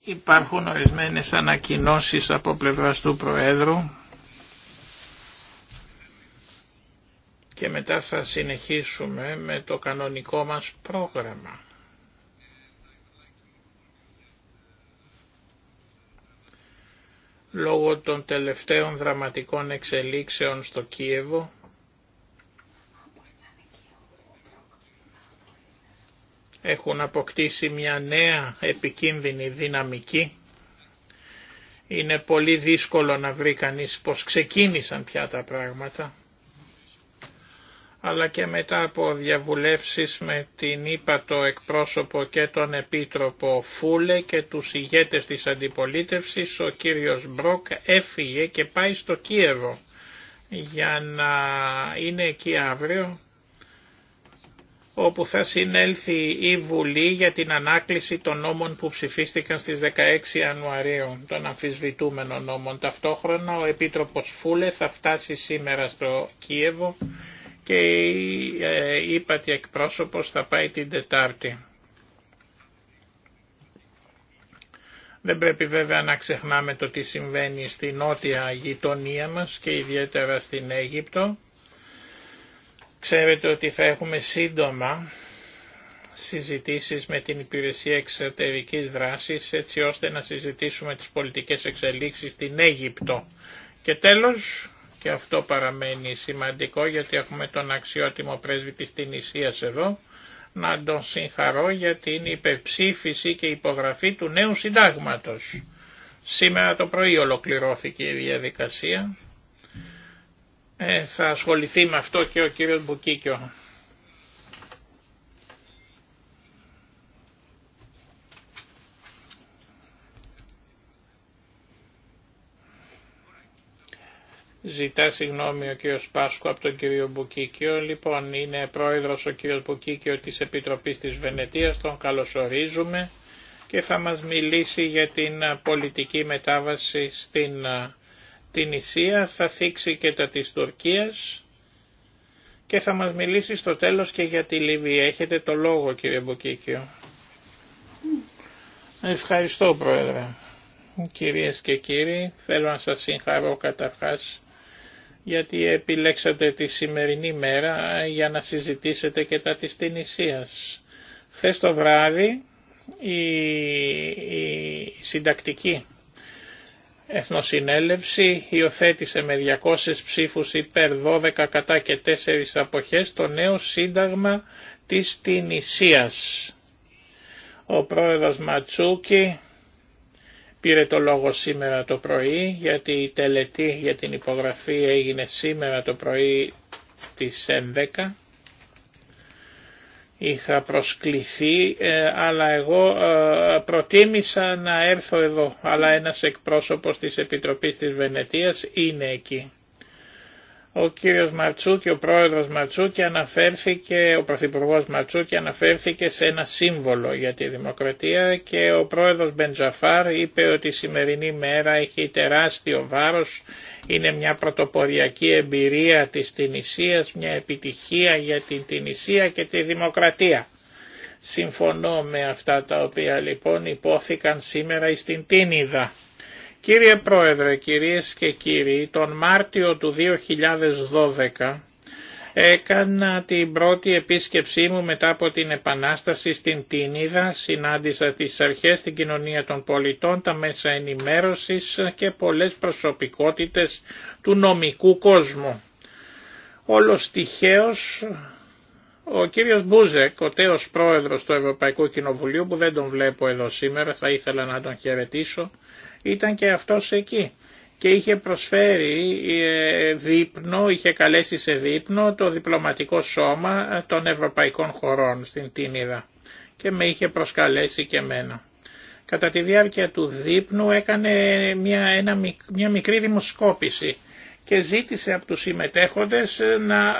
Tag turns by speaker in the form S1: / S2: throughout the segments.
S1: Υπάρχουν ορισμένες ανακοινώσεις από πλευράς του Προέδρου και μετά θα συνεχίσουμε με το κανονικό μας πρόγραμμα. Λόγω των τελευταίων δραματικών εξελίξεων στο Κίεβο, έχουν αποκτήσει μια νέα επικίνδυνη δυναμική. Είναι πολύ δύσκολο να βρει κανείς πως ξεκίνησαν πια τα πράγματα, αλλά και μετά από διαβουλεύσεις με την το εκπρόσωπο και τον επίτροπο Φούλε και τους ηγέτες της αντιπολίτευσης, ο κύριος Μπροκ έφυγε και πάει στο Κίεβο για να είναι εκεί αύριο όπου θα συνέλθει η Βουλή για την ανάκληση των νόμων που ψηφίστηκαν στις 16 Ιανουαρίου, των αμφισβητούμενων νόμων. Ταυτόχρονα ο Επίτροπος Φούλε θα φτάσει σήμερα στο Κίεβο και η ε, ύπατη εκπρόσωπος θα πάει την Τετάρτη. Δεν πρέπει βέβαια να ξεχνάμε το τι συμβαίνει στη νότια γειτονία μας και ιδιαίτερα στην Αίγυπτο. Ξέρετε ότι θα έχουμε σύντομα συζητήσεις με την Υπηρεσία Εξωτερικής Δράσης έτσι ώστε να συζητήσουμε τις πολιτικές εξελίξεις στην Αίγυπτο. Και τέλος, και αυτό παραμένει σημαντικό γιατί έχουμε τον αξιότιμο πρέσβη της Τινησίας εδώ, να τον συγχαρώ για την υπερψήφιση και υπογραφή του νέου συντάγματος. Σήμερα το πρωί ολοκληρώθηκε η διαδικασία ε, θα ασχοληθεί με αυτό και ο κύριος Μπουκίκιο. Ζητά συγγνώμη ο κύριος Πάσκου από τον κύριο Μπουκίκιο. Λοιπόν, είναι πρόεδρος ο κύριος Μπουκίκιο της Επιτροπής της Βενετίας, τον καλωσορίζουμε και θα μας μιλήσει για την πολιτική μετάβαση στην ε, την Ισία, θα θίξει και τα της Τουρκίας και θα μας μιλήσει στο τέλος και για τη Λιβύη. Έχετε το λόγο κύριε Μποκίκιο. Ευχαριστώ Πρόεδρε. Κυρίες και κύριοι, θέλω να σας συγχαρώ καταρχάς γιατί επιλέξατε τη σημερινή μέρα για να συζητήσετε και τα της Ισίας. Χθες το βράδυ η, η συντακτική Εθνοσυνέλευση υιοθέτησε με 200 ψήφους υπέρ 12 κατά και 4 αποχές το νέο σύνταγμα της Τινησίας. Ο πρόεδρος Ματσούκη πήρε το λόγο σήμερα το πρωί γιατί η τελετή για την υπογραφή έγινε σήμερα το πρωί της 11 είχα προσκληθεί ε, αλλά εγώ ε, προτίμησα να έρθω εδώ αλλά ένας εκπρόσωπος της Επιτροπής της Βενετίας είναι εκεί ο κύριος Ματσούκη, ο πρόεδρος Ματσούκη αναφέρθηκε, ο πρωθυπουργός Ματσούκη αναφέρθηκε σε ένα σύμβολο για τη δημοκρατία και ο πρόεδρος Μπεντζαφάρ είπε ότι η σημερινή μέρα έχει τεράστιο βάρος, είναι μια πρωτοποριακή εμπειρία της Τινησίας, μια επιτυχία για την Τινησία και τη δημοκρατία. Συμφωνώ με αυτά τα οποία λοιπόν υπόθηκαν σήμερα στην Τίνιδα. Κύριε Πρόεδρε, κυρίες και κύριοι, τον Μάρτιο του 2012 έκανα την πρώτη επίσκεψή μου μετά από την Επανάσταση στην Τίνιδα, συνάντησα τις αρχές, την κοινωνία των πολιτών, τα μέσα ενημέρωσης και πολλές προσωπικότητες του νομικού κόσμου. Όλο τυχαίως ο κύριος Μπούζεκ, ο τέος πρόεδρος του Ευρωπαϊκού Κοινοβουλίου, που δεν τον βλέπω εδώ σήμερα, θα ήθελα να τον χαιρετήσω, ήταν και αυτός εκεί και είχε προσφέρει ε, δείπνο, είχε καλέσει σε δείπνο το διπλωματικό σώμα των ευρωπαϊκών χωρών στην Τίνιδα και με είχε προσκαλέσει και μένα. Κατά τη διάρκεια του δείπνου έκανε μια, ένα, μια μικρή δημοσκόπηση και ζήτησε από τους συμμετέχοντες να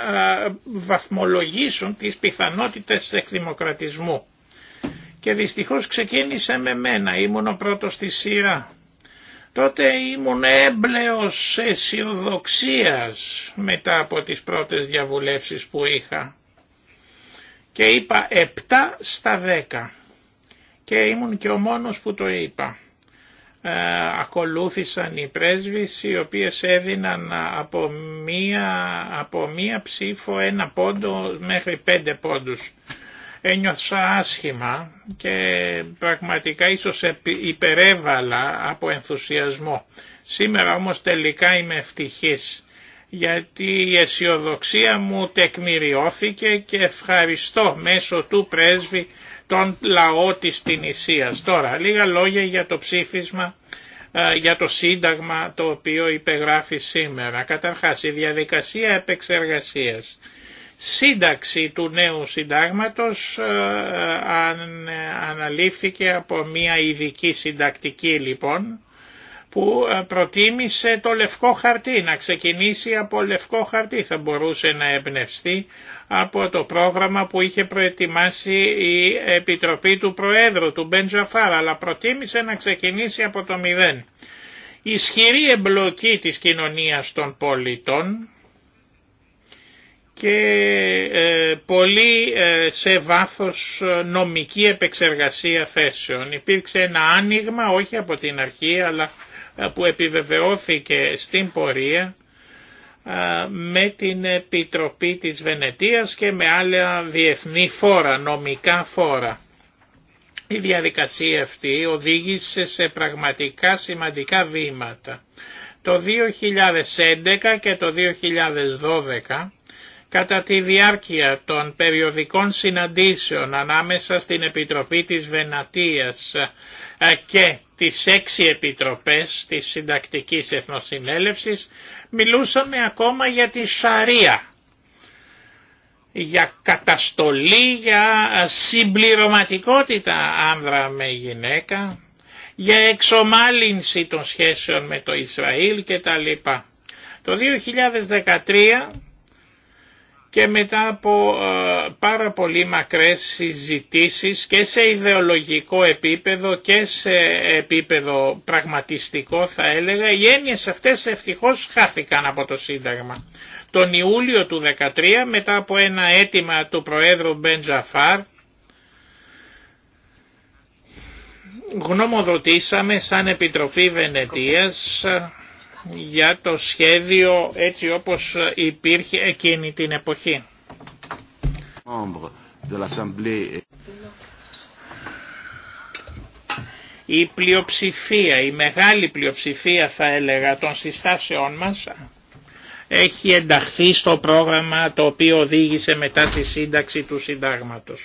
S1: βαθμολογήσουν τις πιθανότητες εκδημοκρατισμού. Και δυστυχώς ξεκίνησε με μένα, ήμουν ο πρώτος στη σειρά τότε ήμουν έμπλεος αισιοδοξία μετά από τις πρώτες διαβουλεύσεις που είχα και είπα 7 στα 10 και ήμουν και ο μόνος που το είπα. Ε, ακολούθησαν οι πρέσβεις οι οποίες έδιναν από μία, από μία ψήφο ένα πόντο μέχρι πέντε πόντους ένιωσα άσχημα και πραγματικά ίσως υπερέβαλα από ενθουσιασμό. Σήμερα όμως τελικά είμαι ευτυχής γιατί η αισιοδοξία μου τεκμηριώθηκε και ευχαριστώ μέσω του πρέσβη τον λαό της Τινησίας. Τώρα λίγα λόγια για το ψήφισμα ε, για το σύνταγμα το οποίο υπεγράφει σήμερα. Καταρχάς η διαδικασία επεξεργασίας σύνταξη του νέου συντάγματος ε, ε, αν, ε, αναλήφθηκε από μια ειδική συντακτική λοιπόν που προτίμησε το λευκό χαρτί, να ξεκινήσει από λευκό χαρτί. Θα μπορούσε να εμπνευστεί από το πρόγραμμα που είχε προετοιμάσει η Επιτροπή του Προέδρου, του Μπεντζαφάρ, αλλά προτίμησε να ξεκινήσει από το μηδέν. Ισχυρή εμπλοκή της κοινωνίας των πολιτών, και ε, πολύ ε, σε βάθος ε, νομική επεξεργασία θέσεων. Υπήρξε ένα άνοιγμα, όχι από την αρχή, αλλά που επιβεβαιώθηκε στην πορεία με την Επιτροπή της Βενετίας και με άλλα διεθνή φόρα, νομικά φόρα. Η διαδικασία αυτή οδήγησε σε πραγματικά σημαντικά βήματα. Το 2011 και το 2012 Κατά τη διάρκεια των περιοδικών συναντήσεων ανάμεσα στην Επιτροπή της Βενατίας ε, και τις έξι επιτροπές της Συντακτικής Εθνοσυνέλευσης μιλούσαμε ακόμα για τη Σαρία, για καταστολή, για ε, συμπληρωματικότητα άνδρα με γυναίκα, για εξομάλυνση των σχέσεων με το Ισραήλ κτλ. Το 2013 και μετά από ε, πάρα πολύ μακρές συζητήσεις και σε ιδεολογικό επίπεδο και σε επίπεδο πραγματιστικό θα έλεγα οι έννοιες αυτές ευτυχώς χάθηκαν από το Σύνταγμα. Τον Ιούλιο του 2013 μετά από ένα αίτημα του Προέδρου Μπεντζαφάρ γνωμοδοτήσαμε σαν Επιτροπή Βενετίας για το σχέδιο έτσι όπως υπήρχε εκείνη την εποχή. Η πλειοψηφία, η μεγάλη πλειοψηφία θα έλεγα των συστάσεών μας έχει ενταχθεί στο πρόγραμμα το οποίο οδήγησε μετά τη σύνταξη του συντάγματος.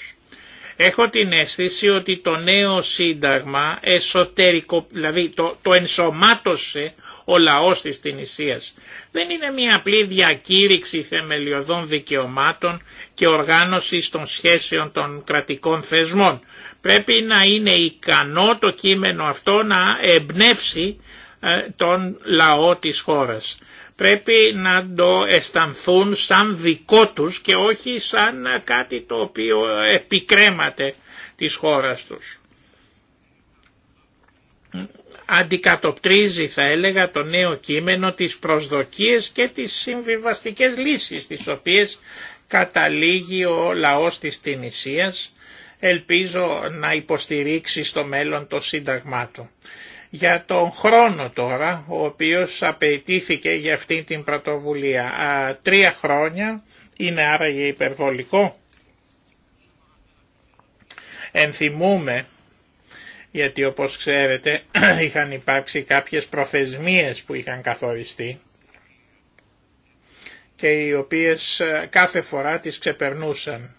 S1: Έχω την αίσθηση ότι το νέο σύνταγμα εσωτερικο, δηλαδή το, το ενσωμάτωσε ο λαός της Τινησίας. Δεν είναι μια απλή διακήρυξη θεμελιωδών δικαιωμάτων και οργάνωση των σχέσεων των κρατικών θεσμών. Πρέπει να είναι ικανό το κείμενο αυτό να εμπνεύσει ε, τον λαό της χώρας. Πρέπει να το αισθανθούν σαν δικό τους και όχι σαν ε, κάτι το οποίο επικρέμαται της χώρας τους αντικατοπτρίζει θα έλεγα το νέο κείμενο τις προσδοκίες και τις συμβιβαστικές λύσεις τις οποίες καταλήγει ο λαός της Τινησίας ελπίζω να υποστηρίξει στο μέλλον το σύνταγμά του. Για τον χρόνο τώρα, ο οποίος απαιτήθηκε για αυτή την πρωτοβουλία, τρία χρόνια, είναι άραγε υπερβολικό. Ενθυμούμε γιατί όπως ξέρετε είχαν υπάρξει κάποιες προθεσμίες που είχαν καθοριστεί και οι οποίες ε, κάθε φορά τις ξεπερνούσαν.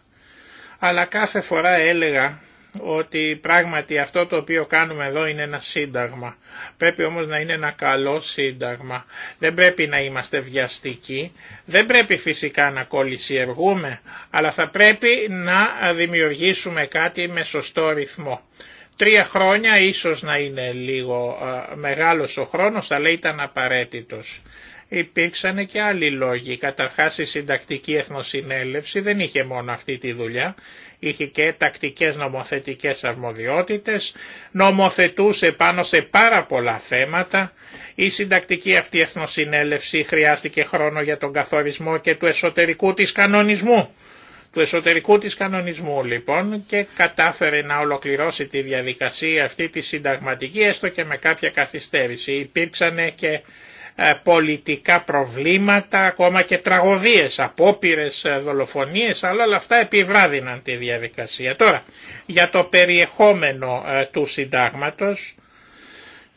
S1: Αλλά κάθε φορά έλεγα ότι πράγματι αυτό το οποίο κάνουμε εδώ είναι ένα σύνταγμα. Πρέπει όμως να είναι ένα καλό σύνταγμα. Δεν πρέπει να είμαστε βιαστικοί. Δεν πρέπει φυσικά να κολλησιεργούμε, αλλά θα πρέπει να δημιουργήσουμε κάτι με σωστό ρυθμό. Τρία χρόνια ίσως να είναι λίγο μεγάλος ο χρόνος, αλλά ήταν απαραίτητος. Υπήρξαν και άλλοι λόγοι. Καταρχάς η συντακτική εθνοσυνέλευση δεν είχε μόνο αυτή τη δουλειά, είχε και τακτικές νομοθετικές αρμοδιότητες, νομοθετούσε πάνω σε πάρα πολλά θέματα. Η συντακτική αυτή εθνοσυνέλευση χρειάστηκε χρόνο για τον καθορισμό και του εσωτερικού της κανονισμού του εσωτερικού της κανονισμού λοιπόν και κατάφερε να ολοκληρώσει τη διαδικασία αυτή τη συνταγματική έστω και με κάποια καθυστέρηση. Υπήρξαν και ε, πολιτικά προβλήματα, ακόμα και τραγωδίες, απόπειρες, ε, δολοφονίες, αλλά όλα αυτά επιβράδυναν τη διαδικασία. Τώρα, για το περιεχόμενο ε, του συντάγματος,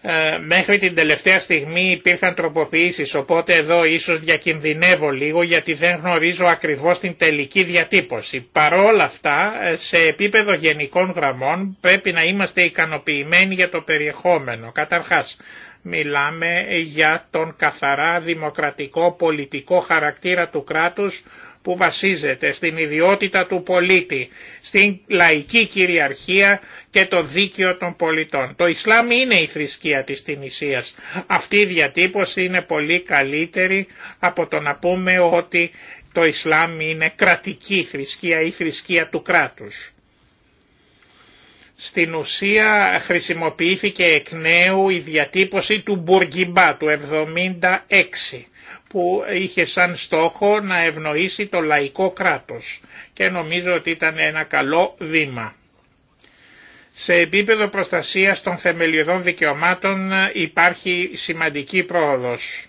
S1: ε, μέχρι την τελευταία στιγμή υπήρχαν τροποποιήσεις, οπότε εδώ ίσως διακινδυνεύω λίγο γιατί δεν γνωρίζω ακριβώς την τελική διατύπωση. Παρόλα αυτά, ε, σε επίπεδο γενικών γραμμών πρέπει να είμαστε ικανοποιημένοι για το περιεχόμενο. Καταρχάς, μιλάμε για τον καθαρά δημοκρατικό πολιτικό χαρακτήρα του κράτους που βασίζεται στην ιδιότητα του πολίτη, στην λαϊκή κυριαρχία και το δίκαιο των πολιτών. Το Ισλάμ είναι η θρησκεία της Τινησίας. Αυτή η διατύπωση είναι πολύ καλύτερη από το να πούμε ότι το Ισλάμ είναι κρατική θρησκεία ή θρησκεία του κράτους. Στην ουσία χρησιμοποιήθηκε εκ νέου η διατύπωση του Μπουργκιμπά του 76 που είχε σαν στόχο να ευνοήσει το λαϊκό κράτος και νομίζω ότι ήταν ένα καλό βήμα. Σε επίπεδο προστασίας των θεμελιωδών δικαιωμάτων υπάρχει σημαντική πρόοδος.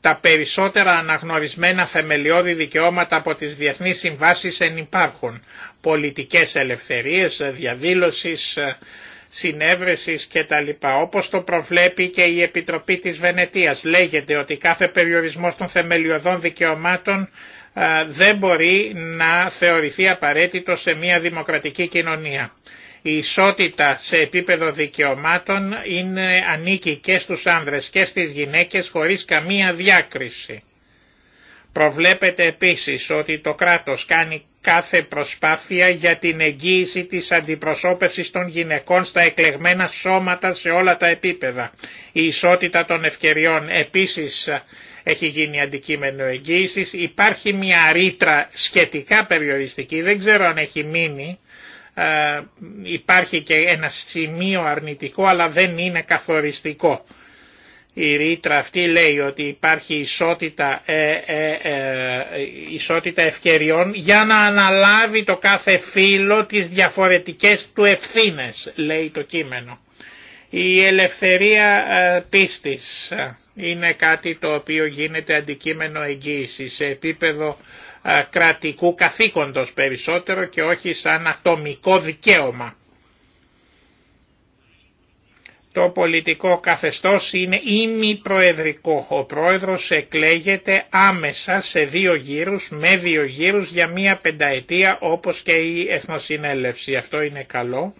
S1: Τα περισσότερα αναγνωρισμένα θεμελιώδη δικαιώματα από τις διεθνείς συμβάσεις υπάρχουν. Πολιτικές ελευθερίες, διαδήλωσης, συνέβρεσης κτλ. Όπως το προβλέπει και η Επιτροπή της Βενετίας. Λέγεται ότι κάθε περιορισμός των θεμελιωδών δικαιωμάτων δεν μπορεί να θεωρηθεί απαραίτητο σε μια δημοκρατική κοινωνία. Η ισότητα σε επίπεδο δικαιωμάτων είναι, ανήκει και στους άνδρες και στις γυναίκες χωρίς καμία διάκριση. Προβλέπεται επίσης ότι το κράτος κάνει κάθε προσπάθεια για την εγγύηση της αντιπροσώπευσης των γυναικών στα εκλεγμένα σώματα σε όλα τα επίπεδα. Η ισότητα των ευκαιριών επίσης έχει γίνει αντικείμενο εγγύησης. Υπάρχει μια ρήτρα σχετικά περιοριστική, δεν ξέρω αν έχει μείνει. Ε, υπάρχει και ένα σημείο αρνητικό αλλά δεν είναι καθοριστικό. Η ρήτρα αυτή λέει ότι υπάρχει ε, ε, ε, ισότητα, ευκαιριών για να αναλάβει το κάθε φύλλο τις διαφορετικές του ευθύνες, λέει το κείμενο. Η ελευθερία πίστης είναι κάτι το οποίο γίνεται αντικείμενο εγγύηση σε επίπεδο κρατικού καθήκοντος περισσότερο και όχι σαν ατομικό δικαίωμα το πολιτικό καθεστώς είναι ημιπροεδρικό. Ο πρόεδρος εκλέγεται άμεσα σε δύο γύρους, με δύο γύρους για μία πενταετία όπως και η Εθνοσυνέλευση. Αυτό είναι καλό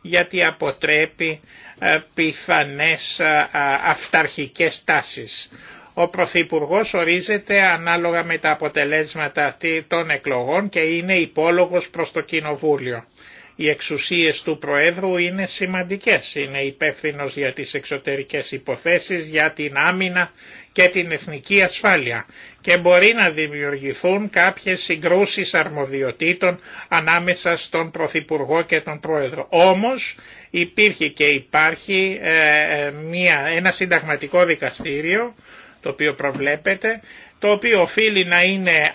S1: γιατί αποτρέπει ε, πιθανές ε, ε, αυταρχικές τάσεις. Ο Πρωθυπουργό ορίζεται ανάλογα με τα αποτελέσματα των εκλογών και είναι υπόλογος προς το Κοινοβούλιο. Οι εξουσίες του Προέδρου είναι σημαντικές, είναι υπεύθυνο για τις εξωτερικές υποθέσεις, για την άμυνα και την εθνική ασφάλεια και μπορεί να δημιουργηθούν κάποιες συγκρούσεις αρμοδιοτήτων ανάμεσα στον Πρωθυπουργό και τον Πρόεδρο. Όμως υπήρχε και υπάρχει ε, ε, μια, ένα συνταγματικό δικαστήριο το οποίο προβλέπεται το οποίο οφείλει να είναι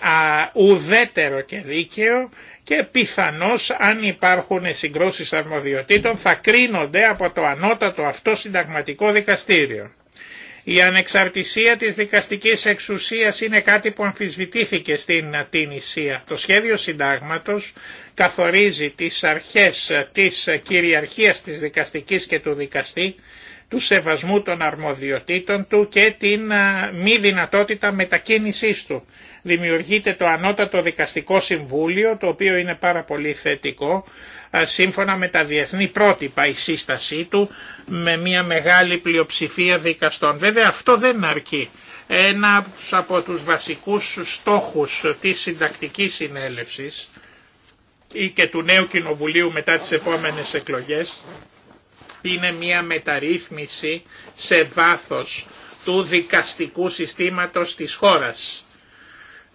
S1: ουδέτερο και δίκαιο και πιθανώς αν υπάρχουν συγκρούσεις αρμοδιοτήτων θα κρίνονται από το ανώτατο αυτό συνταγματικό δικαστήριο. Η ανεξαρτησία της δικαστικής εξουσίας είναι κάτι που αμφισβητήθηκε στην Ισία. Το σχέδιο συντάγματος καθορίζει τις αρχές της κυριαρχίας της δικαστικής και του δικαστή του σεβασμού των αρμοδιοτήτων του και την μη δυνατότητα μετακίνησής του. Δημιουργείται το Ανώτατο Δικαστικό Συμβούλιο, το οποίο είναι πάρα πολύ θετικό, σύμφωνα με τα διεθνή πρότυπα η σύστασή του, με μια μεγάλη πλειοψηφία δικαστών. Βέβαια αυτό δεν αρκεί. Ένα από τους βασικούς στόχους της συντακτικής συνέλευσης ή και του νέου κοινοβουλίου μετά τις επόμενες εκλογές είναι μια μεταρρύθμιση σε βάθος του δικαστικού συστήματος της χώρας.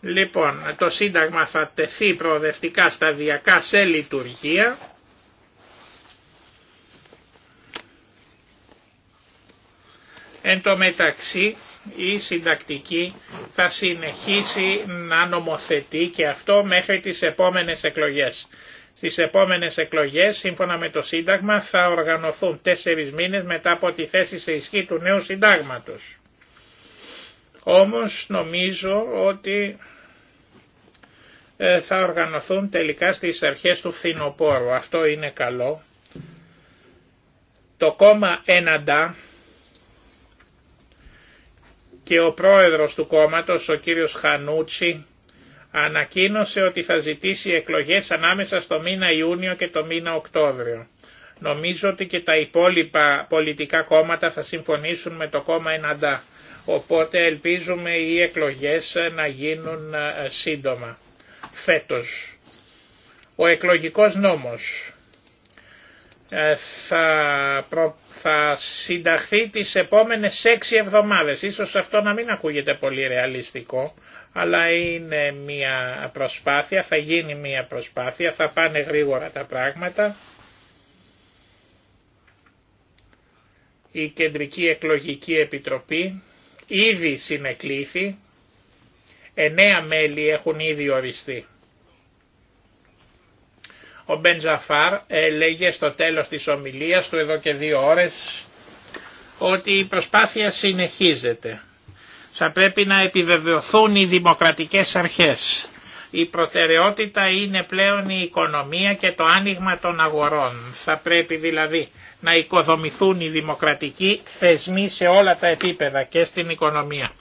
S1: Λοιπόν, το Σύνταγμα θα τεθεί προοδευτικά σταδιακά σε λειτουργία. Εν τω μεταξύ η συντακτική θα συνεχίσει να νομοθετεί και αυτό μέχρι τις επόμενες εκλογές. Στις επόμενες εκλογές, σύμφωνα με το Σύνταγμα, θα οργανωθούν τέσσερις μήνες μετά από τη θέση σε ισχύ του νέου Συντάγματος. Όμως νομίζω ότι ε, θα οργανωθούν τελικά στις αρχές του φθινοπόρου. Αυτό είναι καλό. Το κόμμα έναντα και ο πρόεδρος του κόμματος, ο κύριος Χανούτσι, ανακοίνωσε ότι θα ζητήσει εκλογές ανάμεσα στο μήνα Ιούνιο και το μήνα Οκτώβριο. Νομίζω ότι και τα υπόλοιπα πολιτικά κόμματα θα συμφωνήσουν με το κόμμα Εναντά, οπότε ελπίζουμε οι εκλογές ε, να γίνουν ε, σύντομα, φέτος. Ο εκλογικός νόμος ε, θα, θα συνταχθεί τις επόμενες έξι εβδομάδες. Ίσως αυτό να μην ακούγεται πολύ ρεαλιστικό, αλλά είναι μια προσπάθεια, θα γίνει μια προσπάθεια, θα πάνε γρήγορα τα πράγματα. Η Κεντρική Εκλογική Επιτροπή ήδη συνεκλήθη, εννέα μέλη έχουν ήδη οριστεί. Ο Μπεντζαφάρ έλεγε στο τέλος της ομιλίας του εδώ και δύο ώρες ότι η προσπάθεια συνεχίζεται. Θα πρέπει να επιβεβαιωθούν οι δημοκρατικές αρχές. Η προτεραιότητα είναι πλέον η οικονομία και το άνοιγμα των αγορών. Θα πρέπει δηλαδή να οικοδομηθούν οι δημοκρατικοί θεσμοί σε όλα τα επίπεδα και στην οικονομία.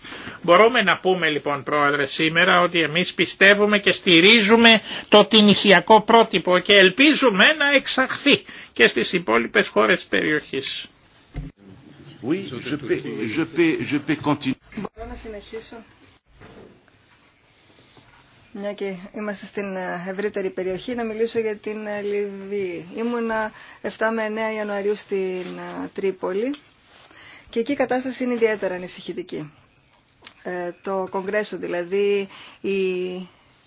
S1: Μπορούμε να πούμε λοιπόν πρόεδρε σήμερα ότι εμείς πιστεύουμε και στηρίζουμε το τινησιακό πρότυπο και ελπίζουμε να εξαχθεί και στις υπόλοιπες χώρες περιοχής.
S2: Oui, je
S3: peux, je peux,
S4: να συνεχίσω. Μια και είμαστε στην ε, ευρύτερη περιοχή, να μιλήσω για την ε, Λιβύη. Ήμουνα 7 με 9 Ιανουαρίου στην ε, Τρίπολη και εκεί η κατάσταση είναι ιδιαίτερα ανησυχητική. το Κογκρέσο, δηλαδή η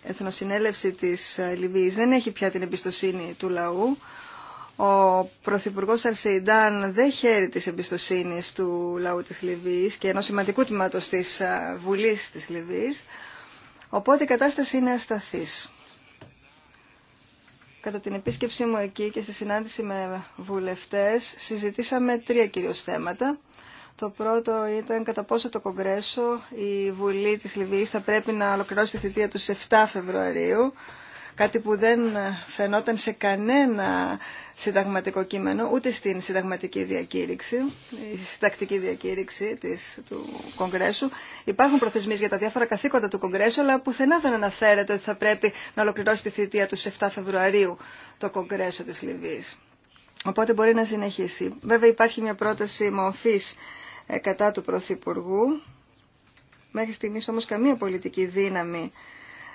S4: Εθνοσυνέλευση της Λιβύης δεν έχει πια την εμπιστοσύνη του λαού, ο Πρωθυπουργό Αρσεϊντάν δεν χαίρει τη εμπιστοσύνη του λαού της Λιβύης και ενό σημαντικού τμήματο τη Βουλή της Λιβύης, οπότε η κατάσταση είναι ασταθής. Κατά την επίσκεψή μου εκεί και στη συνάντηση με βουλευτές συζητήσαμε τρία κυρίω θέματα. Το πρώτο ήταν κατά πόσο το Κογκρέσο, η Βουλή της Λιβύης θα πρέπει να ολοκληρώσει τη θητεία του 7 Φεβρουαρίου, κάτι που δεν φαινόταν σε κανένα συνταγματικό κείμενο, ούτε στην συνταγματική διακήρυξη, η συντακτική διακήρυξη της, του Κογκρέσου. Υπάρχουν προθεσμίες για τα διάφορα καθήκοντα του Κογκρέσου, αλλά πουθενά δεν αναφέρεται ότι θα πρέπει να ολοκληρώσει τη θητεία του 7 Φεβρουαρίου το Κογκρέσο της Λιβύης. Οπότε μπορεί να συνεχίσει. Βέβαια υπάρχει μια πρόταση μορφής ε, κατά του Πρωθυπουργού. Μέχρι στιγμής όμως καμία πολιτική δύναμη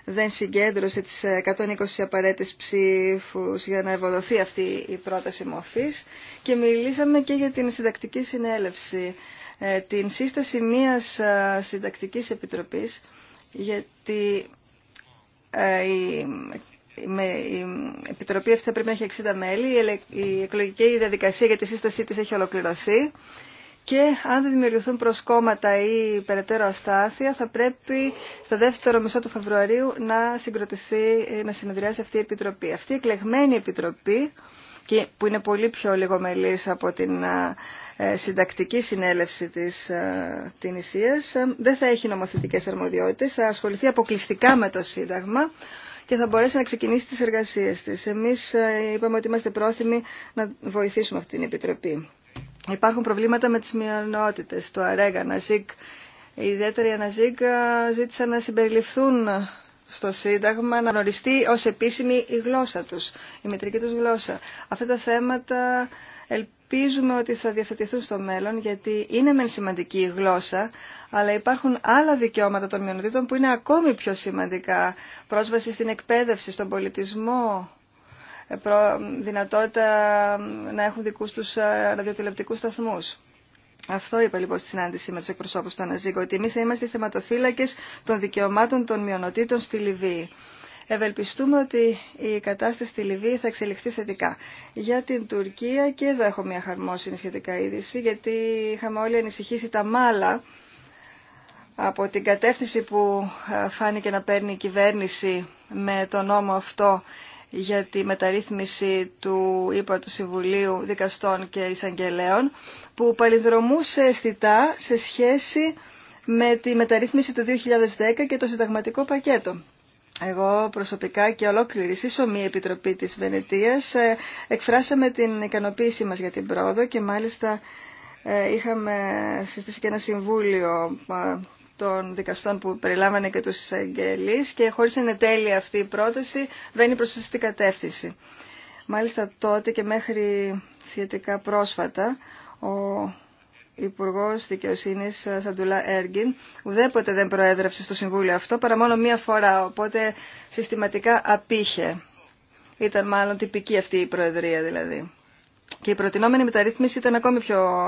S4: δεν συγκέντρωσε τις 120 ε, απαραίτητες ψήφους για να ευοδοθεί αυτή η πρόταση μορφής και μιλήσαμε και για την συντακτική συνέλευση, ε, την σύσταση μιας ε, συντακτικής επιτροπής γιατί η επιτροπή αυτή θα πρέπει να έχει 60 μέλη, η εκλογική διαδικασία για τη σύστασή της έχει ολοκληρωθεί και αν δεν δημιουργηθούν προσκόμματα ή περαιτέρω αστάθεια, θα πρέπει στο δεύτερο μισό του Φεβρουαρίου να συγκροτηθεί, να συνεδριάσει αυτή η περαιτερω ασταθεια θα πρεπει στα δευτερο μισο Αυτή η εκλεγμένη Επιτροπή, που είναι πολύ πιο λιγομελής από την ε, συντακτική συνέλευση της ε, την ε, δεν θα έχει νομοθετικές αρμοδιότητες, θα ασχοληθεί αποκλειστικά με το Σύνταγμα και θα μπορέσει να ξεκινήσει τις εργασίες της. Εμείς είπαμε ότι είμαστε πρόθυμοι να βοηθήσουμε αυτή την Επιτροπή. Υπάρχουν προβλήματα με τις μειονότητες, το ΑΡΕΓΑ, ΝΑΖΙΚ. Ιδιαίτερα οι ΑΝΑΖΙΚ ζήτησαν να συμπεριληφθούν στο Σύνταγμα να γνωριστεί ως επίσημη η γλώσσα τους, η μητρική τους γλώσσα. Αυτά τα θέματα ελπίζουμε ότι θα διαθετηθούν στο μέλλον γιατί είναι μεν σημαντική η γλώσσα αλλά υπάρχουν άλλα δικαιώματα των μειονοτήτων που είναι ακόμη πιο σημαντικά. Πρόσβαση στην εκπαίδευση, στον πολιτισμό, δυνατότητα να έχουν δικούς τους ε, ραδιοτηλεπτικούς σταθμούς. Αυτό είπα λοιπόν στη συνάντηση με τους εκπροσώπους του Αναζίγκο, ότι εμεί θα είμαστε οι θεματοφύλακε των δικαιωμάτων των μειονοτήτων στη Λιβύη. Ευελπιστούμε ότι η κατάσταση στη Λιβύη θα εξελιχθεί θετικά. Για την Τουρκία και εδώ έχω μια χαρμόσυνη σχετικά είδηση, γιατί είχαμε όλοι ανησυχήσει τα μάλα από την κατεύθυνση που ε, φάνηκε να παίρνει η κυβέρνηση με τον νόμο αυτό για τη μεταρρύθμιση του ΥΠΑ του Συμβουλίου Δικαστών και Εισαγγελέων που παλιδρομούσε αισθητά σε σχέση με τη μεταρρύθμιση του 2010 και το συνταγματικό πακέτο. Εγώ προσωπικά και ολόκληρη σύσσωμη Επιτροπή της Βενετίας ε, εκφράσαμε την ικανοποίησή μας για την πρόοδο και μάλιστα ε, είχαμε συστήσει και ένα συμβούλιο ε, των δικαστών που περιλάμβανε και τους εισαγγελείς και χωρίς είναι τέλεια αυτή η πρόταση βαίνει προς σωστή κατεύθυνση. Μάλιστα τότε και μέχρι σχετικά πρόσφατα ο Υπουργό Δικαιοσύνη Σαντουλά Έργκιν ουδέποτε δεν προέδρευσε στο Συμβούλιο αυτό παρά μόνο μία φορά, οπότε συστηματικά απήχε. Ήταν μάλλον τυπική αυτή η προεδρία δηλαδή. Και η προτινόμενη μεταρρύθμιση ήταν ακόμη πιο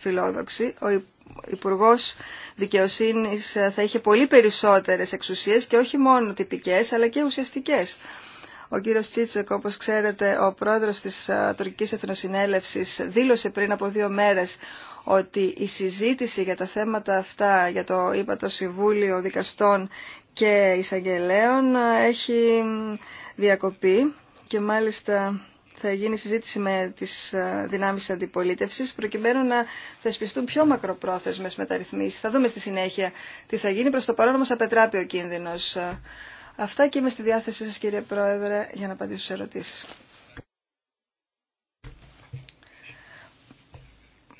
S4: φιλόδοξη. Ο Υπουργό Δικαιοσύνη ε, θα είχε πολύ περισσότερε εξουσίε και όχι μόνο τυπικέ αλλά και ουσιαστικέ. Ο κύριο Τσίτσεκ, όπω ξέρετε, ο πρόεδρο τη ε, Τουρκική Εθνοσυνέλευση, δήλωσε πριν από δύο μέρε ότι η συζήτηση για τα θέματα αυτά, για το είπα Συμβούλιο Δικαστών και Εισαγγελέων, ε, έχει διακοπεί και μάλιστα θα γίνει συζήτηση με τις ε, δυνάμεις αντιπολίτευσης προκειμένου να θεσπιστούν πιο μακροπρόθεσμες μεταρρυθμίσεις. Θα δούμε στη συνέχεια τι θα γίνει. Προς το παρόν όμως απετράπει ο κίνδυνος. Ε, αυτά και είμαι στη διάθεσή σας κύριε Πρόεδρε για να απαντήσω σε ερωτήσεις.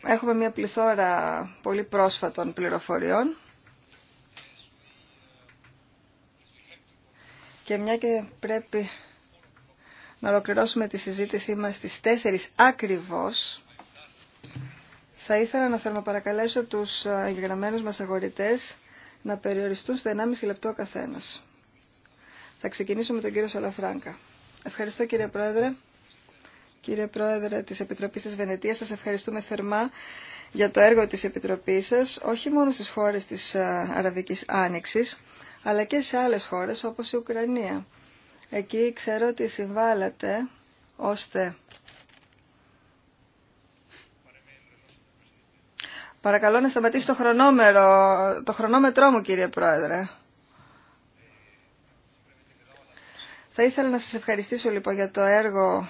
S4: Έχουμε μια πληθώρα πολύ πρόσφατων πληροφοριών και μια και πρέπει να ολοκληρώσουμε τη συζήτησή μας στις 4 ακριβώς. Θα ήθελα να θερμοπαρακαλέσω τους εγγεγραμμένους μας αγορητές να περιοριστούν στο 1,5 λεπτό ο καθένας. Θα ξεκινήσω με τον κύριο Σαλαφράγκα. Ευχαριστώ κύριε Πρόεδρε. Κύριε Πρόεδρε της Επιτροπής της Βενετίας, σας ευχαριστούμε θερμά για το έργο της Επιτροπής σας, όχι μόνο στις χώρες της ε, Αραβικής Άνοιξης, αλλά και σε άλλες χώρες όπως η Ουκρανία Εκεί ξέρω ότι συμβάλλατε ώστε... Παρακαλώ να σταματήσει το χρονόμερο, το χρονόμετρό μου κύριε Πρόεδρε. Θα ήθελα να σας ευχαριστήσω λοιπόν για το έργο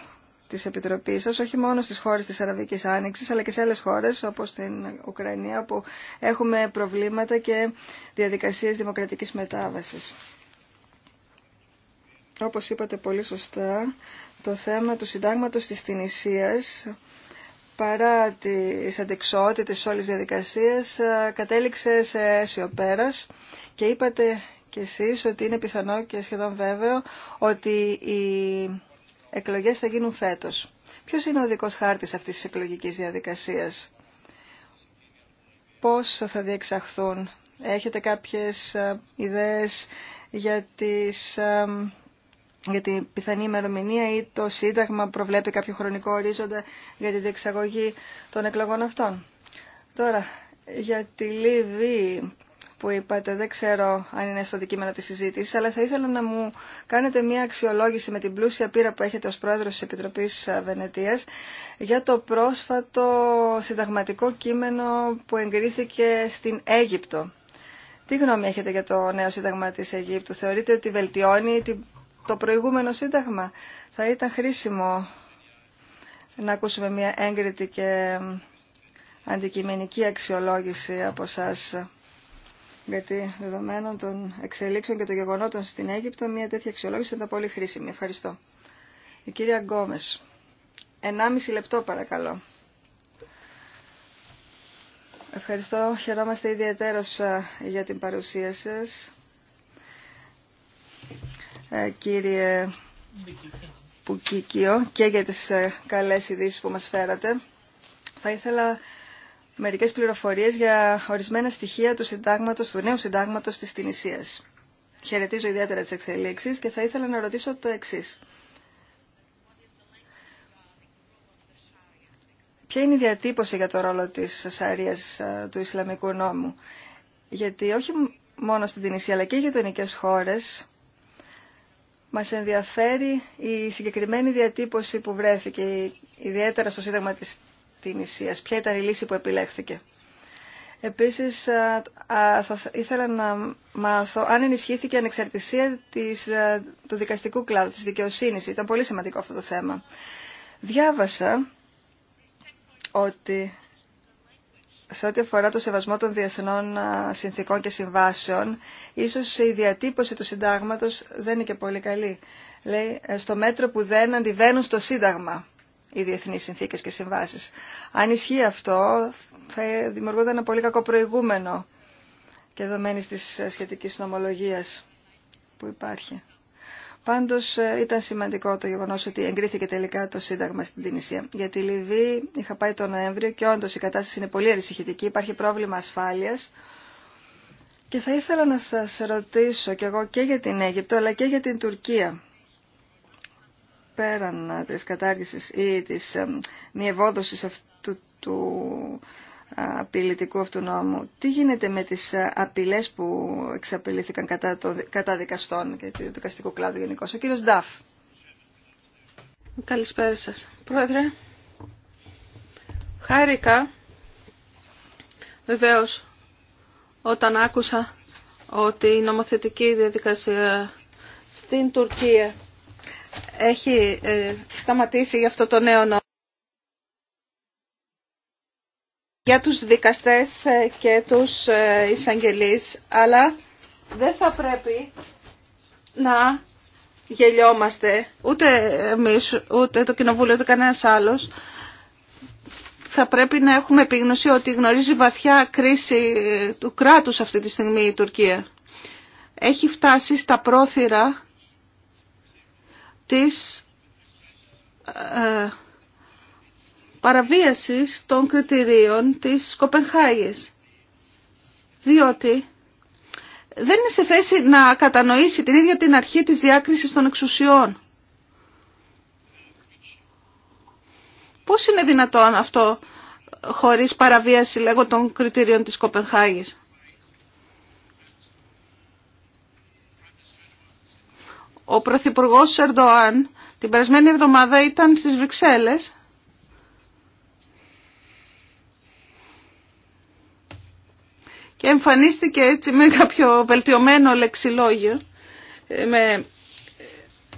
S4: της Επιτροπής σας, όχι μόνο στις χώρες της Αραβικής Άνοιξης, αλλά και σε άλλες χώρες όπως την Ουκρανία, που έχουμε προβλήματα και διαδικασίες δημοκρατικής μετάβασης όπως είπατε πολύ σωστά, το θέμα του συντάγματος της θυνησίας, παρά τις όλη όλης διαδικασίας κατέληξε σε αίσιο πέρας και είπατε κι εσείς ότι είναι πιθανό και σχεδόν βέβαιο ότι οι εκλογές θα γίνουν φέτος. Ποιος είναι ο δικός χάρτης αυτής της εκλογικής διαδικασίας. Πώς θα διεξαχθούν. Έχετε κάποιες ιδέες για τις για την πιθανή ημερομηνία ή το Σύνταγμα προβλέπει κάποιο χρονικό ορίζοντα για τη διεξαγωγή των εκλογών αυτών. Τώρα, για τη Λιβύη που είπατε, δεν ξέρω αν είναι στο δικείμενο της συζήτηση, αλλά θα ήθελα να μου κάνετε μια αξιολόγηση με την πλούσια πείρα που έχετε ως πρόεδρος της Επιτροπής Βενετίας για το πρόσφατο συνταγματικό κείμενο που εγκρίθηκε στην Αίγυπτο. Τι γνώμη έχετε για το νέο σύνταγμα της Αιγύπτου. Θεωρείτε ότι βελτιώνει την το προηγούμενο σύνταγμα. Θα ήταν χρήσιμο να ακούσουμε μια έγκριτη και αντικειμενική αξιολόγηση από εσά. Γιατί δεδομένων των εξελίξεων και των γεγονότων στην Αίγυπτο, μια τέτοια αξιολόγηση ήταν πολύ χρήσιμη. Ευχαριστώ. Η κυρία Γκόμες. Ενάμιση λεπτό παρακαλώ. Ευχαριστώ. Χαιρόμαστε ιδιαίτερως ε, για την παρουσία σας ε, κύριε Πουκίκιο και για τις ε, καλές ειδήσει που μας φέρατε. Θα ήθελα μερικές πληροφορίες για ορισμένα στοιχεία του, συντάγματος, του νέου συντάγματος της Τινησίας. Χαιρετίζω ιδιαίτερα τις εξελίξεις και θα ήθελα να ρωτήσω το εξής. Ποια είναι η διατύπωση για το ρόλο της Σαρίας ε, του Ισλαμικού νόμου. Γιατί όχι μόνο στην Τινησία αλλά και οι γειτονικέ χώρες μας ενδιαφέρει η συγκεκριμένη διατύπωση που βρέθηκε, ιδιαίτερα στο Σύνταγμα της Τινησίας. Ποια ήταν η λύση που επιλέχθηκε. Επίσης, θα ήθελα να μάθω αν ενισχύθηκε η ανεξαρτησία της, του δικαστικού κλάδου, της δικαιοσύνης. Ήταν πολύ σημαντικό αυτό το θέμα. Διάβασα ότι σε ό,τι αφορά το σεβασμό των διεθνών συνθήκων και συμβάσεων, ίσως η διατύπωση του συντάγματος δεν είναι και πολύ καλή. Λέει, ε, στο μέτρο που δεν αντιβαίνουν στο σύνταγμα οι διεθνείς συνθήκες και συμβάσεις. Αν ισχύει αυτό, θα δημιουργούνται ένα πολύ κακό προηγούμενο και δεδομένη της ε, σχετικής νομολογίας που υπάρχει. Πάντως ε, ήταν σημαντικό το γεγονός ότι εγκρίθηκε τελικά το Σύνταγμα στην Τινησία. Για τη Λιβύη είχα πάει τον Νοέμβριο και όντως η κατάσταση είναι πολύ ανησυχητική, υπάρχει πρόβλημα ασφάλειας. Και θα ήθελα να σας ρωτήσω κι εγώ και για την Αίγυπτο αλλά και για την Τουρκία πέραν ε, της κατάργησης ή της ε, μη αυτού του απειλητικού αυτού νόμου. Τι γίνεται με τις απειλές που εξαπειλήθηκαν κατά, το, δικαστών και του δικαστικού κλάδου γενικώ. Ο κύριος Νταφ.
S5: Καλησπέρα σας. Πρόεδρε, χάρηκα βεβαίως όταν άκουσα ότι η νομοθετική διαδικασία στην Τουρκία έχει ε, σταματήσει για αυτό το νέο νόμο. για τους δικαστές ε, και τους ε, εισαγγελείς, αλλά δεν θα πρέπει να γελιόμαστε, ούτε εμείς, ούτε το Κοινοβούλιο, ούτε κανένας άλλος. Θα πρέπει να έχουμε επίγνωση ότι γνωρίζει βαθιά κρίση ε, του κράτους αυτή τη στιγμή η Τουρκία. Έχει φτάσει στα πρόθυρα της παραβίασης των κριτηρίων της Κοπενχάγης. Διότι δεν είναι σε θέση να κατανοήσει την ίδια την αρχή της διάκρισης των εξουσιών. Πώς είναι δυνατόν αυτό χωρίς παραβίαση λέγω των κριτηρίων της Κοπενχάγης. Ο Πρωθυπουργός Ερντοάν την περασμένη εβδομάδα ήταν στις Βρυξέλλες και εμφανίστηκε έτσι με κάποιο βελτιωμένο λεξιλόγιο, ε, με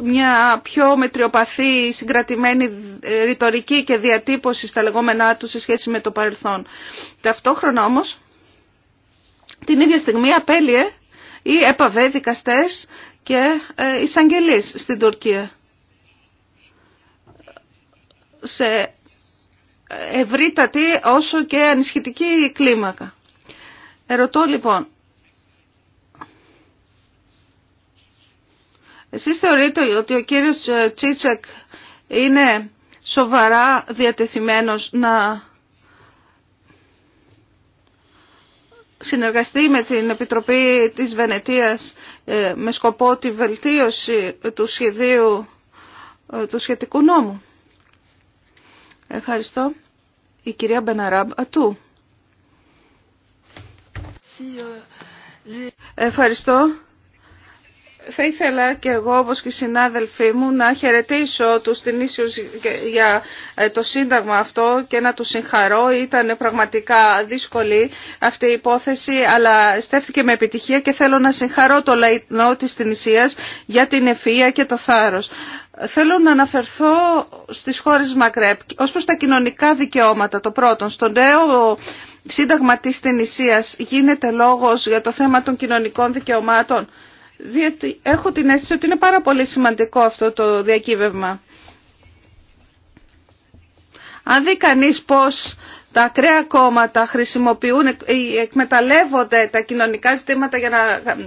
S5: μια πιο μετριοπαθή, συγκρατημένη ε, ρητορική και διατύπωση στα λεγόμενά του σε σχέση με το παρελθόν. Ταυτόχρονα όμως, την ίδια στιγμή απέλυε ή έπαβε δικαστές και ε, εισαγγελείς στην Τουρκία. Σε ευρύτατη όσο και ανισχυτική κλίμακα. Ερωτώ λοιπόν, εσείς θεωρείτε ότι ο κύριος ε, Τσίτσεκ είναι σοβαρά διατεθειμένος να συνεργαστεί με την Επιτροπή της Βενετίας ε, με σκοπό τη βελτίωση του σχεδίου ε, του σχετικού νόμου. Ευχαριστώ. Η κυρία Μπεναράμπ Ατού. Euh, Ευχαριστώ. Θα ήθελα και εγώ όπως και οι συνάδελφοί μου να χαιρετήσω τους την για ε, το σύνταγμα αυτό και να του συγχαρώ. Ήταν πραγματικά δύσκολη αυτή η υπόθεση αλλά στέφθηκε με επιτυχία και θέλω να συγχαρώ το λαϊνό της Τινησίας για την ευφυΐα και το θάρρος. Θέλω να αναφερθώ στις χώρες Μακρέπ ως προς τα κοινωνικά δικαιώματα το πρώτον. Στο νέο Σύνταγμα της Τινησία γίνεται λόγος για το θέμα των κοινωνικών δικαιωμάτων. Διότι έχω την αίσθηση ότι είναι πάρα πολύ σημαντικό αυτό το διακύβευμα. Αν δει κανείς πώς τα ακραία κόμματα χρησιμοποιούν ή ε, εκμεταλλεύονται τα κοινωνικά ζητήματα για να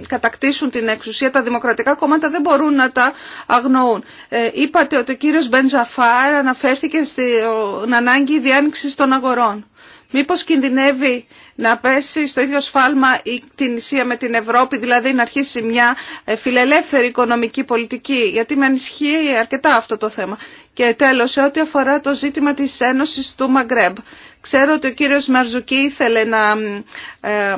S5: κατακτήσουν την εξουσία, τα δημοκρατικά κόμματα δεν μπορούν να τα αγνοούν. Ε, είπατε ότι ο κύριος Μπεντζαφάρ αναφέρθηκε στην ανάγκη διάνοιξης των αγορών. Μήπως κινδυνεύει να πέσει στο ίδιο σφάλμα η Ισία με την Ευρώπη, δηλαδή να αρχίσει μια ε, φιλελεύθερη οικονομική πολιτική, γιατί με ανισχύει αρκετά αυτό το θέμα. Και τέλος, σε ό,τι αφορά το ζήτημα της Ένωσης του Μαγκρέμπ. Ξέρω ότι ο κύριος Μαρζουκή ήθελε να ε,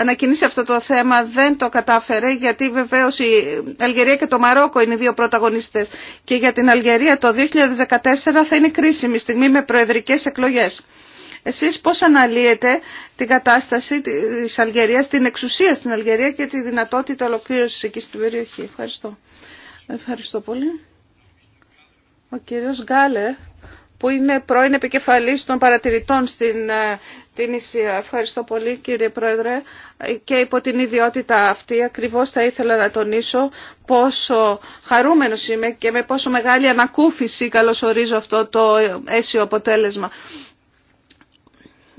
S5: ανακοινήσει αυτό το θέμα, δεν το κατάφερε γιατί βεβαίως η Αλγερία και το Μαρόκο είναι οι δύο πρωταγωνιστές και για την Αλγερία το 2014 θα είναι κρίσιμη στιγμή με προεδρικές εκλογές. Εσείς πώς αναλύετε την κατάσταση της Αλγερίας, την εξουσία στην Αλγερία και τη δυνατότητα ολοκλήρωσης εκεί στην περιοχή. Ευχαριστώ. Ευχαριστώ πολύ. Ο κύριος Γκάλερ που είναι πρώην επικεφαλής των παρατηρητών στην ε, την Ισία. Ευχαριστώ πολύ κύριε Πρόεδρε και υπό την ιδιότητα αυτή ακριβώς θα ήθελα να τονίσω πόσο χαρούμενος είμαι και με πόσο μεγάλη ανακούφιση καλωσορίζω αυτό το αίσιο αποτέλεσμα.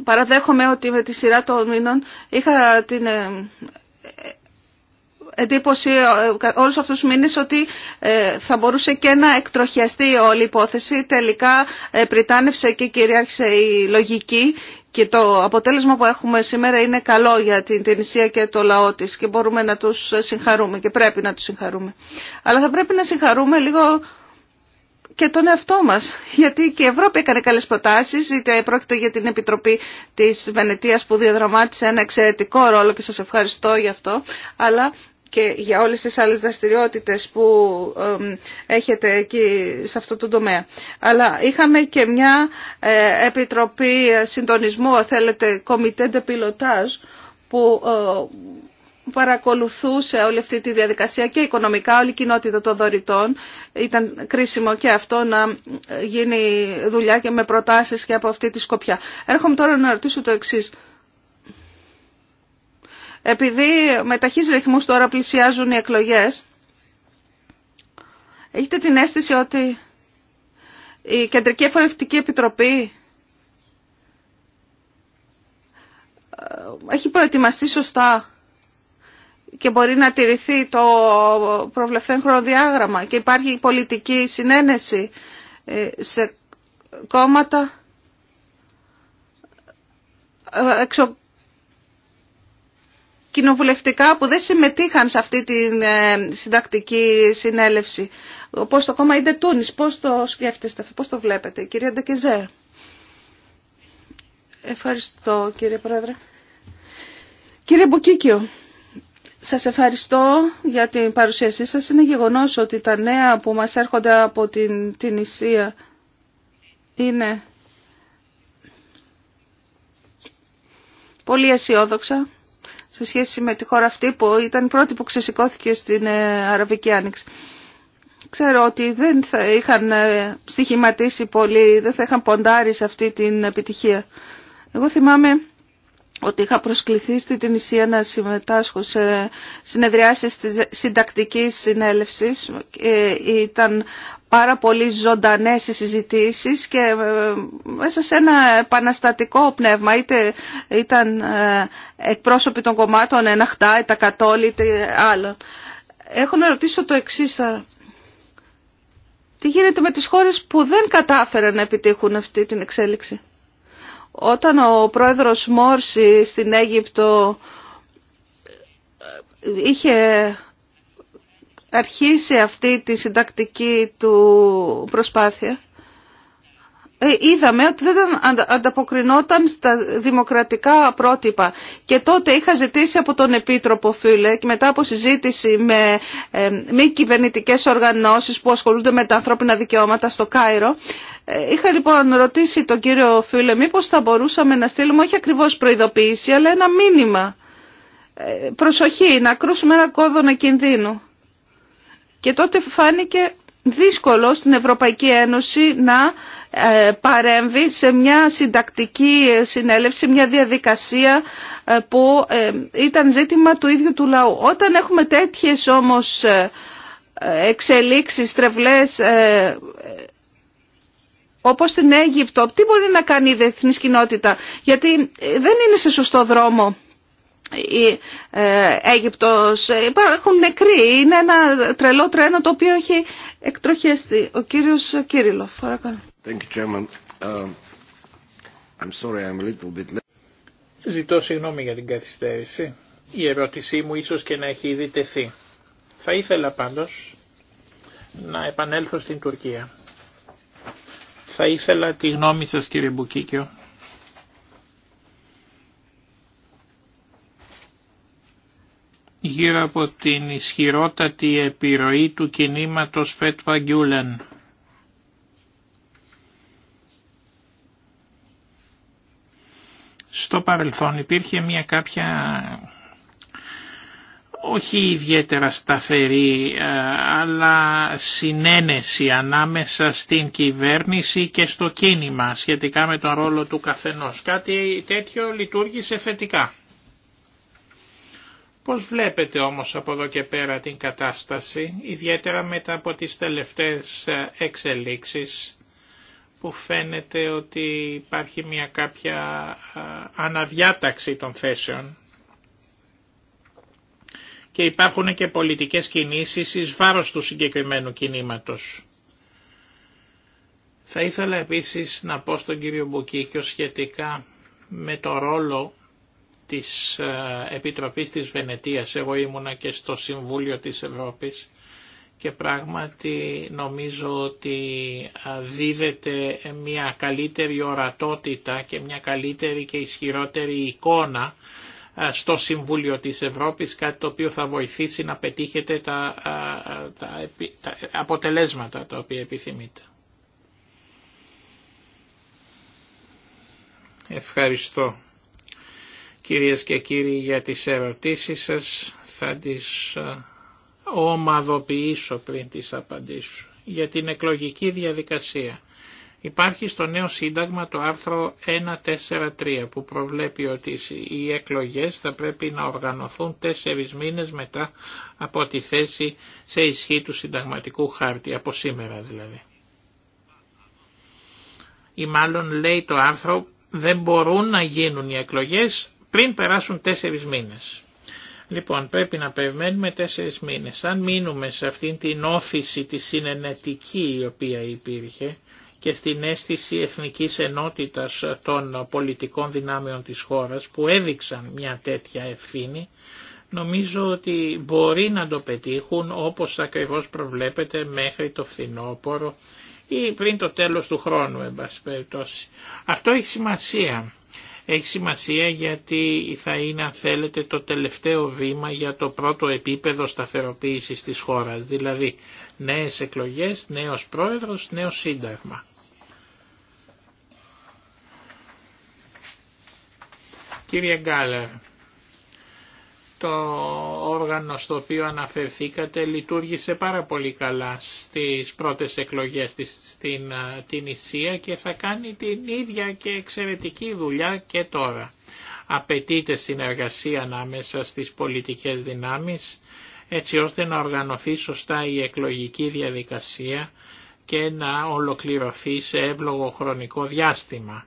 S5: Παραδέχομαι ότι με τη σειρά των μήνων είχα την ε, εντύπωση ε, όλους αυτούς τους μήνες ότι ε, θα μπορούσε και να εκτροχιαστεί όλη η υπόθεση. Τελικά ε, πριτάνευσε και κυριάρχησε η λογική και το αποτέλεσμα που έχουμε σήμερα είναι καλό για την Τινησία και το λαό της και μπορούμε να τους συγχαρούμε και πρέπει να τους συγχαρούμε. Αλλά θα πρέπει να συγχαρούμε λίγο και τον εαυτό μας, γιατί και η Ευρώπη έκανε καλές προτάσεις, είτε πρόκειται για την Επιτροπή της Βενετίας που διαδραμάτισε ένα εξαιρετικό ρόλο και σας ευχαριστώ για αυτό, αλλά και για όλες τις άλλες δραστηριότητες που έχετε εκεί σε αυτό το τομέα. Αλλά είχαμε και μια ε, επιτροπή συντονισμού, θέλετε, κομιτέντε πιλοτάζ, που ε, παρακολουθούσε όλη αυτή τη διαδικασία και οικονομικά όλη η κοινότητα των δωρητών. Ήταν κρίσιμο και αυτό να ε, γίνει δουλειά και με προτάσεις και από αυτή τη σκοπιά. Έρχομαι τώρα να ρωτήσω το εξής επειδή με ταχύς ρυθμούς τώρα πλησιάζουν οι εκλογές, έχετε την αίσθηση ότι η Κεντρική Εφορευτική Επιτροπή ε, έχει προετοιμαστεί σωστά και μπορεί να τηρηθεί το προβλεφθέν χρονοδιάγραμμα και υπάρχει πολιτική συνένεση ε, σε κόμματα ε, κοινοβουλευτικά που δεν συμμετείχαν σε αυτή τη ε, συντακτική συνέλευση. Πώ το κόμμα είναι Τούνη, πώ το σκέφτεστε αυτό, πώ το βλέπετε. Κυρία Ντεκεζέ. Ευχαριστώ κύριε Πρόεδρε. Κύριε Μποκίκιο, σας ευχαριστώ για την παρουσίασή σας. Είναι γεγονό ότι τα νέα που μας έρχονται από την, την Ισία είναι πολύ αισιόδοξα σε σχέση με τη χώρα αυτή που ήταν η πρώτη που ξεσηκώθηκε στην ε, Αραβική Άνοιξη. Ξέρω ότι δεν θα είχαν ε, στοιχηματίσει πολύ, δεν θα είχαν ποντάρει σε αυτή την επιτυχία. Εγώ θυμάμαι ότι είχα προσκληθεί στη Τινησία να συμμετάσχω σε συνεδριάσεις της συντακτικής συνέλευσης. Ήταν πάρα πολύ ζωντανές οι συζητήσεις και ε, μέσα σε ένα επαναστατικό πνεύμα είτε ήταν ε, εκπρόσωποι των κομμάτων εναχτά, τα κατόλοι, άλλο. Έχω να ρωτήσω το εξή Τι γίνεται με τις χώρες που δεν κατάφεραν να επιτύχουν αυτή την εξέλιξη. Όταν ο πρόεδρος Μόρση στην Αίγυπτο ε, είχε αρχίσει αυτή τη συντακτική του προσπάθεια, ε, είδαμε ότι δεν ανταποκρινόταν στα δημοκρατικά πρότυπα. Και τότε είχα ζητήσει από τον Επίτροπο Φίλε και μετά από συζήτηση με ε, μη κυβερνητικέ οργανώσεις που ασχολούνται με τα ανθρώπινα δικαιώματα στο Κάιρο, ε, Είχα λοιπόν ρωτήσει τον κύριο Φίλε μήπως θα μπορούσαμε να στείλουμε όχι ακριβώς προειδοποίηση αλλά ένα μήνυμα. Προσοχή, να κρούσουμε ένα κόδωνα κινδύνου. Και τότε φάνηκε δύσκολο στην Ευρωπαϊκή Ένωση να ε, παρέμβει σε μια συντακτική ε, συνέλευση, μια διαδικασία ε, που ήταν ζήτημα του ίδιου του λαού. Όταν έχουμε τέτοιες όμως εξελίξεις, τρευλές, όπως στην Αίγυπτο, τι μπορεί να κάνει η διεθνής κοινότητα, γιατί δεν είναι σε σωστό δρόμο η ε, Αίγυπτος υπάρχουν νεκροί. Είναι ένα τρελό τρένο το οποίο έχει εκτροχιαστεί. Ο κύριος Κύριλοφ, παρακαλώ.
S1: Ζητώ συγγνώμη για την καθυστέρηση. Η ερώτησή μου ίσως και να έχει ήδη τεθεί. Θα ήθελα πάντως να επανέλθω στην Τουρκία. Θα ήθελα τη γνώμη σας κύριε Μπουκίκιο γύρω από την ισχυρότατη επιρροή του κινήματος Φέτβα Γκιούλεν. Στο παρελθόν υπήρχε μια κάποια όχι ιδιαίτερα σταθερή ε, αλλά συνένεση ανάμεσα στην κυβέρνηση και στο κίνημα σχετικά με τον ρόλο του καθενός. Κάτι τέτοιο λειτουργήσε θετικά. Πώς βλέπετε όμως από εδώ και πέρα την κατάσταση, ιδιαίτερα μετά από τις τελευταίες ε, εξελίξεις που φαίνεται ότι υπάρχει μια κάποια ε, αναδιάταξη των θέσεων και υπάρχουν και πολιτικές κινήσεις εις βάρος του συγκεκριμένου κινήματος. Θα ήθελα επίσης να πω στον κύριο Μπουκίκιο σχετικά με το ρόλο της ε, Επιτροπής της Βενετίας. Εγώ ήμουνα και στο Συμβούλιο της Ευρώπης και πράγματι νομίζω ότι ε, δίδεται μια καλύτερη ορατότητα και μια καλύτερη και ισχυρότερη εικόνα ε, στο Συμβούλιο της Ευρώπης, κάτι το οποίο θα βοηθήσει να πετύχετε τα, τα αποτελέσματα τα οποία επιθυμείτε. Ευχαριστώ κυρίες και κύριοι για τις ερωτήσεις σας. Θα τις ε, ομαδοποιήσω πριν τις απαντήσω. Για την εκλογική διαδικασία. Υπάρχει στο νέο σύνταγμα το άρθρο 143 που προβλέπει ότι οι εκλογές θα πρέπει να οργανωθούν τέσσερις μήνες μετά από τη θέση σε ισχύ του συνταγματικού χάρτη, από σήμερα δηλαδή. Ή μάλλον λέει το άρθρο δεν μπορούν να γίνουν οι εκλογές πριν περάσουν τέσσερις μήνες. Λοιπόν, πρέπει να περιμένουμε τέσσερις μήνες. Αν μείνουμε σε αυτήν την όθηση τη συνενετική η οποία υπήρχε και στην αίσθηση εθνικής ενότητας των πολιτικών δυνάμεων της χώρας που έδειξαν μια τέτοια ευθύνη, νομίζω ότι μπορεί να το πετύχουν όπως ακριβώς προβλέπεται μέχρι το φθινόπωρο ή πριν το τέλος του χρόνου, εν περιπτώσει. Αυτό έχει σημασία έχει σημασία γιατί θα είναι αν θέλετε το τελευταίο βήμα για το πρώτο επίπεδο σταθεροποίησης της χώρας, δηλαδή νέες εκλογές, νέος πρόεδρος, νέο σύνταγμα. Κύριε Γκάλερ, το όργανο στο οποίο αναφερθήκατε λειτουργήσε πάρα πολύ καλά στις πρώτες εκλογές της, στην ε, την Ισία και θα κάνει την ίδια και εξαιρετική δουλειά και τώρα. Απαιτείται συνεργασία ανάμεσα στις πολιτικές δυνάμεις έτσι ώστε να οργανωθεί σωστά η εκλογική διαδικασία και να ολοκληρωθεί σε εύλογο χρονικό διάστημα.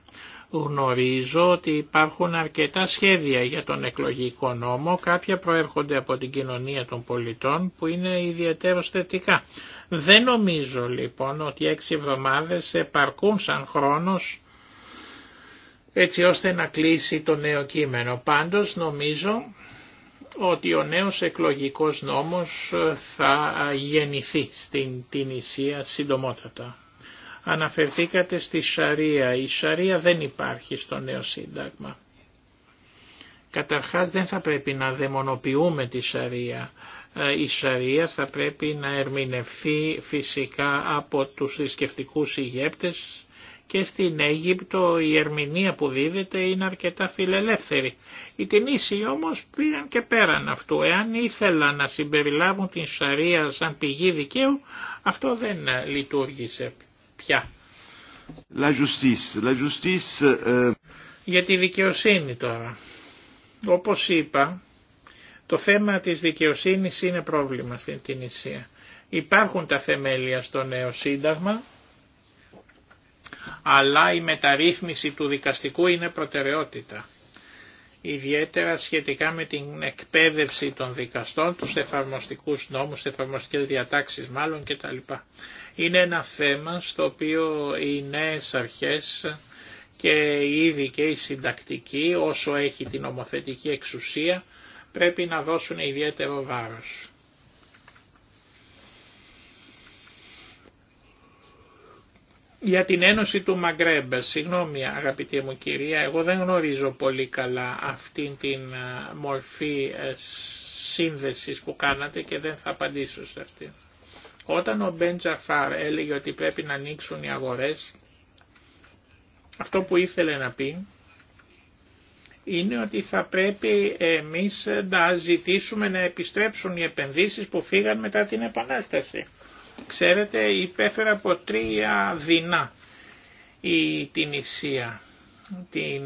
S1: Γνωρίζω ότι υπάρχουν αρκετά σχέδια για τον εκλογικό νόμο, κάποια προέρχονται από την κοινωνία των πολιτών που είναι ιδιαίτερο θετικά. Δεν νομίζω λοιπόν ότι έξι εβδομάδες επαρκούν σαν χρόνος έτσι ώστε να κλείσει το νέο κείμενο. Πάντως νομίζω ότι ο νέος εκλογικός νόμος θα γεννηθεί στην την Ισία συντομότατα. Αναφερθήκατε στη Σαρία. Η Σαρία δεν υπάρχει στο νέο σύνταγμα. Καταρχάς δεν θα πρέπει να δαιμονοποιούμε τη Σαρία. Ε, η Σαρία θα πρέπει να ερμηνευθεί φυσικά από τους θρησκευτικού ηγέπτες και στην Αίγυπτο η ερμηνεία που δίδεται είναι αρκετά φιλελεύθερη. Οι Τινήσοι όμως πήγαν και πέραν αυτού. Εάν ήθελαν να συμπεριλάβουν την Σαρία σαν πηγή δικαίου, αυτό δεν ε, λειτουργήσε.
S3: La justice. La justice, ε,
S1: Για τη δικαιοσύνη τώρα. Όπως είπα, το θέμα της δικαιοσύνης είναι πρόβλημα στην Τινησία. Υπάρχουν τα θεμέλια στο νέο σύνταγμα, αλλά η μεταρρύθμιση του δικαστικού είναι προτεραιότητα. Ιδιαίτερα σχετικά με την εκπαίδευση των δικαστών, τους εφαρμοστικούς νόμους, εφαρμοστικές διατάξεις μάλλον κτλ. Είναι ένα θέμα στο οποίο οι νέες αρχές και ήδη και η συντακτική όσο έχει την ομοθετική εξουσία πρέπει να δώσουν ιδιαίτερο βάρος. Για την Ένωση του Μαγκρέμπ, συγγνώμη αγαπητή μου κυρία, εγώ δεν γνωρίζω πολύ καλά αυτήν την ε, μορφή ε, σύνδεσης που κάνατε και δεν θα απαντήσω σε αυτή. Όταν ο Μπεντζαφάρ έλεγε ότι πρέπει να ανοίξουν οι αγορές, αυτό που ήθελε να πει είναι ότι θα πρέπει εμείς να ζητήσουμε να επιστρέψουν οι επενδύσεις που φύγαν μετά την Επανάσταση. Ξέρετε, υπέφερα από τρία δεινά η την Ισία, την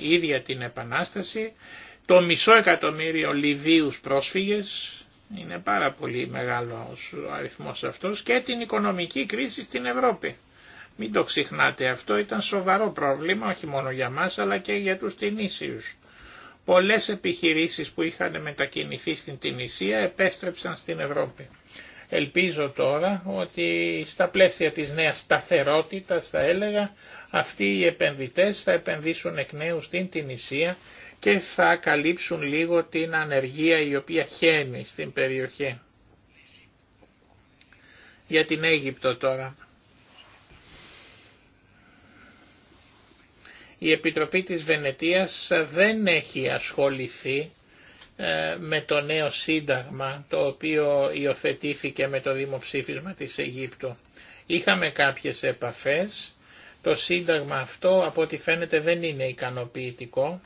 S1: ίδια την Επανάσταση, το μισό εκατομμύριο Λιβύους πρόσφυγες, είναι πάρα πολύ μεγάλος ο αριθμός αυτός και την οικονομική κρίση στην Ευρώπη. Μην το ξεχνάτε αυτό, ήταν σοβαρό πρόβλημα όχι μόνο για μας αλλά και για τους Τινήσιους. Πολλές επιχειρήσεις που είχαν μετακινηθεί στην Τινησία επέστρεψαν στην Ευρώπη. Ελπίζω τώρα ότι στα πλαίσια της νέας σταθερότητας θα έλεγα αυτοί οι επενδυτές θα επενδύσουν εκ νέου στην Τινησία και θα καλύψουν λίγο την ανεργία η οποία χαίνει στην περιοχή. Για την Αίγυπτο τώρα. Η Επιτροπή της Βενετίας δεν έχει ασχοληθεί ε, με το νέο σύνταγμα το οποίο υιοθετήθηκε με το δημοψήφισμα της Αιγύπτου. Είχαμε κάποιες επαφές, το σύνταγμα αυτό από ό,τι φαίνεται δεν είναι ικανοποιητικό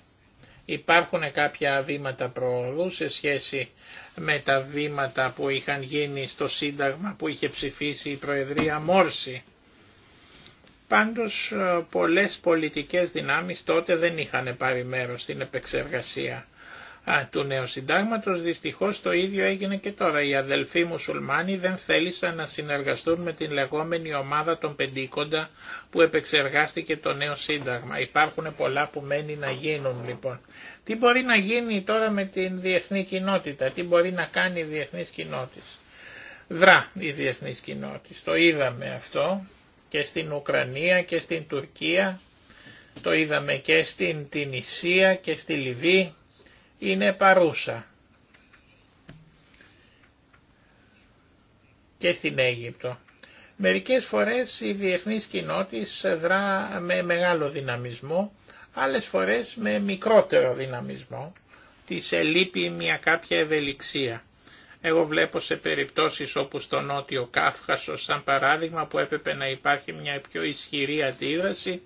S1: Υπάρχουν κάποια βήματα προοδού σε σχέση με τα βήματα που είχαν γίνει στο Σύνταγμα που είχε ψηφίσει η Προεδρία Μόρση. Πάντως ε, πολλές πολιτικές δυνάμεις τότε δεν είχαν πάρει μέρος στην επεξεργασία α, του νέου συντάγματο. Δυστυχώ το ίδιο έγινε και τώρα. Οι αδελφοί μουσουλμάνοι δεν θέλησαν να συνεργαστούν με την λεγόμενη ομάδα των πεντήκοντα που επεξεργάστηκε το νέο σύνταγμα. Υπάρχουν πολλά που μένει να γίνουν λοιπόν. Τι μπορεί να γίνει τώρα με την διεθνή κοινότητα, τι μπορεί να κάνει η διεθνής κοινότητα. Δρά η διεθνής κοινότητα. Το είδαμε αυτό και στην Ουκρανία και στην Τουρκία, το είδαμε και στην Τινησία και στη Λιβύη είναι παρούσα. Και στην Αίγυπτο. Μερικές φορές η διεθνής κοινότης δρά με μεγάλο δυναμισμό, άλλες φορές με μικρότερο δυναμισμό, της ελείπει μια κάποια ευελιξία. Εγώ βλέπω σε περιπτώσεις όπου στο Νότιο Κάφχασο, σαν παράδειγμα, που έπρεπε να υπάρχει μια πιο ισχυρή αντίδραση,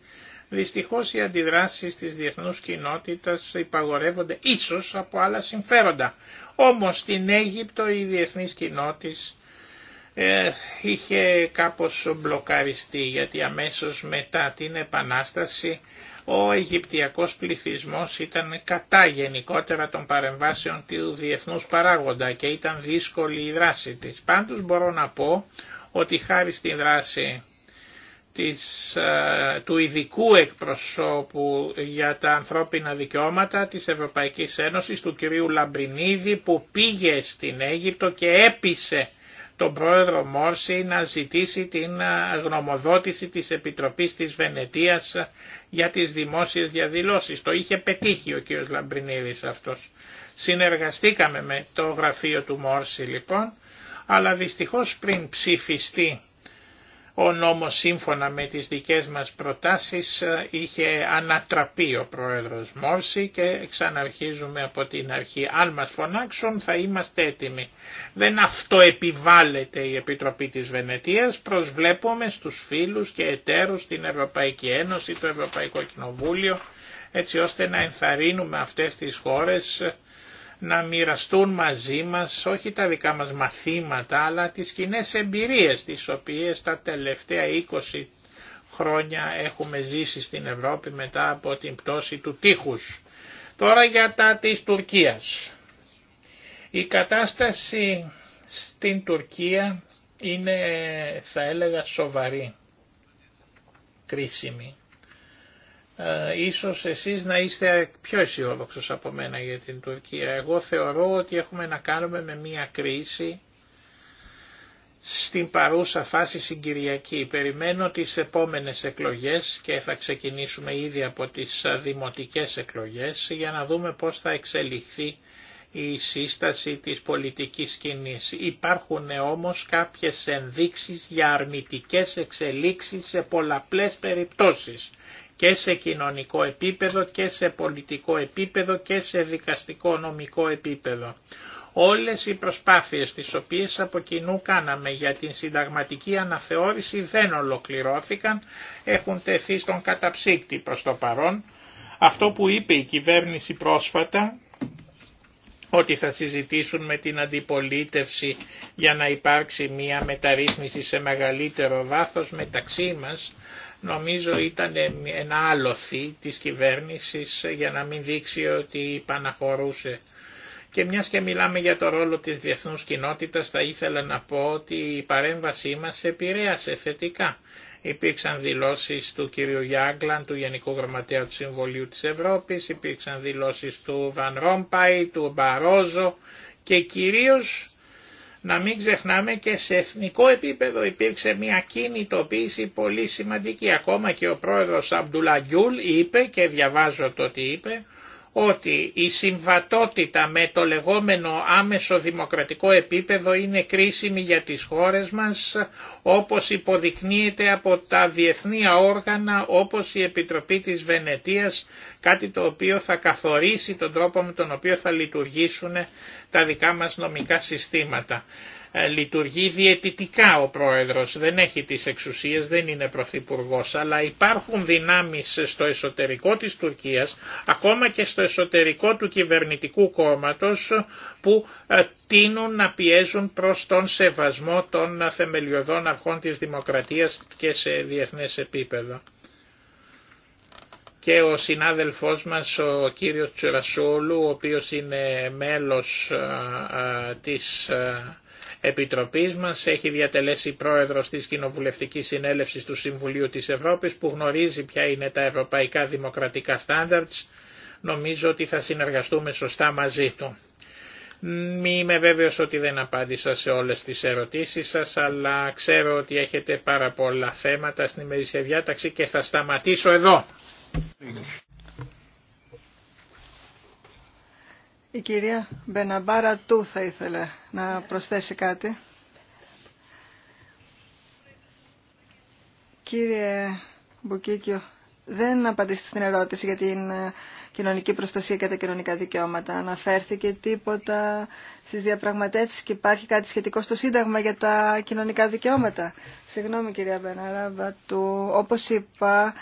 S1: Δυστυχώς οι αντιδράσεις της διεθνούς κοινότητας υπαγορεύονται ίσως από άλλα συμφέροντα. Όμως στην Αίγυπτο η διεθνής κοινότης ε, είχε κάπως μπλοκαριστεί γιατί αμέσως μετά την Επανάσταση ο Αιγυπτιακός πληθυσμός ήταν κατά γενικότερα των παρεμβάσεων του διεθνούς παράγοντα και ήταν δύσκολη η δράση της. Πάντως μπορώ να πω ότι χάρη στη δράση ε, του ειδικού εκπροσώπου για τα ανθρώπινα δικαιώματα της Ευρωπαϊκής Ένωσης του κυρίου Λαμπρινίδη που πήγε στην Αίγυπτο και έπεισε τον πρόεδρο Μόρση να ζητήσει την ε, γνωμοδότηση της Επιτροπής της Βενετίας για τις δημόσιες διαδηλώσεις. Το είχε πετύχει ο κύριος Λαμπρινίδης αυτός. Συνεργαστήκαμε με το γραφείο του Μόρση λοιπόν, αλλά δυστυχώς πριν ψηφιστεί ο νόμος σύμφωνα με τις δικές μας προτάσεις είχε ανατραπεί ο πρόεδρος Μόρση και ξαναρχίζουμε από την αρχή. Αν μας φωνάξουν θα είμαστε έτοιμοι. Δεν αυτοεπιβάλλεται η Επιτροπή της Βενετίας, προσβλέπουμε στους φίλους και εταίρους την Ευρωπαϊκή Ένωση, το Ευρωπαϊκό Κοινοβούλιο, έτσι ώστε να ενθαρρύνουμε αυτές τις χώρες να μοιραστούν μαζί μας όχι τα δικά μας μαθήματα αλλά τις κοινέ εμπειρίες τις οποίες τα τελευταία 20 χρόνια έχουμε ζήσει στην Ευρώπη μετά από την πτώση του τείχους. Τώρα για τα της Τουρκίας. Η κατάσταση στην Τουρκία είναι θα έλεγα σοβαρή, κρίσιμη. Ε, ίσως εσείς να είστε πιο αισιόδοξο από μένα για την Τουρκία. Εγώ θεωρώ ότι έχουμε να κάνουμε με μια κρίση στην παρούσα φάση συγκυριακή. Περιμένω τις επόμενες εκλογές και θα ξεκινήσουμε ήδη από τις δημοτικές εκλογές για να δούμε πώς θα εξελιχθεί η σύσταση της πολιτικής σκηνής. Υπάρχουν όμως κάποιες ενδείξεις για αρνητικές εξελίξεις σε πολλαπλές περιπτώσεις και σε κοινωνικό επίπεδο και σε πολιτικό επίπεδο και σε δικαστικό νομικό επίπεδο. Όλες οι προσπάθειες τις οποίες από κοινού κάναμε για την συνταγματική αναθεώρηση δεν ολοκληρώθηκαν, έχουν τεθεί στον καταψύκτη προς το παρόν. Αυτό που είπε η κυβέρνηση πρόσφατα, ότι θα συζητήσουν με την αντιπολίτευση για να υπάρξει μια μεταρρύθμιση σε μεγαλύτερο βάθος μεταξύ μας, νομίζω ήταν ένα άλοθη της κυβέρνησης για να μην δείξει ότι παναχωρούσε Και μιας και μιλάμε για το ρόλο της διεθνούς κοινότητας θα ήθελα να πω ότι η παρέμβασή μας επηρέασε θετικά. Υπήρξαν δηλώσεις του κυρίου Γιάγκλαν, του Γενικού Γραμματέα του Συμβολίου της Ευρώπης, υπήρξαν δηλώσεις του Βαν Ρόμπαϊ, του Μπαρόζο και κυρίως να μην ξεχνάμε και σε εθνικό επίπεδο υπήρξε μια κινητοποίηση πολύ σημαντική. Ακόμα και ο πρόεδρος Αμπτουλαγιούλ είπε και διαβάζω το τι είπε ότι η συμβατότητα με το λεγόμενο άμεσο δημοκρατικό επίπεδο είναι κρίσιμη για τις χώρες μας όπως υποδεικνύεται από τα διεθνή όργανα όπως η Επιτροπή της Βενετίας κάτι το οποίο θα καθορίσει τον τρόπο με τον οποίο θα λειτουργήσουν τα δικά μας νομικά συστήματα. Ε, λειτουργεί διαιτητικά ο πρόεδρος, δεν έχει τις εξουσίες, δεν είναι πρωθυπουργό, αλλά υπάρχουν δυνάμεις στο εσωτερικό της Τουρκίας, ακόμα και στο εσωτερικό του κυβερνητικού κόμματος, που ε, τίνουν να πιέζουν προς τον σεβασμό των θεμελιωδών αρχών της δημοκρατίας και σε διεθνές επίπεδο. Και ο συνάδελφός μας, ο κύριος Τσουρασούλου, ο οποίος είναι μέλος ε, της Επιτροπής μας, έχει διατελέσει πρόεδρος της Κοινοβουλευτικής Συνέλευσης του Συμβουλίου της Ευρώπης που γνωρίζει ποια είναι τα ευρωπαϊκά δημοκρατικά στάνταρτς. Νομίζω ότι θα συνεργαστούμε σωστά μαζί του. Μη είμαι βέβαιος ότι δεν απάντησα σε όλες τις ερωτήσεις σας, αλλά ξέρω ότι έχετε πάρα πολλά θέματα στην ημερήσια διάταξη και θα σταματήσω εδώ.
S4: Η κυρία Μπεναμπάρα Του θα ήθελε να προσθέσει κάτι. Κύριε Μπουκίκιο, δεν απαντήσετε στην ερώτηση για την ε, κοινωνική προστασία και τα κοινωνικά δικαιώματα. Αναφέρθηκε τίποτα στις διαπραγματεύσεις και υπάρχει κάτι σχετικό στο Σύνταγμα για τα κοινωνικά δικαιώματα. Συγγνώμη κυρία Μπεναμπάρα του. Όπως είπα,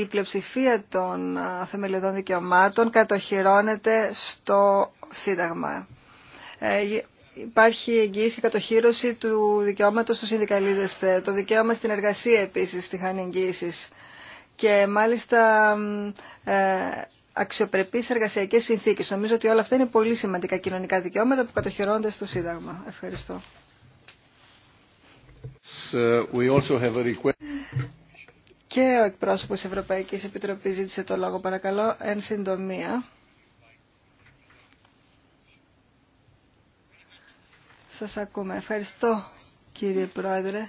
S4: η πλειοψηφία των θεμελιωδών δικαιωμάτων κατοχυρώνεται στο Σύνταγμα. Ε, υπάρχει εγγύηση και κατοχύρωση του δικαιώματος του συνδικαλίζεστε. Το δικαίωμα στην εργασία επίσης τη χάνει εγγύησης. Και μάλιστα ε, αξιοπρεπείς εργασιακές συνθήκες. Νομίζω ότι όλα αυτά είναι πολύ σημαντικά κοινωνικά δικαιώματα που κατοχυρώνονται στο Σύνταγμα. Ευχαριστώ.
S2: We also have a request.
S4: Και ο εκπρόσωπος Ευρωπαϊκής Επιτροπής ζήτησε το λόγο παρακαλώ εν συντομία. Σας ακούμε. Ευχαριστώ κύριε Πρόεδρε.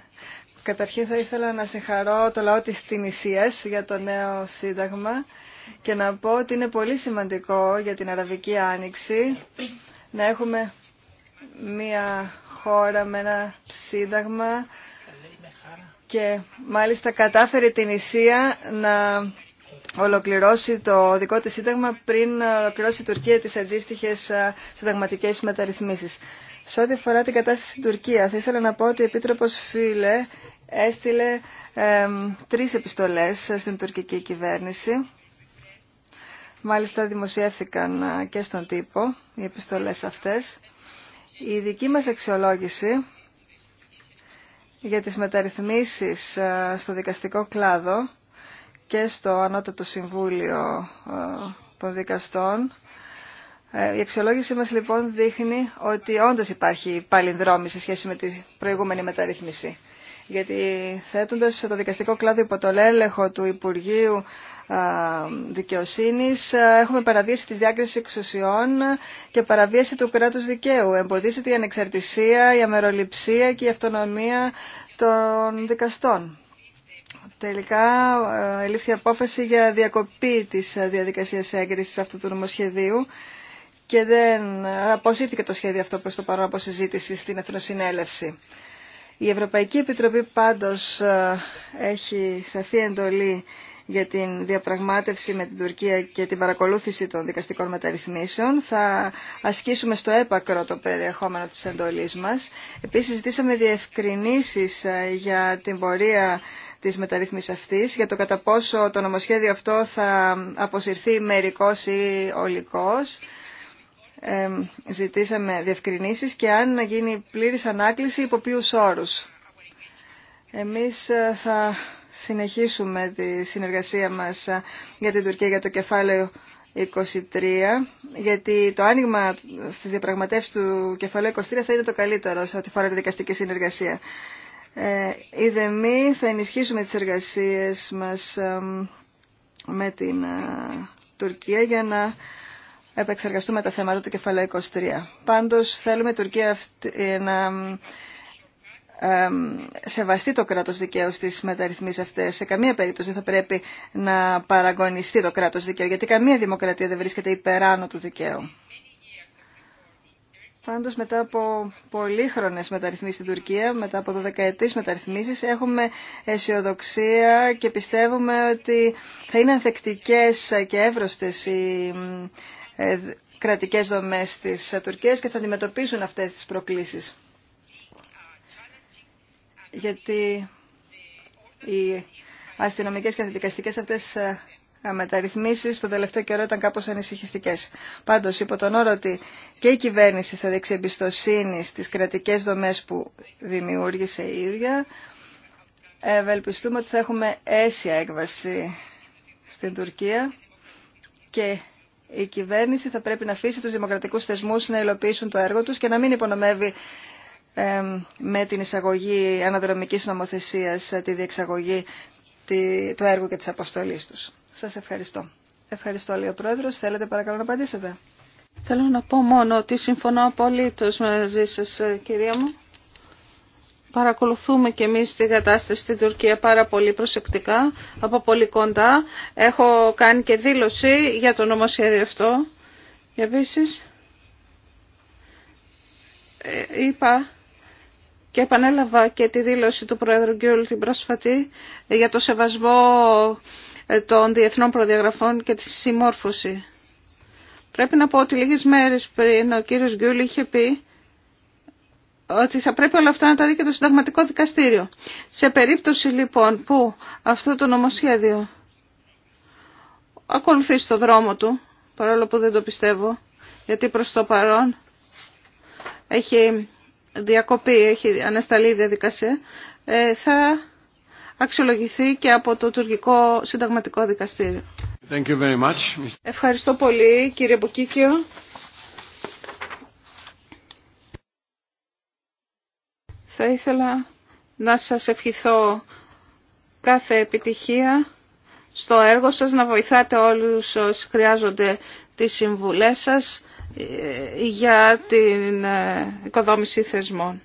S4: Καταρχήν θα ήθελα να συγχαρώ το λαό της Τινησίας για το νέο σύνταγμα και να πω ότι είναι πολύ σημαντικό για την Αραβική Άνοιξη να έχουμε μία χώρα με ένα σύνταγμα και μάλιστα κατάφερε την Ισία να ολοκληρώσει το δικό της σύνταγμα πριν ολοκληρώσει η Τουρκία τις αντίστοιχες συνταγματικές μεταρρυθμίσεις. Σε ό,τι αφορά την κατάσταση στην Τουρκία, θα ήθελα να πω ότι ο Επίτροπος Φίλε έστειλε ε, τρεις επιστολές στην τουρκική κυβέρνηση. Μάλιστα δημοσιεύθηκαν και στον τύπο οι επιστολές αυτές. Η δική μας αξιολόγηση για τις μεταρρυθμίσεις ε, στο δικαστικό κλάδο και στο Ανώτατο Συμβούλιο ε, των Δικαστών. Ε, η αξιολόγηση μας λοιπόν δείχνει ότι όντως υπάρχει δρόμη σε σχέση με την προηγούμενη μεταρρύθμιση γιατί θέτοντας το δικαστικό κλάδο υπό τον έλεγχο του Υπουργείου Δικαιοσύνης έχουμε παραβίαση της διάκρισης εξουσιών και παραβίαση του κράτους δικαίου. Εμποδίζεται η ανεξαρτησία, η αμεροληψία και η αυτονομία των δικαστών. Τελικά ελήφθη απόφαση για διακοπή της διαδικασίας έγκρισης αυτού του νομοσχεδίου και δεν αποσύρθηκε το σχέδιο αυτό προς το παρόν από συζήτηση στην Εθνοσυνέλευση. Η Ευρωπαϊκή Επιτροπή πάντως ε, έχει σαφή εντολή για την διαπραγμάτευση με την Τουρκία και την παρακολούθηση των δικαστικών μεταρρυθμίσεων. Θα ασκήσουμε στο έπακρο το περιεχόμενο της εντολής μας. Επίσης, ζητήσαμε διευκρινήσεις ε, για την πορεία της μεταρρύθμισης αυτής, για το κατά πόσο το νομοσχέδιο αυτό θα αποσυρθεί μερικός ή ολικός ζητήσαμε διευκρινήσεις και αν να γίνει πλήρης ανάκληση υπό ποιους όρους. Εμείς ε, θα συνεχίσουμε τη συνεργασία μας ε, για την Τουρκία για το κεφάλαιο 23, γιατί το άνοιγμα στις διαπραγματεύσεις του κεφαλαίου 23 θα είναι το καλύτερο σε ό,τι φορά τη δικαστική συνεργασία. Ε, μη θα ενισχύσουμε τις εργασίες μας με την ε, Τουρκία για να επεξεργαστούμε τα θέματα του κεφαλαίου 23. Πάντως θέλουμε η Τουρκία ε, να ε, σεβαστεί το κράτος δικαίου στις μεταρρυθμίσεις αυτές. Σε καμία περίπτωση δεν θα πρέπει να παραγωνιστεί το κράτος δικαίου, γιατί καμία δημοκρατία δεν βρίσκεται υπεράνω του δικαίου. Πάντως μετά από πολύχρονες μεταρρυθμίσεις στην Τουρκία, μετά από δεκαετίες μεταρρυθμίσεις, έχουμε αισιοδοξία και πιστεύουμε ότι θα είναι ανθεκτικές και εύρωστες οι ε, κρατικές δομές της ε, Τουρκίας και θα αντιμετωπίσουν αυτές τις προκλήσεις. Γιατί οι αστυνομικές και αντιδικαστικές αυτές ε, μεταρρυθμίσεις το τελευταίο καιρό ήταν κάπως ανησυχιστικές. Πάντως, υπό τον όρο ότι και η κυβέρνηση θα δείξει εμπιστοσύνη στις κρατικές δομές που δημιούργησε η ίδια, ευελπιστούμε ότι θα έχουμε αίσια έκβαση στην Τουρκία και η κυβέρνηση θα πρέπει να αφήσει τους δημοκρατικούς θεσμούς να υλοποιήσουν το έργο τους και να μην υπονομεύει με την εισαγωγή αναδρομικής νομοθεσίας ε, τη διεξαγωγή του έργου και της αποστολής τους. Σας ευχαριστώ. Ευχαριστώ, λέει ο Πρόεδρος. Θέλετε παρακαλώ να απαντήσετε.
S5: Θέλω να πω μόνο ότι συμφωνώ απολύτως μαζί σας, ε, κυρία μου. Παρακολουθούμε και εμείς την κατάσταση στην Τουρκία πάρα πολύ προσεκτικά, από πολύ κοντά. Έχω κάνει και δήλωση για το νομοσχέδιο αυτό. επίσης ε, είπα και επανέλαβα και τη δήλωση του Πρόεδρου Γκιούλ την πρόσφατη ε, για το σεβασμό ε, των διεθνών προδιαγραφών και τη συμμόρφωση. Πρέπει να πω ότι λίγες μέρες πριν ο κύριος Γκιούλ είχε πει ότι θα πρέπει όλα αυτά να τα δει και το συνταγματικό δικαστήριο. Σε περίπτωση λοιπόν που αυτό το νομοσχέδιο ακολουθεί στο δρόμο του, παρόλο που δεν το πιστεύω, γιατί προς το παρόν έχει διακοπεί, έχει ανασταλεί η διαδικασία, ε, θα αξιολογηθεί και από το τουρκικό συνταγματικό δικαστήριο.
S2: Thank you very much.
S5: Ευχαριστώ πολύ κύριε Μποκίκιο. Θα ήθελα να σας ευχηθώ κάθε επιτυχία στο έργο σας, να βοηθάτε όλους όσοι χρειάζονται τις συμβουλές σας ε, για την ε, οικοδόμηση θεσμών.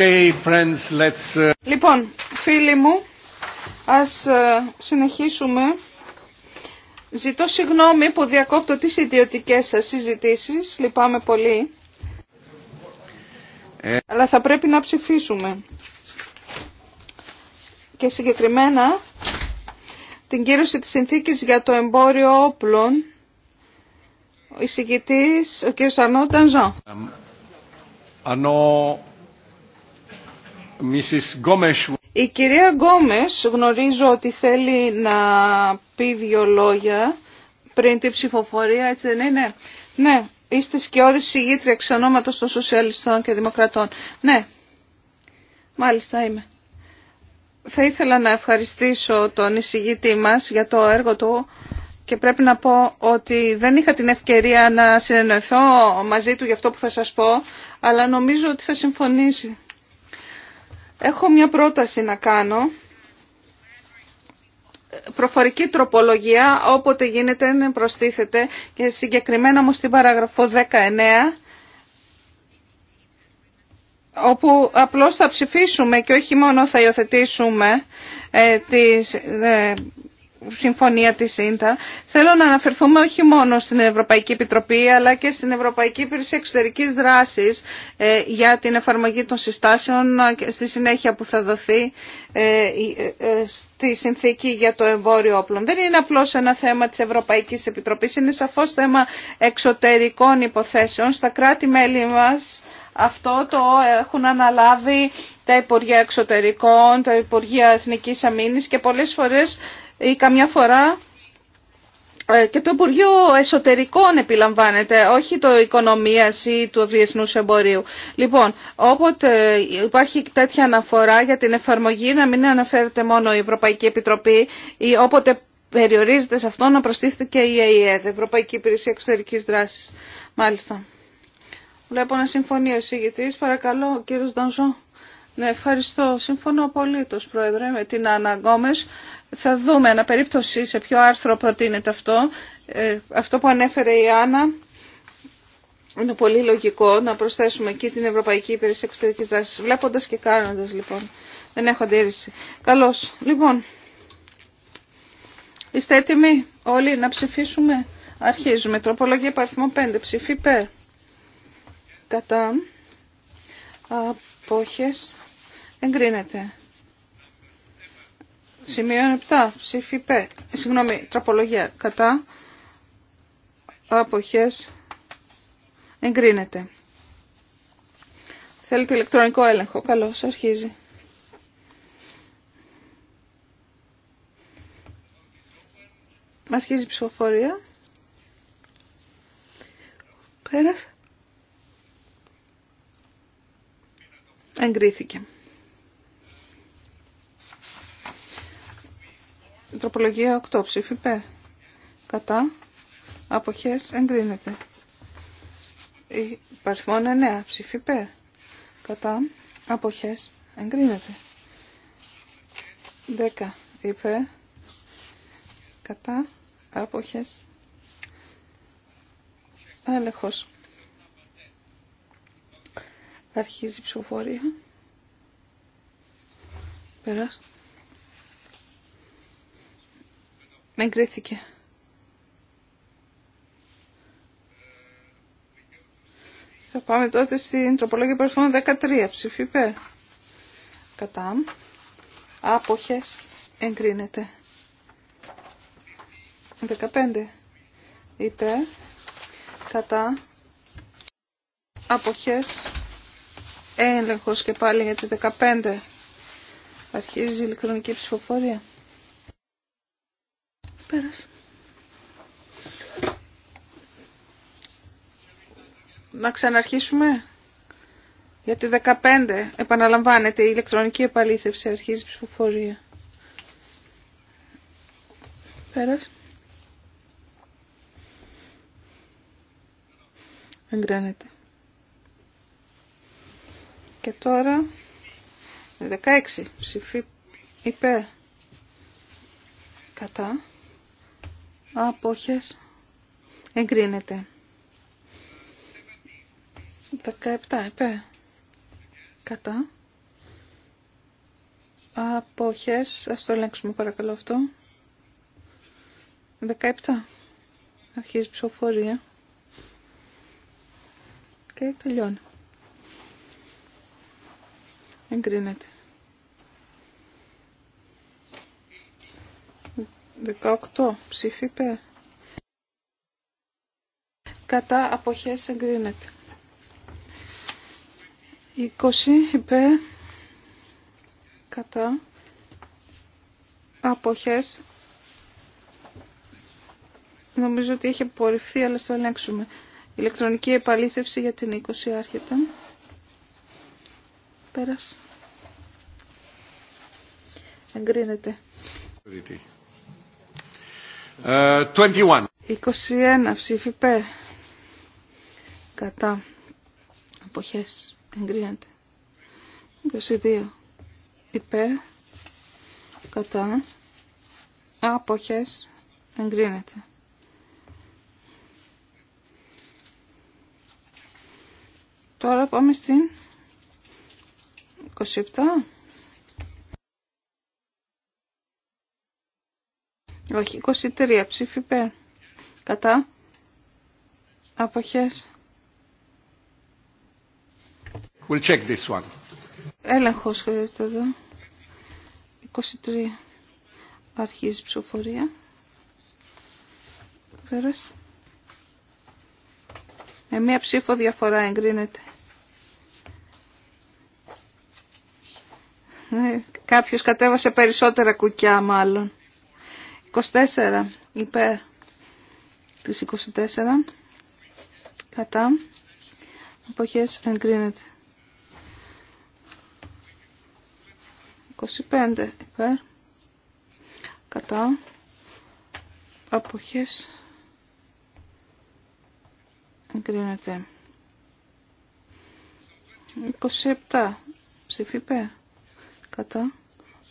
S3: Okay, friends, let's... Uh,
S5: λοιπόν, φίλοι μου, ας ε, συνεχίσουμε. Ζητώ συγγνώμη που διακόπτω τις ιδιωτικές σας συζητήσεις, λυπάμαι πολύ. Ε. Αλλά θα πρέπει να ψηφίσουμε. Και συγκεκριμένα την κύρωση της συνθήκης για το εμπόριο όπλων, ο εισηγητής, ο κ. Αρνό Τανζό. Η κυρία Γκόμες γνωρίζω ότι θέλει να πει δύο λόγια πριν την ψηφοφορία, έτσι δεν είναι. Ναι, είστε σκιώδης συγγήτρια εξ των Σοσιαλιστών και Δημοκρατών. Ναι, μάλιστα είμαι. Θα ήθελα να ευχαριστήσω τον εισηγητή μας για το έργο του και πρέπει να πω ότι δεν είχα την ευκαιρία να συνεννοηθώ μαζί του για αυτό που θα σας πω, αλλά νομίζω ότι θα συμφωνήσει. Έχω μια πρόταση να κάνω. Προφορική τροπολογία, όποτε γίνεται, προστίθεται και συγκεκριμένα μου στην παραγραφό 19 όπου απλώς θα ψηφίσουμε και όχι μόνο θα υιοθετήσουμε ε, τις ε, συμφωνία της ΣΥΝΤΑ, θέλω να αναφερθούμε όχι μόνο στην Ευρωπαϊκή Επιτροπή, αλλά και στην Ευρωπαϊκή Υπηρεσία Εξωτερικής Δράσης ε, για την εφαρμογή των συστάσεων ε, στη συνέχεια που θα δοθεί ε, στη συνθήκη για το εμπόριο όπλων. Δεν είναι απλώς ένα θέμα της Ευρωπαϊκής Επιτροπής, είναι σαφώς θέμα εξωτερικών υποθέσεων. Στα κράτη-μέλη μας αυτό το έχουν αναλάβει τα Υπουργεία Εξωτερικών, τα Υπουργεία Εθνικής Αμήνης και πολλές φορές ή καμιά φορά ε, και το Υπουργείο Εσωτερικών επιλαμβάνεται, όχι το οικονομίας ή του διεθνού εμπορίου. Λοιπόν, όποτε υπάρχει τέτοια αναφορά για την εφαρμογή, να μην αναφέρεται μόνο η Ευρωπαϊκή Επιτροπή ή όποτε περιορίζεται σε αυτό να προστίθεται και η η Ευρωπαϊκή Υπηρεσία Εξωτερικής Δράσης. Μάλιστα. Βλέπω να συμφωνεί ο Παρακαλώ, κύριος Δανζό. Ναι, ευχαριστώ. Συμφωνώ απολύτως, Πρόεδρε, με την Άννα Γκόμες. Θα δούμε περίπτωση σε ποιο άρθρο προτείνεται αυτό. Ε, αυτό που ανέφερε η Άννα είναι πολύ λογικό να προσθέσουμε εκεί την Ευρωπαϊκή Υπηρεσία Εξωτερικής Δράσης, βλέποντας και κάνοντας λοιπόν. Δεν έχω αντίρρηση. Καλώς. Λοιπόν, είστε έτοιμοι όλοι να ψηφίσουμε. Αρχίζουμε. Τροπολογία παριθμό 5. Ψηφί Κατά. Απόχες. Εγκρίνεται. Σημείο 7. Ψήφι Π. Ε, συγγνώμη, τροπολογία. Κατά. Αποχές. Εγκρίνεται. Θέλετε ηλεκτρονικό έλεγχο. Καλώς, αρχίζει. Αρχίζει η ψηφοφορία. Πέρασε. Εγκρίθηκε. Τροπολογία 8. Ψήφι π. Κατά. Αποχές εγκρίνεται. Παριθμόν 9. Ψήφι π. Κατά. Αποχές εγκρίνεται. 10. Υπέρ. Κατά. Αποχές. Έλεγχος. Αρχίζει η ψηφοφορία. Περάσει. Εγκρίθηκε. Θα πάμε τότε στην τροπολόγια περιφώνων 13. Ψήφι υπέρ. Κατά. Άποχες. Εγκρίνεται. 15. Υπέρ. Κατά. Άποχες. Έλεγχος και πάλι για τη 15. Αρχίζει η ηλεκτρονική ψηφοφορία. Πέρας. Να ξαναρχίσουμε. Γιατί 15 επαναλαμβάνεται η ηλεκτρονική επαλήθευση αρχίζει ψηφοφορία. Πέρας. Εγκρίνεται. Και τώρα 16 ψηφί υπέ κατά Απόχες. Εγκρίνεται. 17 Επέ. Κατά. Απόχες. Ας το ελέγξουμε παρακαλώ αυτό. 17. Αρχίζει η ψηφοφορία. Και τελειώνει. Εγκρίνεται. 18 ψηφιπε υπέρ. Κατά αποχές εγκρίνεται. 20 υπέρ. Κατά αποχές. Νομίζω ότι έχει απορριφθεί, αλλά στο ελέγξουμε. Ηλεκτρονική επαλήθευση για την 20 άρχεται. Πέρασε. Εγκρίνεται.
S2: 21.
S5: 21 ψήφι πέ. Κατά. Αποχές. Εγκρίνεται. 22. Υπέρ. Κατά. Αποχές. Εγκρίνεται. Τώρα πάμε στην 27. Όχι, 23 ψήφι πέρ, Κατά. Αποχές.
S2: We'll check this one.
S5: Έλεγχος χρειάζεται εδώ. 23. Αρχίζει ψηφοφορία. Πέρασε. Με μία ψήφο διαφορά εγκρίνεται. Ε, κάποιος κατέβασε περισσότερα κουκιά μάλλον. 24 υπέρ της 24 κατά εποχές εγκρίνεται 25 υπέρ κατά εποχές εγκρίνεται 27 ψηφίπε κατά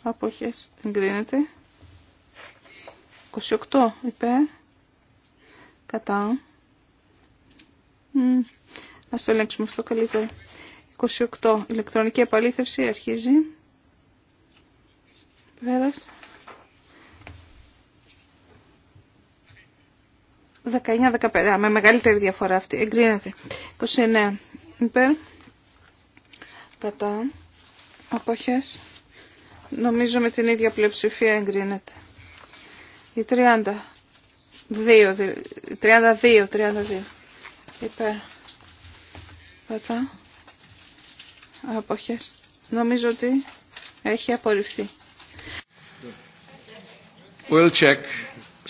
S5: αποχές εγκρίνεται 28 είπε, Κατά. Α το ελέγξουμε αυτό καλύτερα. 28. Ηλεκτρονική επαλήθευση αρχίζει. Πέρας. 19-15. Με μεγαλύτερη διαφορά αυτή. Εγκρίνεται. 29. Υπέρ. Κατά. Αποχές. Νομίζω με την ίδια πλειοψηφία εγκρίνεται. Η 32, 32, 32. Υπέρ. Πατά. Αποχές. Νομίζω ότι έχει απορριφθεί.
S2: We'll check.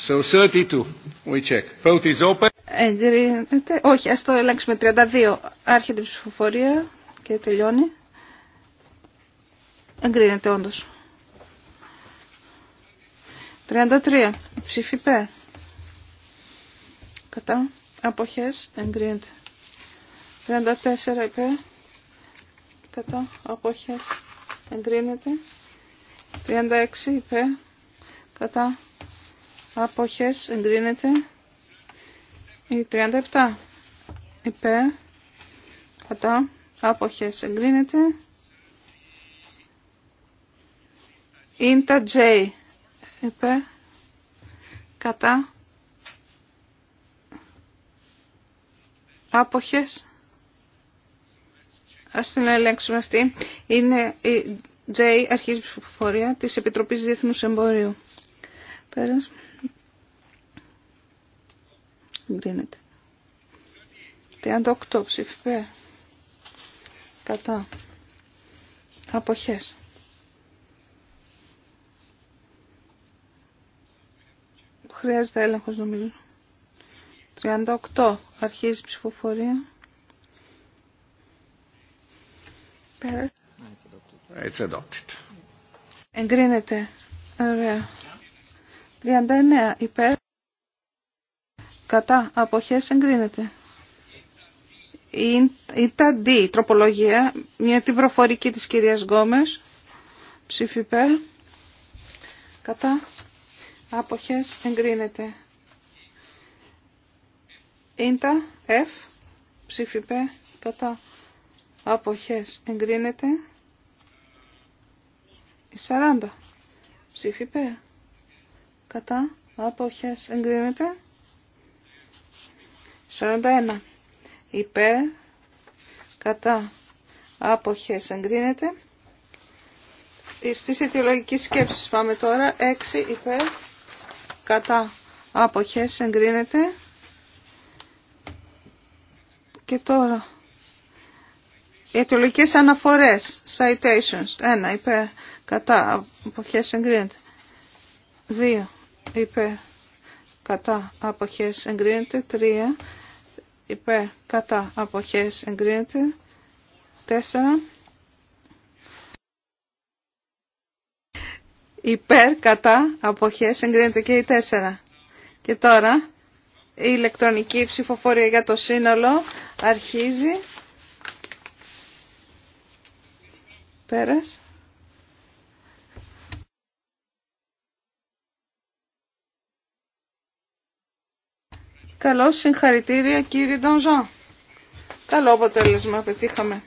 S2: So 32. We check. Vote is open.
S5: Εγκρίνεται. Όχι, ας το ελέγξουμε. 32. Άρχεται η ψηφοφορία και τελειώνει. Εγκρίνεται όντως. 33. Ψήφι Π. Κατά. Αποχές. Εγκρίνεται. 34 υπε, Κατά. Αποχές. Εγκρίνεται. 36 3π Κατά. Αποχές. Εγκρίνεται. Η 37 π Κατά. Αποχές. Εγκρίνεται. Ίντα J Επέ κατά άποχες ας την ελέγξουμε αυτή είναι η J αρχής ψηφοφορία της Επιτροπής Διεθνούς Εμπορίου πέρας γκρίνεται 38 ψηφέ. κατά αποχές Χρειάζεται έλεγχος νομίζω. 38. Αρχίζει η ψηφοφορία. Εγκρίνεται. Ωραία. 39. Υπέρ. Κατά. Αποχές εγκρίνεται. Ήταν D. Τροπολογία. Μια την προφορική της κυρίας Γκόμες. Ψήφι υπέρ. Κατά. Άποχες εγκρίνεται. Ίντα, F, ψήφιπε, κατά. Άποχες εγκρίνεται. Η 40. Ψήφιπε. Κατά. Άποχες εγκρίνεται. 41. Υπέρ. Κατά. Άποχες εγκρίνεται. Στις αιτιολογικές σκέψεις πάμε τώρα. 6. Υπέρ. Κατά αποχέ εγκρίνεται. Και τώρα. Οι αιτιολογικέ αναφορέ. Citations. 1. Υπέρ κατά αποχές εγκρίνεται. 2. Υπέρ κατά αποχέ εγκρίνεται. 3. Υπέρ κατά αποχέ εγκρίνεται. 4. Υπέρ, κατά, αποχές, εγκρίνεται και η 4. Και τώρα η ηλεκτρονική ψηφοφορία για το σύνολο αρχίζει. Πέρας. Καλώς συγχαρητήρια κύριε Ντονζό. Καλό αποτέλεσμα πετύχαμε.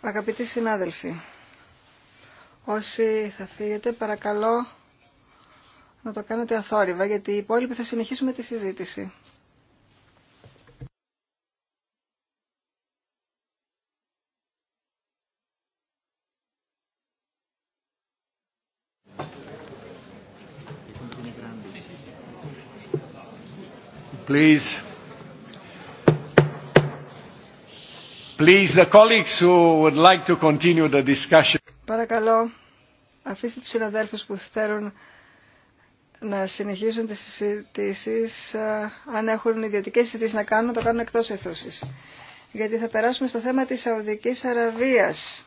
S4: Αγαπητοί συνάδελφοι, όσοι θα φύγετε παρακαλώ να το κάνετε αθόρυβα γιατί οι υπόλοιποι θα συνεχίσουμε τη συζήτηση.
S3: Please. Please, the colleagues
S2: who would like to continue the discussion.
S4: Παρακαλώ, αφήστε τους συναδέλφους που θέλουν να συνεχίσουν τις συζητήσεις. Ε, αν έχουν ιδιωτικές συζητήσεις να κάνουν, το κάνουν εκτός αιθούσης. Γιατί θα περάσουμε στο θέμα της Σαουδικής Αραβίας.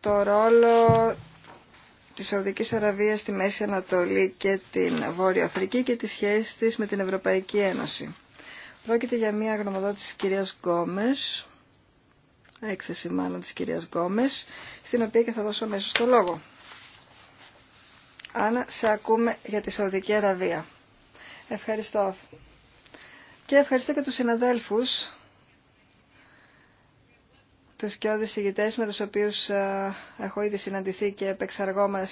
S4: Το ρόλο της Σαουδικής Αραβίας στη Μέση Ανατολή και την Βόρεια Αφρική και τις σχέσεις της με την Ευρωπαϊκή Ένωση. Πρόκειται για μια γνωμοδότηση της κυρίας Γκόμες, έκθεση μάλλον της κυρίας Γκόμες, στην οποία και θα δώσω μέσα το λόγο. Άννα, σε ακούμε για τη Σαουδική Αραβία. Ευχαριστώ. Και ευχαριστώ και τους συναδέλφους τους και ηγητές με τους οποίους ε, έχω ήδη συναντηθεί και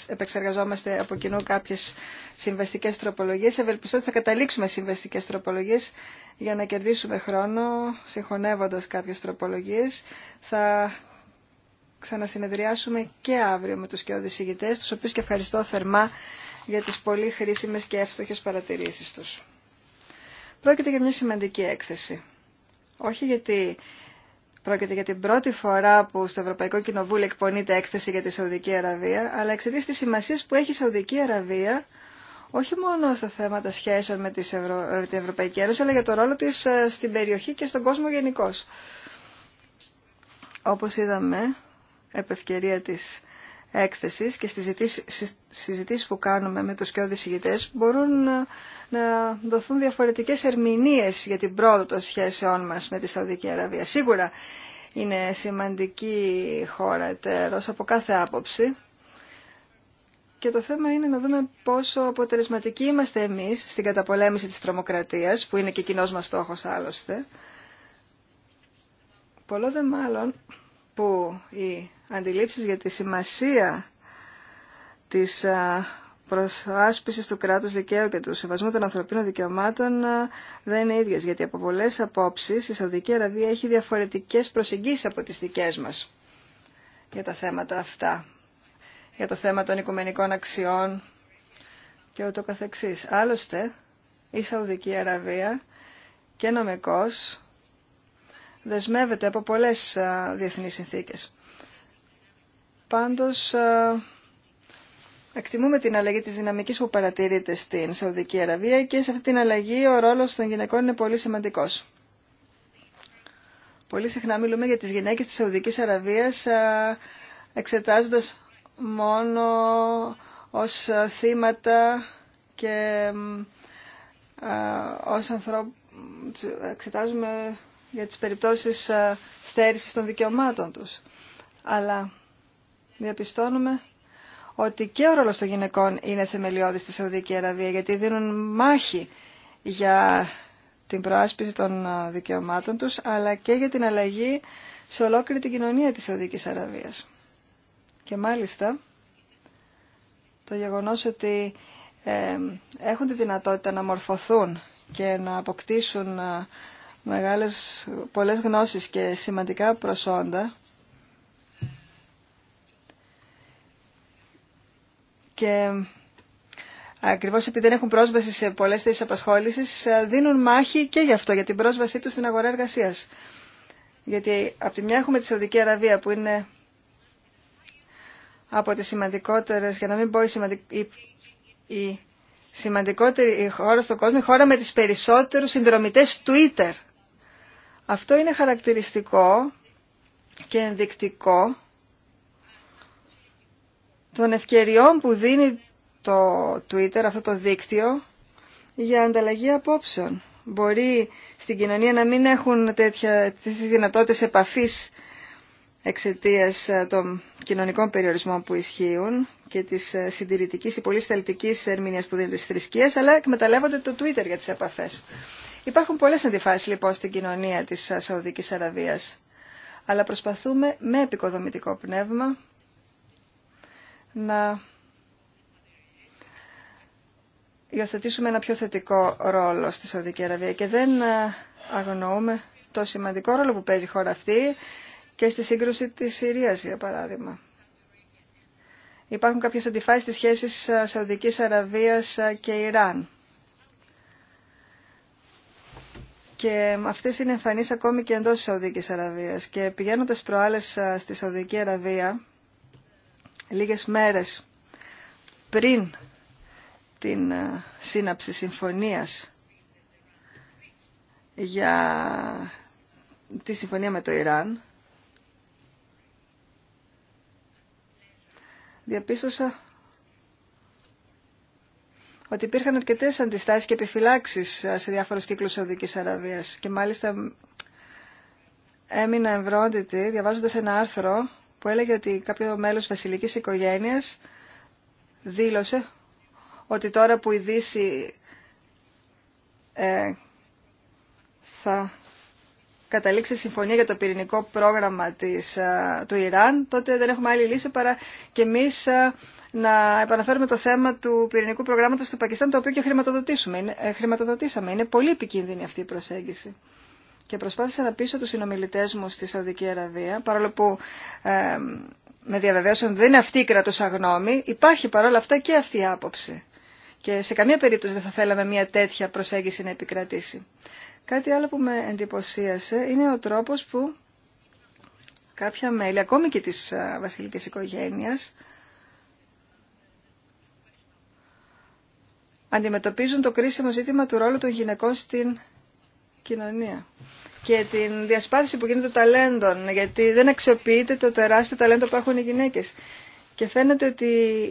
S4: επεξεργαζόμαστε από κοινού κάποιες συμβαστικές τροπολογίες. Ευελπιστώ ότι θα καταλήξουμε συμβαστικές τροπολογίες για να κερδίσουμε χρόνο συγχωνεύοντας κάποιες τροπολογίες. Θα ξανασυνεδριάσουμε και αύριο με τους και ηγητές, τους οποίους και ευχαριστώ θερμά για τις πολύ χρήσιμες και εύστοχες παρατηρήσεις τους. Πρόκειται για μια σημαντική έκθεση. Όχι γιατί Πρόκειται για την πρώτη φορά που στο Ευρωπαϊκό Κοινοβούλιο εκπονείται έκθεση για τη Σαουδική Αραβία, αλλά εξαιτία τη σημασία που έχει η Σαουδική Αραβία όχι μόνο στα θέματα σχέσεων με ε, την Ευρωπαϊκή Ένωση, αλλά για το ρόλο της ε, στην περιοχή και στον κόσμο γενικώ. Όπως είδαμε, επ' ευκαιρία της και στις συζητήσεις που κάνουμε με τους και ηγητές μπορούν να δοθούν διαφορετικές ερμηνείες για την πρόοδο των σχέσεών μας με τη Σαουδική Αραβία. Σίγουρα είναι σημαντική χώρα εταίρος από κάθε άποψη και το θέμα είναι να δούμε πόσο αποτελεσματικοί είμαστε εμείς στην καταπολέμηση της τρομοκρατίας που είναι και κοινός μας στόχος άλλωστε. Πολλό μάλλον που οι αντιλήψεις για τη σημασία της προσάσπισης του κράτους δικαίου και του σεβασμού των ανθρωπίνων δικαιωμάτων δεν είναι ίδιες, γιατί από πολλές απόψεις η Σαουδική Αραβία έχει διαφορετικές προσεγγίσεις από τις δικές μας για τα θέματα αυτά, για το θέμα των οικουμενικών αξιών και ούτω καθεξής. Άλλωστε, η Σαουδική Αραβία και νομικός δεσμεύεται από πολλές διεθνείς συνθήκες. Πάντως, εκτιμούμε την αλλαγή της δυναμικής που παρατηρείται στην Σαουδική Αραβία και σε αυτή την αλλαγή ο ρόλος των γυναικών είναι πολύ σημαντικός. Πολύ συχνά μιλούμε για τις γυναίκες της Σαουδικής Αραβίας εξετάζοντας μόνο ως θύματα και ως ανθρώπους, εξετάζουμε για τις περιπτώσεις ε, στέρησης των δικαιωμάτων τους. Αλλά διαπιστώνουμε ότι και ο ρόλος των γυναικών είναι θεμελιώδης στη Σαουδική Αραβία, γιατί δίνουν μάχη για την προάσπιση των ε, δικαιωμάτων τους, αλλά και για την αλλαγή σε ολόκληρη την κοινωνία της Σαουδικής Αραβίας. Και μάλιστα το γεγονός ότι ε, έχουν τη δυνατότητα να μορφωθούν και να αποκτήσουν μεγάλες, πολλές γνώσεις και σημαντικά προσόντα και ακριβώς επειδή δεν έχουν πρόσβαση σε πολλές θέσεις απασχόλησης ε, δίνουν μάχη και γι' αυτό, για την πρόσβασή τους στην αγορά εργασίας. Γιατί από τη μια έχουμε τη Σαουδική Αραβία που είναι από τις σημαντικότερες, για να μην πω η, σημαντικ... η... η σημαντικότερη χώρα στον κόσμο, η χώρα με τις περισσότερους συνδρομητές Twitter. Αυτό είναι χαρακτηριστικό και ενδεικτικό των ευκαιριών που δίνει το Twitter, αυτό το δίκτυο, για ανταλλαγή απόψεων. Μπορεί στην κοινωνία να μην έχουν τέτοια, τέτοιες δυνατότητες επαφής εξαιτίας ε, των κοινωνικών περιορισμών που ισχύουν και της ε, συντηρητικής ή πολύ σταλτικής ερμηνείας που δίνεται στις θρησκείες, αλλά εκμεταλλεύονται το Twitter για τις επαφές. Υπάρχουν πολλές αντιφάσεις λοιπόν στην κοινωνία της Σαουδικής Αραβίας, αλλά προσπαθούμε με επικοδομητικό πνεύμα να υιοθετήσουμε ένα πιο θετικό ρόλο στη Σαουδική Αραβία και δεν ε, αγνοούμε το σημαντικό ρόλο που παίζει η χώρα αυτή και στη σύγκρουση της Συρίας, για παράδειγμα. Υπάρχουν κάποιες αντιφάσεις στις σχέσεις ε, Σαουδικής Αραβίας ε, και Ιράν. και αυτές είναι εμφανείς ακόμη και εντός της Σαουδικής Αραβίας. Και πηγαίνοντας προάλλες στη Σαουδική Αραβία, λίγες μέρες πριν την σύναψη συμφωνίας για τη συμφωνία με το Ιράν, διαπίστωσα ότι υπήρχαν αρκετέ αντιστάσεις και επιφυλάξει ε, σε διάφορους κύκλους Σαουδική Αραβία. και μάλιστα έμεινα ευρώντητη διαβάζοντα ένα άρθρο που έλεγε ότι κάποιο μέλος βασιλικής οικογένειας δήλωσε ότι τώρα που η Δύση ε, θα καταλήξει συμφωνία για το πυρηνικό πρόγραμμα της, ε, του Ιράν, τότε δεν έχουμε άλλη λύση παρά και εμείς να επαναφέρουμε το θέμα του πυρηνικού προγράμματος του Πακιστάν, το οποίο και χρηματοδοτήσουμε. Ε, χρηματοδοτήσαμε. Είναι πολύ επικίνδυνη αυτή η προσέγγιση. Και προσπάθησα να πείσω τους συνομιλητές μου στη Σαουδική Αραβία, παρόλο που ε, με διαβεβαίωσαν δεν είναι αυτή η κρατούσα γνώμη, υπάρχει παρόλα αυτά και αυτή η άποψη. Και σε καμία περίπτωση δεν θα θέλαμε μια τέτοια προσέγγιση να επικρατήσει. Κάτι άλλο που με εντυπωσίασε είναι ο τρόπος που κάποια μέλη, ακόμη και της ε, βασιλικής οικογένειας, αντιμετωπίζουν το κρίσιμο ζήτημα του ρόλου των γυναικών στην κοινωνία και την διασπάθηση που γίνεται ταλέντων, γιατί δεν αξιοποιείται το τεράστιο ταλέντο που έχουν οι γυναίκες. Και φαίνεται ότι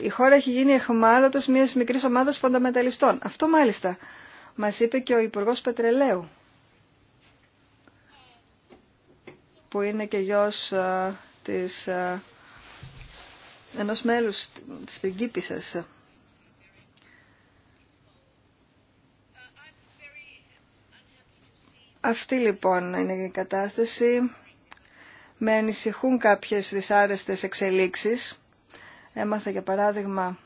S4: η χώρα έχει γίνει εχμάλωτος μιας μικρής ομάδας φονταμεταλιστών. Αυτό μάλιστα μας είπε και ο Υπουργός Πετρελαίου, που είναι και γιος ε, της, ε, ενός μέλους της πριγκίπισσας. Αυτή λοιπόν είναι η κατάσταση. Με ανησυχούν κάποιες δυσάρεστες εξελίξεις. Έμαθα για παράδειγμα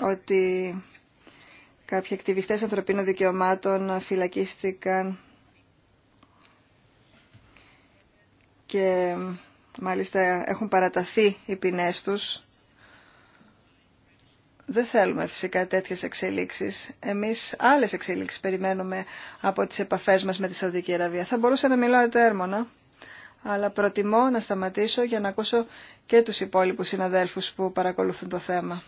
S4: ότι κάποιοι ακτιβιστές ανθρωπίνων δικαιωμάτων φυλακίστηκαν και μάλιστα έχουν παραταθεί οι ποινές τους δεν θέλουμε φυσικά τέτοιες εξελίξεις. Εμείς άλλες εξελίξεις περιμένουμε από τις επαφές μας με τη Σαουδική Αραβία. Θα μπορούσα να μιλώ ετέρμονα, αλλά προτιμώ να σταματήσω για να ακούσω και τους υπόλοιπους συναδέλφους που παρακολουθούν το θέμα.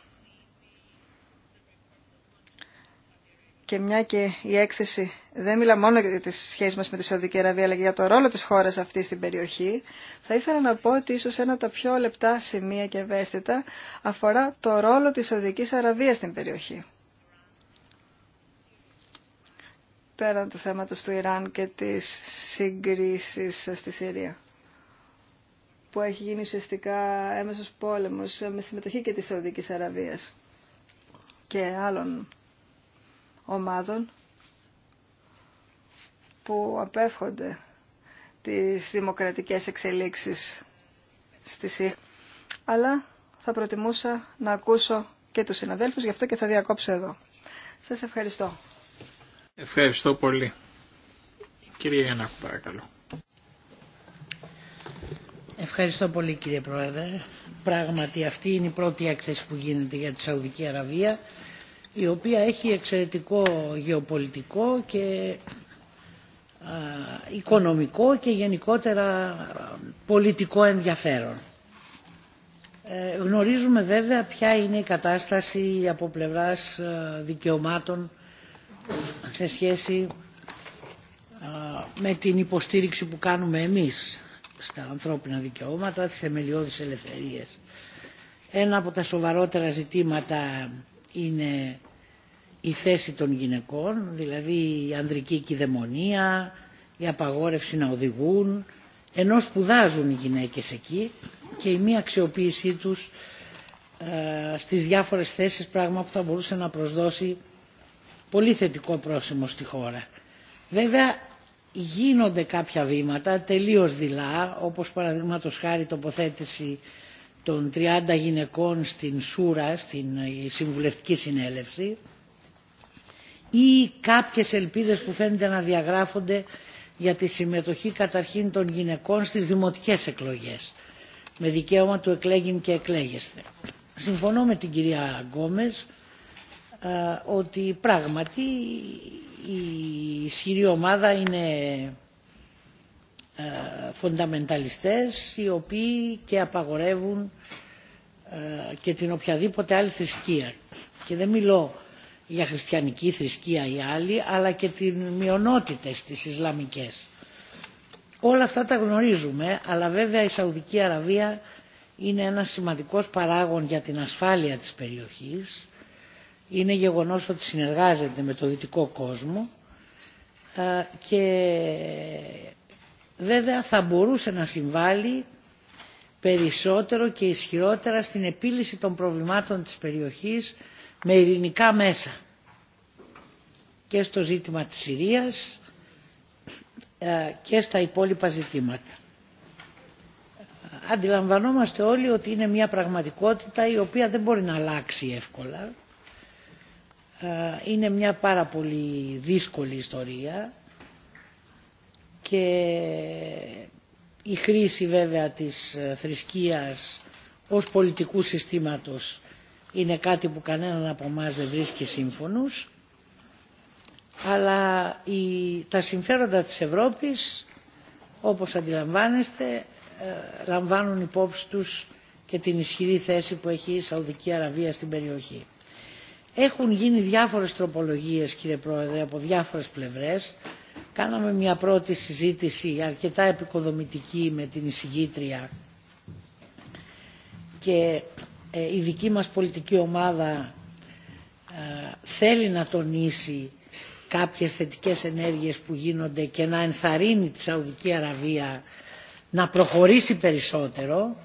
S4: Και μια και η έκθεση δεν μιλά μόνο για τις σχέσεις μας με τη Σαουδική Αραβία, αλλά και για το ρόλο της χώρας αυτή στην περιοχή, θα ήθελα να πω ότι ίσως ένα από τα πιο λεπτά σημεία και ευαίσθητα αφορά το ρόλο της Σαουδικής Αραβίας στην περιοχή. Πέραν του θέματος του Ιράν και της συγκρίσης στη Συρία που έχει γίνει ουσιαστικά έμεσος πόλεμος με συμμετοχή και της Σαουδικής Αραβίας και άλλων ομάδων που απέφχονται τις δημοκρατικές εξελίξεις στη ΣΥ. Αλλά θα προτιμούσα να ακούσω και τους συναδέλφους, γι' αυτό και θα διακόψω εδώ. Σας ευχαριστώ.
S1: Ευχαριστώ πολύ. Κύριε Γιάννα, παρακαλώ.
S6: Ευχαριστώ πολύ κύριε Πρόεδρε. Πράγματι αυτή είναι η πρώτη έκθεση που γίνεται για τη Σαουδική Αραβία η οποία έχει εξαιρετικό γεωπολιτικό και οικονομικό και γενικότερα πολιτικό ενδιαφέρον. Ε, γνωρίζουμε βέβαια ποια είναι η κατάσταση από πλευράς δικαιωμάτων σε σχέση με την υποστήριξη που κάνουμε εμείς στα ανθρώπινα δικαιώματα, τις θεμελιώδεις ελευθερίες. Ένα από τα σοβαρότερα ζητήματα είναι η θέση των γυναικών, δηλαδή η ανδρική κυδαιμονία, η απαγόρευση να οδηγούν, ενώ σπουδάζουν οι γυναίκες εκεί και η μη αξιοποίησή τους ε, στις διάφορες θέσεις, πράγμα που θα μπορούσε να προσδώσει πολύ θετικό πρόσημο στη χώρα. Βέβαια γίνονται κάποια βήματα τελείως δειλά, όπως παραδείγματος χάρη τοποθέτηση των 30 γυναικών στην Σούρα, στην ε, Συμβουλευτική Συνέλευση, ή κάποιες ελπίδες που φαίνεται να διαγράφονται για τη συμμετοχή καταρχήν των γυναικών στις δημοτικές εκλογές με δικαίωμα του εκλέγην και εκλέγεστε. Συμφωνώ με την κυρία Γκόμες ότι πράγματι η ισχυρή ομάδα είναι φονταμενταλιστές οι οποίοι και απαγορεύουν και την οποιαδήποτε άλλη θρησκεία. Και δεν μιλώ για χριστιανική θρησκεία ή άλλη, αλλά και τι μειονότητες στις Ισλαμικές. Όλα αυτά τα γνωρίζουμε, αλλά βέβαια η Σαουδική Αραβία είναι ένα σημαντικός παράγων για την ασφάλεια της περιοχής. Είναι γεγονός ότι συνεργάζεται με το δυτικό κόσμο ε, και βέβαια θα μπορούσε να συμβάλλει περισσότερο και ισχυρότερα στην επίλυση των προβλημάτων της περιοχής με ειρηνικά μέσα και στο ζήτημα της Συρίας ε, και στα υπόλοιπα ζητήματα. Αντιλαμβανόμαστε όλοι ότι είναι μια πραγματικότητα η οποία δεν μπορεί να αλλάξει εύκολα. Ε, είναι μια πάρα πολύ δύσκολη ιστορία και η χρήση βέβαια της ε, θρησκείας ως πολιτικού συστήματος είναι κάτι που κανέναν από εμά δεν βρίσκει σύμφωνος αλλά η, τα συμφέροντα της Ευρώπης όπως αντιλαμβάνεστε ε, λαμβάνουν υπόψη τους και την ισχυρή θέση που έχει η Σαουδική Αραβία στην περιοχή. Έχουν γίνει διάφορες τροπολογίες κύριε Πρόεδρε από διάφορες πλευρές. Κάναμε μια πρώτη συζήτηση αρκετά επικοδομητική με την εισηγήτρια και ε, η δική μας πολιτική ομάδα ε, θέλει να τονίσει κάποιες θετικές ενέργειες που γίνονται και να ενθαρρύνει τη Σαουδική Αραβία να προχωρήσει περισσότερο.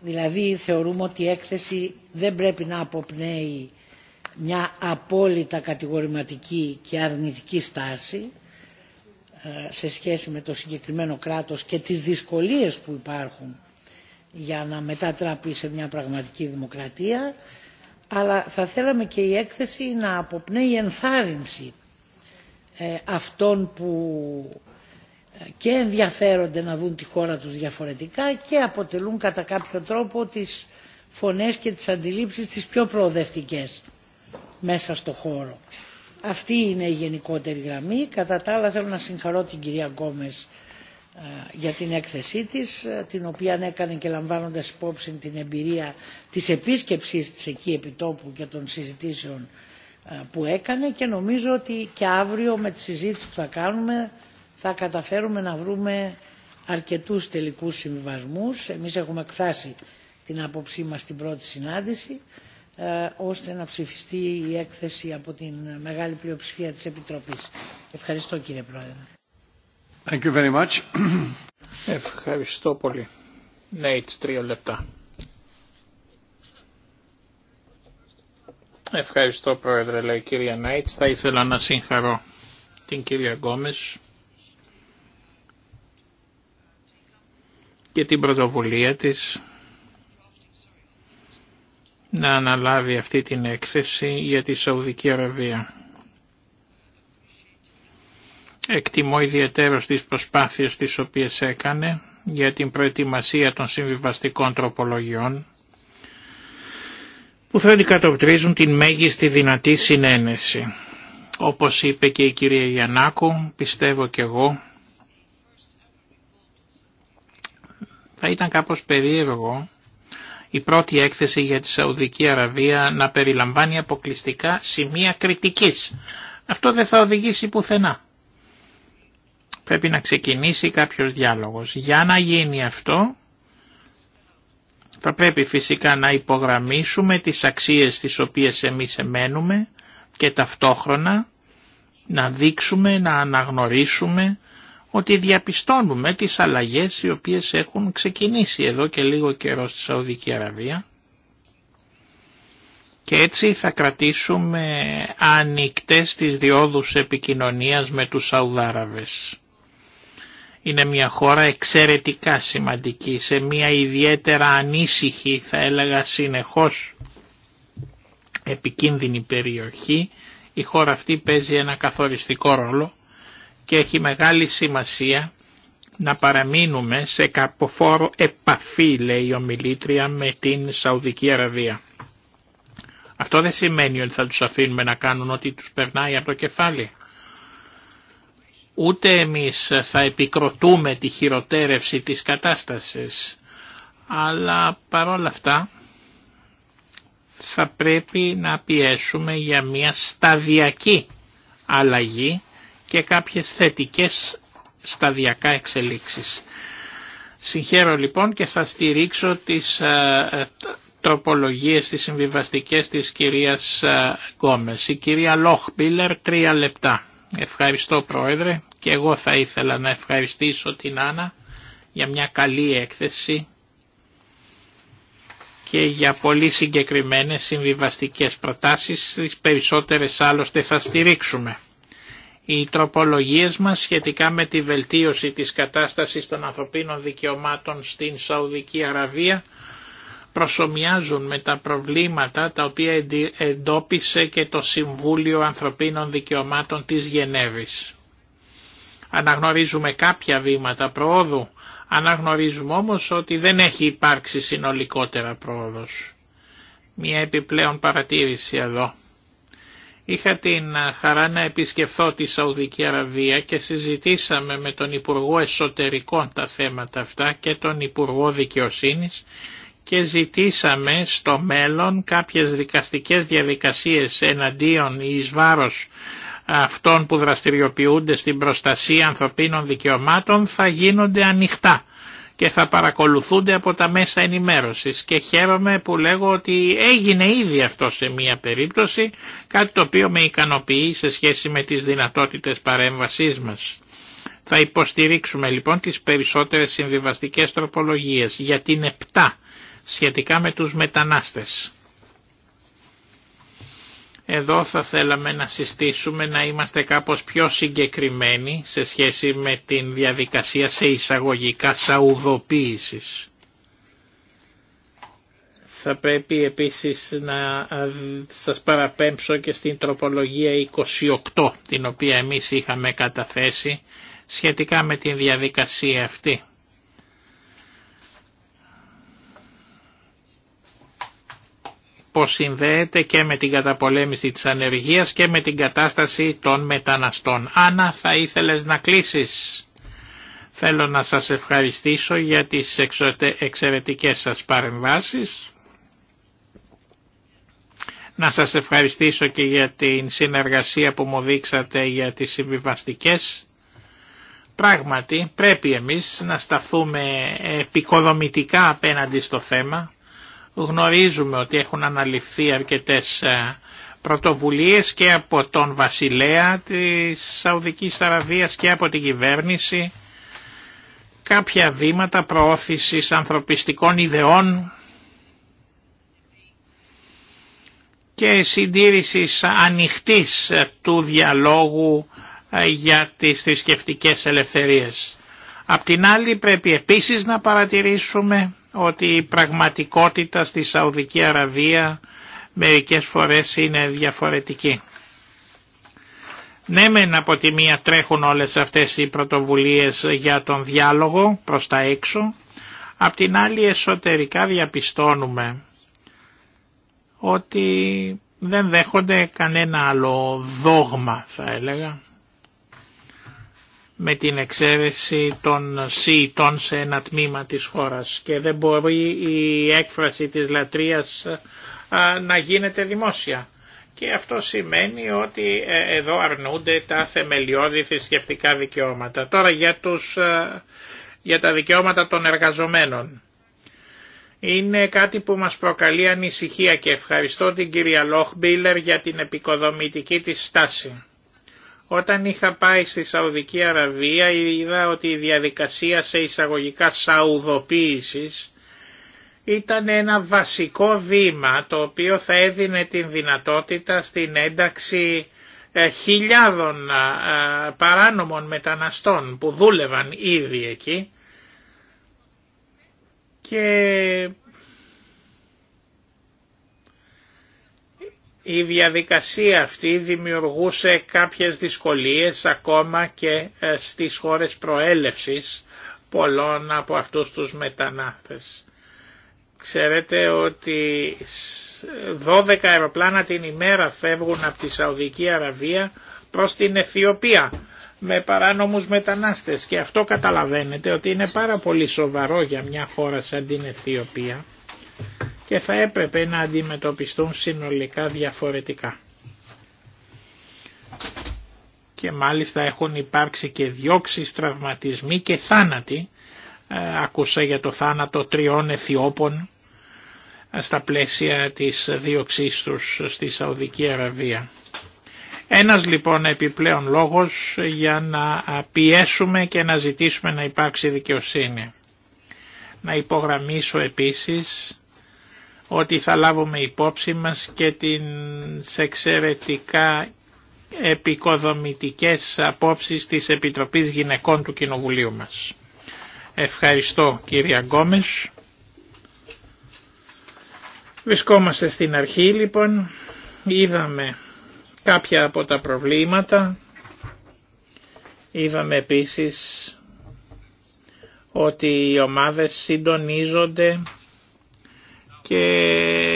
S6: Δηλαδή θεωρούμε ότι η έκθεση δεν πρέπει να αποπνέει μια απόλυτα κατηγορηματική και αρνητική στάση ε, σε σχέση με το συγκεκριμένο κράτος και τις δυσκολίες που υπάρχουν για να μετατραπεί σε μια πραγματική δημοκρατία αλλά θα θέλαμε και η έκθεση να αποπνέει ενθάρρυνση ε, αυτών που ε, και ενδιαφέρονται να δουν τη χώρα τους διαφορετικά και αποτελούν κατά κάποιο τρόπο τις φωνές και τις αντιλήψεις τις πιο προοδευτικές μέσα στο χώρο. Αυτή είναι η γενικότερη γραμμή. Κατά τα άλλα θέλω να συγχαρώ την κυρία Γκόμες ε, για την έκθεσή της, ε, την οποία έκανε και λαμβάνοντας υπόψη την εμπειρία της επίσκεψης της εκεί επιτόπου και των συζητήσεων ε, που έκανε και νομίζω ότι και αύριο με τη συζήτηση που θα κάνουμε θα καταφέρουμε να βρούμε αρκετούς τελικούς συμβιβασμούς. Εμείς έχουμε εκφράσει την άποψή μας στην πρώτη συνάντηση ώστε να ψηφιστεί η έκθεση από την μεγάλη πλειοψηφία της Επιτροπής. Ευχαριστώ κύριε Πρόεδρε.
S1: Ευχαριστώ πολύ. Νέιτ, ναι, τρία λεπτά. Ευχαριστώ Πρόεδρε, λέει η κυρία Νάιτς. Θα ήθελα να συγχαρώ την κυρία Γκόμες και την πρωτοβουλία της να αναλάβει αυτή την έκθεση για τη Σαουδική Αραβία. Εκτιμώ ιδιαίτερως τις προσπάθειες τις οποίες έκανε για την προετοιμασία των συμβιβαστικών τροπολογιών που θα αντικατοπτρίζουν την μέγιστη δυνατή συνένεση. Όπως είπε και η κυρία Γιαννάκου, πιστεύω και εγώ, θα ήταν κάπως περίεργο η πρώτη έκθεση για τη Σαουδική Αραβία να περιλαμβάνει αποκλειστικά σημεία κριτικής. Αυτό δεν θα οδηγήσει πουθενά. Πρέπει να ξεκινήσει κάποιος διάλογος. Για να γίνει αυτό θα πρέπει φυσικά να υπογραμμίσουμε τις αξίες τις οποίες εμείς εμένουμε και ταυτόχρονα να δείξουμε, να αναγνωρίσουμε ότι διαπιστώνουμε τις αλλαγές οι οποίες έχουν ξεκινήσει εδώ και λίγο καιρό στη Σαουδική Αραβία και έτσι θα κρατήσουμε ανοιχτές τις διόδους επικοινωνίας με τους Σαουδάραβες. Είναι μια χώρα εξαιρετικά σημαντική, σε μια ιδιαίτερα ανήσυχη, θα έλεγα συνεχώς επικίνδυνη περιοχή. Η χώρα αυτή παίζει ένα καθοριστικό ρόλο και έχει μεγάλη σημασία να παραμείνουμε σε καποφόρο επαφή, λέει η ομιλήτρια, με την Σαουδική Αραβία. Αυτό δεν σημαίνει ότι θα τους αφήνουμε να κάνουν ό,τι τους περνάει από το κεφάλι. Ούτε εμείς θα επικροτούμε τη χειροτέρευση της κατάστασης, αλλά παρόλα αυτά θα πρέπει να πιέσουμε για μια σταδιακή αλλαγή και κάποιες θετικές σταδιακά εξελίξεις. Συγχαίρω λοιπόν και θα στηρίξω τις ε, ε, τροπολογίες, τις συμβιβαστικές της κυρίας ε, Γκόμες. Η κυρία Λόχμπίλερ, τρία λεπτά. Ευχαριστώ Πρόεδρε. Και εγώ θα ήθελα να ευχαριστήσω την Άννα για μια καλή έκθεση και για πολύ συγκεκριμένες συμβιβαστικές προτάσεις, τις περισσότερες άλλωστε θα στηρίξουμε. Οι τροπολογίες μας σχετικά με τη βελτίωση της κατάστασης των ανθρωπίνων δικαιωμάτων στην Σαουδική Αραβία προσωμιάζουν με τα προβλήματα τα οποία εντόπισε και το Συμβούλιο Ανθρωπίνων Δικαιωμάτων της Γενέβης. Αναγνωρίζουμε κάποια βήματα προόδου, αναγνωρίζουμε όμως ότι δεν έχει υπάρξει συνολικότερα πρόοδος. Μια επιπλέον παρατήρηση εδώ. Είχα την χαρά να επισκεφθώ τη Σαουδική Αραβία και συζητήσαμε με τον Υπουργό Εσωτερικών τα θέματα αυτά και τον Υπουργό Δικαιοσύνης και ζητήσαμε στο μέλλον κάποιες δικαστικές διαδικασίες εναντίον εις βάρος αυτών που δραστηριοποιούνται στην προστασία ανθρωπίνων δικαιωμάτων θα γίνονται ανοιχτά και θα παρακολουθούνται από τα μέσα ενημέρωσης και χαίρομαι που λέγω ότι έγινε ήδη αυτό σε μία περίπτωση, κάτι το οποίο με ικανοποιεί σε σχέση με τις δυνατότητες παρέμβασής μας. Θα υποστηρίξουμε λοιπόν τις περισσότερες συμβιβαστικές τροπολογίες για την 7 σχετικά με τους μετανάστες. Εδώ θα θέλαμε να συστήσουμε να είμαστε κάπως πιο συγκεκριμένοι σε σχέση με την διαδικασία σε εισαγωγικά σαουδοποίησης. Θα πρέπει επίσης να σας παραπέμψω και στην τροπολογία 28 την οποία εμείς είχαμε καταθέσει σχετικά με την διαδικασία αυτή. πως συνδέεται και με την καταπολέμηση της ανεργίας και με την κατάσταση των μεταναστών. Άννα θα ήθελες να κλείσεις. Θέλω να σας ευχαριστήσω για τις εξαιρετικές σας παρεμβάσεις. Να σας ευχαριστήσω και για την συνεργασία που μου δείξατε για τις συμβιβαστικές. Πράγματι πρέπει εμείς να σταθούμε επικοδομητικά απέναντι στο θέμα Γνωρίζουμε ότι έχουν αναλυθεί αρκετές ε, πρωτοβουλίες και από τον βασιλέα της Σαουδικής Αραβίας και από την κυβέρνηση κάποια βήματα προώθησης ανθρωπιστικών ιδεών και συντήρησης ανοιχτής ε, του διαλόγου ε, για τις θρησκευτικέ ελευθερίες. Απ' την άλλη πρέπει επίσης να παρατηρήσουμε ότι η πραγματικότητα στη Σαουδική Αραβία μερικές φορές είναι διαφορετική. Ναι μεν από τη μία τρέχουν όλες αυτές οι πρωτοβουλίες για τον διάλογο προς τα έξω, απ' την άλλη εσωτερικά διαπιστώνουμε ότι δεν δέχονται κανένα άλλο δόγμα θα έλεγα με την εξαίρεση των ΣΥΙΤΟΝ σε ένα τμήμα της χώρας και δεν μπορεί η έκφραση της λατρείας να γίνεται δημόσια. Και αυτό σημαίνει ότι ε, εδώ αρνούνται τα θεμελιώδη θρησκευτικά δικαιώματα. Τώρα για, τους, για τα δικαιώματα των εργαζομένων. Είναι κάτι που μας προκαλεί ανησυχία και ευχαριστώ την κυρία Λόχμπίλερ για την επικοδομητική της στάση. Όταν είχα πάει στη Σαουδική Αραβία είδα ότι η διαδικασία σε εισαγωγικά σαουδοποίησης ήταν ένα βασικό βήμα το οποίο θα έδινε την δυνατότητα στην ένταξη ε, χιλιάδων παράνομων μεταναστών που δούλευαν ήδη εκεί και η διαδικασία αυτή δημιουργούσε κάποιες δυσκολίες ακόμα και ε, στις χώρες προέλευσης πολλών από αυτούς τους μετανάστες. Ξέρετε ότι 12 αεροπλάνα την ημέρα φεύγουν από τη Σαουδική Αραβία προς την Αιθιοπία με παράνομους μετανάστες και αυτό καταλαβαίνετε ότι είναι πάρα πολύ σοβαρό για μια χώρα σαν την Αιθιοπία και θα έπρεπε να αντιμετωπιστούν συνολικά διαφορετικά. Και μάλιστα έχουν υπάρξει και διώξεις, τραυματισμοί και θάνατοι. Ε, ακούσα για το θάνατο τριών Αιθιώπων ε, στα πλαίσια της δίωξής τους στη Σαουδική Αραβία. Ένας λοιπόν επιπλέον λόγος για να ε, πιέσουμε και να ζητήσουμε να υπάρξει δικαιοσύνη. Να υπογραμμίσω επίσης ότι θα λάβουμε υπόψη μας και την εξαιρετικά επικοδομητικές απόψεις της Επιτροπής Γυναικών του Κοινοβουλίου μας. Ευχαριστώ κύριε Γκόμες. Βρισκόμαστε στην αρχή λοιπόν, είδαμε κάποια από τα προβλήματα, είδαμε επίσης ότι οι ομάδες συντονίζονται και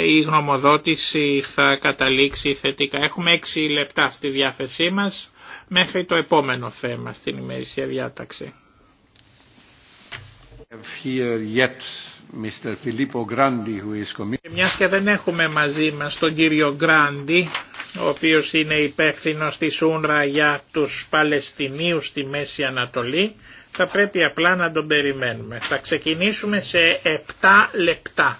S1: η γνωμοδότηση θα καταλήξει θετικά. Έχουμε έξι λεπτά στη διάθεσή μας μέχρι το επόμενο θέμα στην ημερησία διάταξη. Μια και δεν έχουμε μαζί μας τον κύριο Γκράντι, ο οποίος είναι υπεύθυνο της Ούνρα για τους Παλαιστινίους στη Μέση Ανατολή, θα πρέπει απλά να τον περιμένουμε. Θα ξεκινήσουμε σε 7 λεπτά.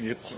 S2: jetzt.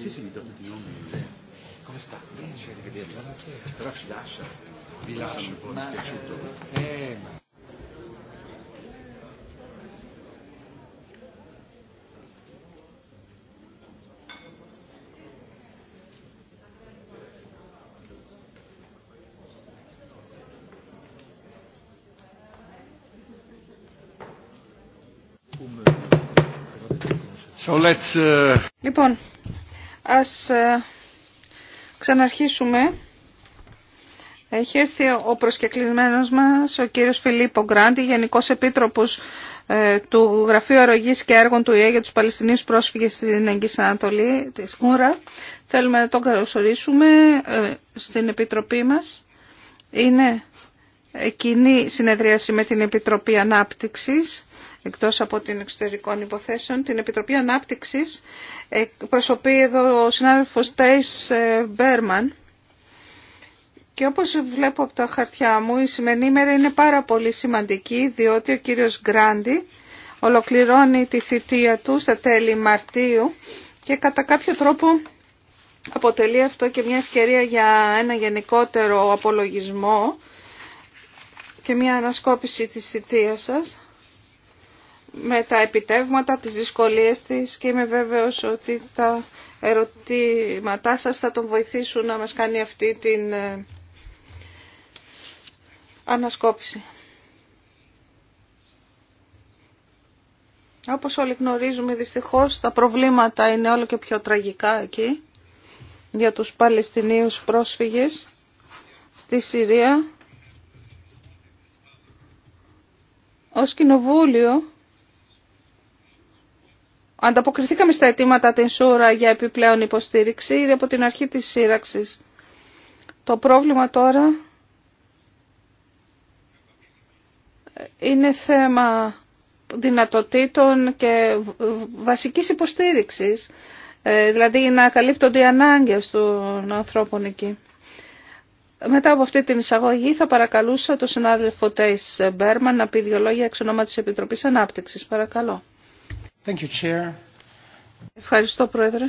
S2: Sì, sì, mi do tutti i nomi. Come sta? Bene, ci rivediamo. Buonasera. Però ci lascia. Vi lascio un po' dispiaciuto. Eh, ma...
S3: So let's...
S5: Λοιπόν, Ας ε, ξαναρχίσουμε. Έχει έρθει ο προσκεκλημένος μας, ο κύριος Φιλίππο Γκράντι, Γενικός Επίτροπος ε, του Γραφείου Αρρωγής και Έργων του ΙΕ για τους Παλαιστινίους πρόσφυγες στην Αγγής Ανατολή της Ούρα. Θέλουμε να τον καλωσορίσουμε ε, στην Επιτροπή μας. Είναι κοινή συνεδρίαση με την Επιτροπή Ανάπτυξης εκτός από την εξωτερικών υποθέσεων, την Επιτροπή Ανάπτυξης. Ε, Προσωπεί εδώ ο συνάδελφος Τέις ε, Μπέρμαν. Και όπως βλέπω από τα χαρτιά μου, η σημερινή ημέρα είναι πάρα πολύ σημαντική, διότι ο κύριος Γκράντι ολοκληρώνει τη θητεία του στα τέλη Μαρτίου και κατά κάποιο τρόπο αποτελεί αυτό και μια ευκαιρία για ένα γενικότερο απολογισμό και μια ανασκόπηση της θητείας σας με τα επιτεύγματα, τις δυσκολίες της και είμαι βέβαιος ότι τα ερωτήματά σας θα τον βοηθήσουν να μας κάνει αυτή την ε, ανασκόπηση. Όπως όλοι γνωρίζουμε δυστυχώς τα προβλήματα είναι όλο και πιο τραγικά εκεί για τους Παλαιστινίους πρόσφυγες στη Συρία. Ως κοινοβούλιο Ανταποκριθήκαμε στα αιτήματα την Σούρα για επιπλέον υποστήριξη ήδη από την αρχή της σύραξης. Το πρόβλημα τώρα είναι θέμα δυνατοτήτων και βασικής υποστήριξης, ε, δηλαδή να καλύπτονται οι ανάγκες των ανθρώπων εκεί. Μετά από αυτή την εισαγωγή θα παρακαλούσα τον συνάδελφο Τέις Μπέρμαν να πει δυο λόγια εξ ονόμα της Επιτροπής Ανάπτυξης. Παρακαλώ. Ευχαριστώ, Πρόεδρε.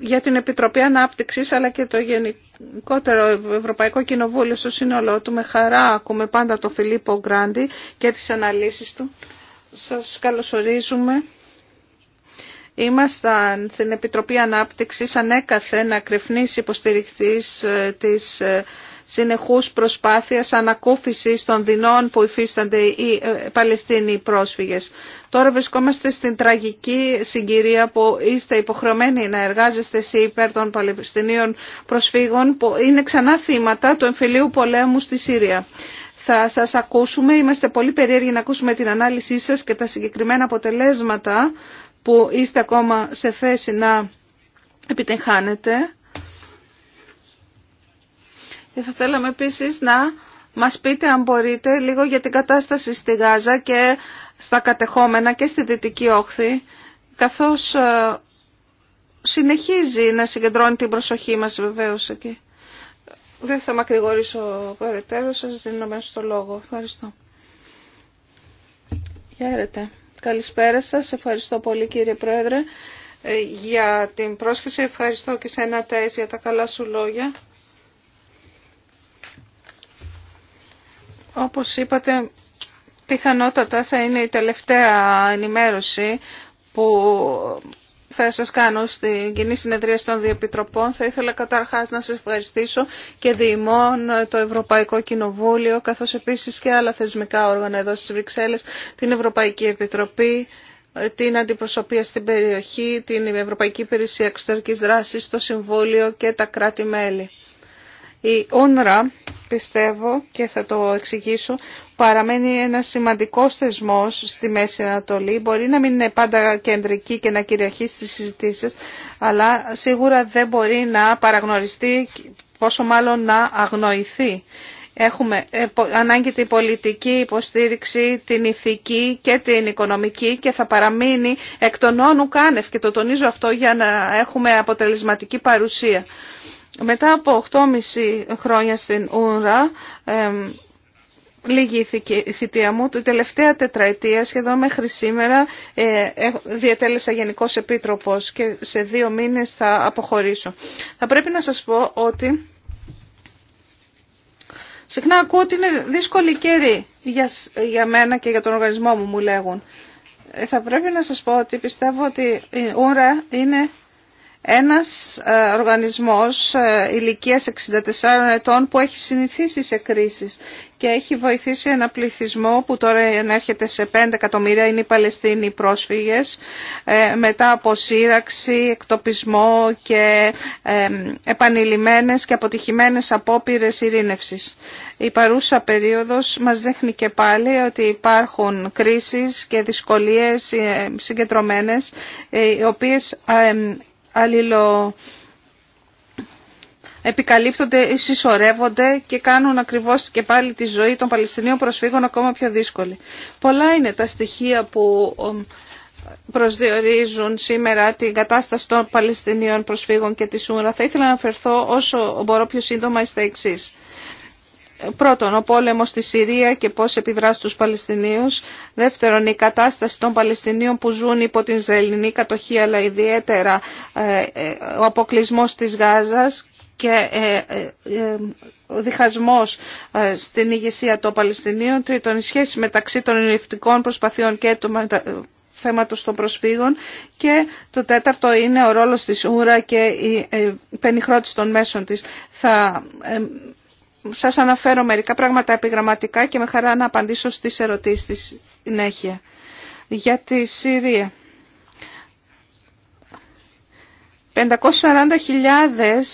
S5: Για την Επιτροπή Ανάπτυξης αλλά και το γενικότερο Ευρωπαϊκό Κοινοβούλιο στο σύνολό του με χαρά ακούμε πάντα τον Φιλίππο Γκράντι και τις αναλύσεις του. Σας καλωσορίζουμε. Ήμασταν στην Επιτροπή Ανάπτυξης ανέκαθεν κρυφνήσει υποστηριχτής ε, της ε, συνεχούς προσπάθειας ανακούφισης των δεινών που υφίστανται οι ε, Παλαιστίνοι πρόσφυγες. Τώρα βρισκόμαστε στην τραγική συγκυρία που είστε υποχρεωμένοι να εργάζεστε εσύ υπέρ των Παλαιστινίων προσφύγων που είναι ξανά θύματα του εμφυλίου πολέμου στη Σύρια. Θα σας ακούσουμε, είμαστε πολύ περίεργοι να ακούσουμε την ανάλυση σας και τα συγκεκριμένα αποτελέσματα που είστε ακόμα σε θέση να επιτεχάνετε και θα θέλαμε επίσης να μας πείτε αν μπορείτε λίγο για την κατάσταση στη Γάζα και στα κατεχόμενα και στη Δυτική Όχθη, καθώς ε, συνεχίζει να συγκεντρώνει την προσοχή μας βεβαίως εκεί. Δεν θα μακρηγορήσω περαιτέρω, σας δίνω μέσα στο λόγο. Ευχαριστώ. Χαίρετε. Καλησπέρα σας. Ευχαριστώ πολύ κύριε Πρόεδρε ε, για την πρόσκληση. Ευχαριστώ και σένα Ταΐς για τα καλά σου λόγια. Όπως είπατε, πιθανότατα θα είναι η τελευταία ενημέρωση που θα σας κάνω στην κοινή συνεδρία των επιτροπών. Θα ήθελα καταρχάς να σας ευχαριστήσω και διημών το Ευρωπαϊκό Κοινοβούλιο, καθώς επίσης και άλλα θεσμικά όργανα εδώ στις Βρυξέλλες, την Ευρωπαϊκή Επιτροπή, την αντιπροσωπεία στην περιοχή, την Ευρωπαϊκή Υπηρεσία Εξωτερικής Δράσης, το Συμβούλιο και τα κράτη-μέλη. Η ΟΝΡΑ, πιστεύω και θα το εξηγήσω, παραμένει ένα σημαντικό θεσμό στη Μέση Ανατολή. Μπορεί να μην είναι πάντα κεντρική και να κυριαρχεί στις συζητήσεις, αλλά σίγουρα δεν μπορεί να παραγνωριστεί, πόσο μάλλον να αγνοηθεί. Έχουμε ε, ανάγκη την πολιτική υποστήριξη, την ηθική και την οικονομική και θα παραμείνει εκ των όνου κάνευ και το τονίζω αυτό για να έχουμε αποτελεσματική παρουσία. Μετά από 8,5 χρόνια στην Ούρα, λίγη η θητεία μου, την τελευταία τετραετία σχεδόν μέχρι σήμερα ε, διατέλεσα Γενικός Επίτροπος και σε δύο μήνες θα αποχωρήσω. Θα πρέπει να σας πω ότι συχνά ακούω ότι είναι δύσκολη καιρή για, για μένα και για τον οργανισμό μου, μου λέγουν. Ε, θα πρέπει να σας πω ότι πιστεύω ότι η ούρα είναι ένας ε, οργανισμός ε, ηλικίας 64 ετών που έχει συνηθίσει σε κρίσεις και έχει βοηθήσει ένα πληθυσμό που τώρα ενέρχεται σε 5 εκατομμύρια, είναι οι Παλαιστίνοι πρόσφυγες, ε, μετά από σύραξη, εκτοπισμό και επανειλημμένες και αποτυχημένες απόπειρες ειρήνευσης. Η παρούσα περίοδος μας δείχνει και πάλι ότι υπάρχουν κρίσεις και δυσκολίες συγκεντρωμένες, οι οποίες αλληλο επικαλύπτονται, συσσωρεύονται και κάνουν ακριβώς και πάλι τη ζωή των Παλαιστινίων προσφύγων ακόμα πιο δύσκολη. Πολλά είναι τα στοιχεία που προσδιορίζουν σήμερα την κατάσταση των Παλαιστινίων προσφύγων και τη Σούρα. Θα ήθελα να αναφερθώ όσο μπορώ πιο σύντομα στα εξή. Πρώτον, ο πόλεμος στη Συρία και πώς επιδράσει τους Παλαιστινίου, Δεύτερον, η κατάσταση των Παλαιστινίων που ζουν υπό την Ισραηλινή κατοχή, αλλά ιδιαίτερα ε, ε, ο αποκλεισμός της Γάζας και ε, ο διχασμός στην ηγεσία των Παλαιστινίων. Τρίτον, η σχέση μεταξύ των ειρηνευτικών προσπαθειών και του θέματος των προσφύγων και το τέταρτο είναι ο ρόλος της ούρα και η πενιχρότηση των μέσων της. Θα σας αναφέρω μερικά πράγματα επιγραμματικά και με χαρά να απαντήσω στις ερωτήσεις στη συνέχεια. Για τη Συρία. 540.000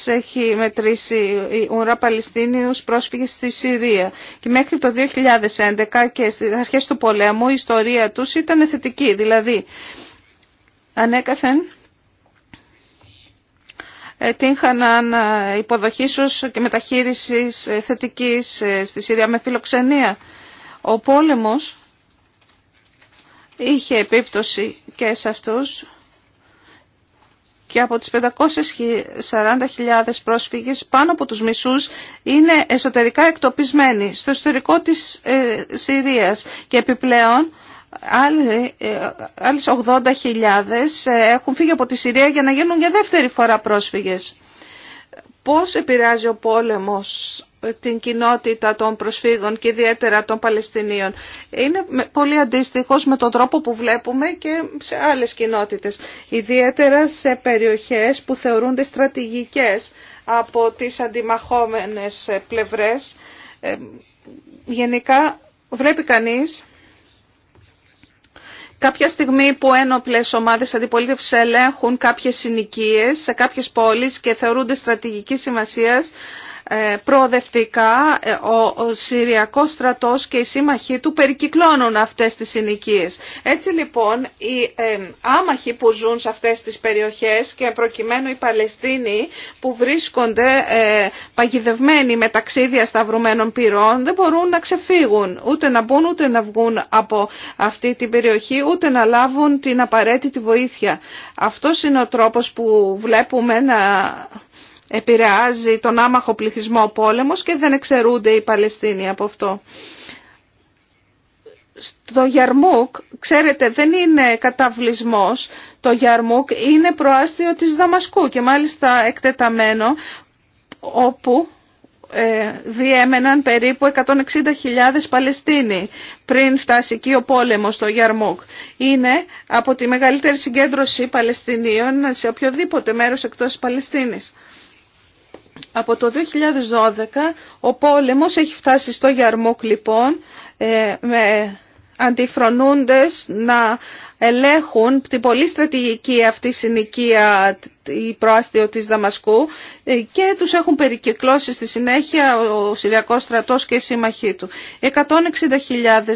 S5: έχει μετρήσει η ΟΥΡΑ Παλαιστίνιους πρόσφυγες στη Συρία και μέχρι το 2011 και στις αρχές του πολέμου η ιστορία τους ήταν θετική. Δηλαδή, ανέκαθεν ε, την υποδοχή ε, υποδοχής και μεταχείρισης ε, θετικής στη Συρία με φιλοξενία. Ο πόλεμος είχε επίπτωση και σε αυτούς και από τις 540.000 πρόσφυγες πάνω από τους μισούς είναι εσωτερικά εκτοπισμένοι στο εσωτερικό της Συρίας και επιπλέον ε, άλλες 80.000 ε, έχουν φύγει από τη Συρία για να γίνουν για δεύτερη φορά πρόσφυγες. Πώς επηρεάζει ο πόλεμος ε, την κοινότητα των προσφύγων και ιδιαίτερα των Παλαιστινίων. Είναι πολύ αντίστοιχος με τον τρόπο που βλέπουμε και σε άλλες κοινότητες. Ιδιαίτερα σε περιοχές που θεωρούνται στρατηγικές από τις αντιμαχόμενες πλευρές. Γενικά βλέπει κανείς Κάποια στιγμή που ένοπλες ομάδες αντιπολίτευσης ελέγχουν κάποιες συνοικίες σε κάποιες πόλεις και θεωρούνται στρατηγικής σημασίας, ε, προοδευτικά ε, ο Συριακός στρατός και οι σύμμαχοί του περικυκλώνουν αυτές τις συνοικίες. Έτσι λοιπόν οι ε, άμαχοι που ζουν σε αυτές τις περιοχές και προκειμένου οι Παλαιστίνοι που βρίσκονται παγιδευμένοι ταξίδια σταυρωμένων πυρών δεν μπορούν να ξεφύγουν ούτε να μπουν ούτε να βγουν από αυτή την περιοχή ούτε να λάβουν την απαραίτητη βοήθεια. Αυτός είναι ο τρόπος που βλέπουμε να επηρεάζει τον άμαχο πληθυσμό πόλεμος και δεν εξαιρούνται οι Παλαιστίνοι από αυτό. Στο Γιαρμούκ, ξέρετε, δεν είναι καταβλισμός. Το Γιαρμούκ είναι προάστιο της Δαμασκού και μάλιστα εκτεταμένο όπου ε, διέμεναν περίπου 160.000 Παλαιστίνοι πριν φτάσει εκεί ο πόλεμος στο Γιαρμούκ. Είναι από τη μεγαλύτερη συγκέντρωση Παλαιστινίων σε οποιοδήποτε μέρος εκτός Παλαιστίνης. Από το 2012 ο πόλεμος έχει φτάσει στο Γιαρμούκ λοιπόν ε, με αντιφρονούντες να ελέγχουν την πολύ στρατηγική αυτή συνοικία η προάστιο της Δαμασκού ε, και τους έχουν περικυκλώσει στη συνέχεια ο Συριακός στρατός και οι σύμμαχοί του. 160.000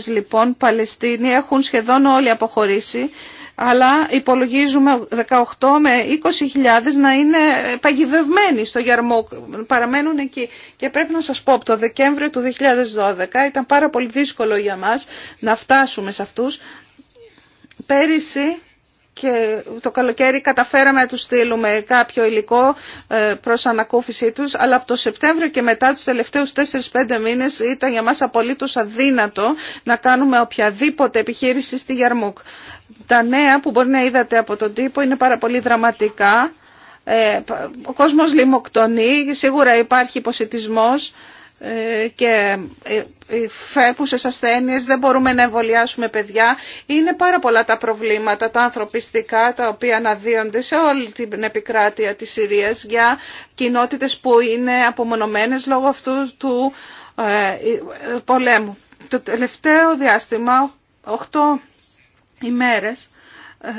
S5: λοιπόν Παλαιστίνοι έχουν σχεδόν όλοι αποχωρήσει αλλά υπολογίζουμε 18 με 20.000 να είναι παγιδευμένοι στο Γιαρμούκ, παραμένουν εκεί. Και πρέπει να σας πω, από το Δεκέμβριο του 2012 ήταν πάρα πολύ δύσκολο για μας να φτάσουμε σε αυτούς. Πέρυσι και το καλοκαίρι καταφέραμε να τους στείλουμε κάποιο υλικό ε, προς ανακούφιση τους, αλλά από το Σεπτέμβριο και μετά τους τελευταίους 4-5 μήνες ήταν για μας απολύτως αδύνατο να κάνουμε οποιαδήποτε επιχείρηση στη Γιαρμούκ. Τα νέα που μπορεί να είδατε από τον τύπο είναι πάρα πολύ δραματικά. Ε, ο κόσμος λιμοκτονεί, σίγουρα υπάρχει υποσυτισμός ε, και ε, οι φέπουσες ασθένειες, δεν μπορούμε να εμβολιάσουμε παιδιά. Είναι πάρα πολλά τα προβλήματα, τα ανθρωπιστικά, τα οποία αναδύονται σε όλη την επικράτεια της Συρίας για κοινότητες που είναι απομονωμένες λόγω αυτού του πολέμου. Το τελευταίο διάστημα, 8 ημέρες ε,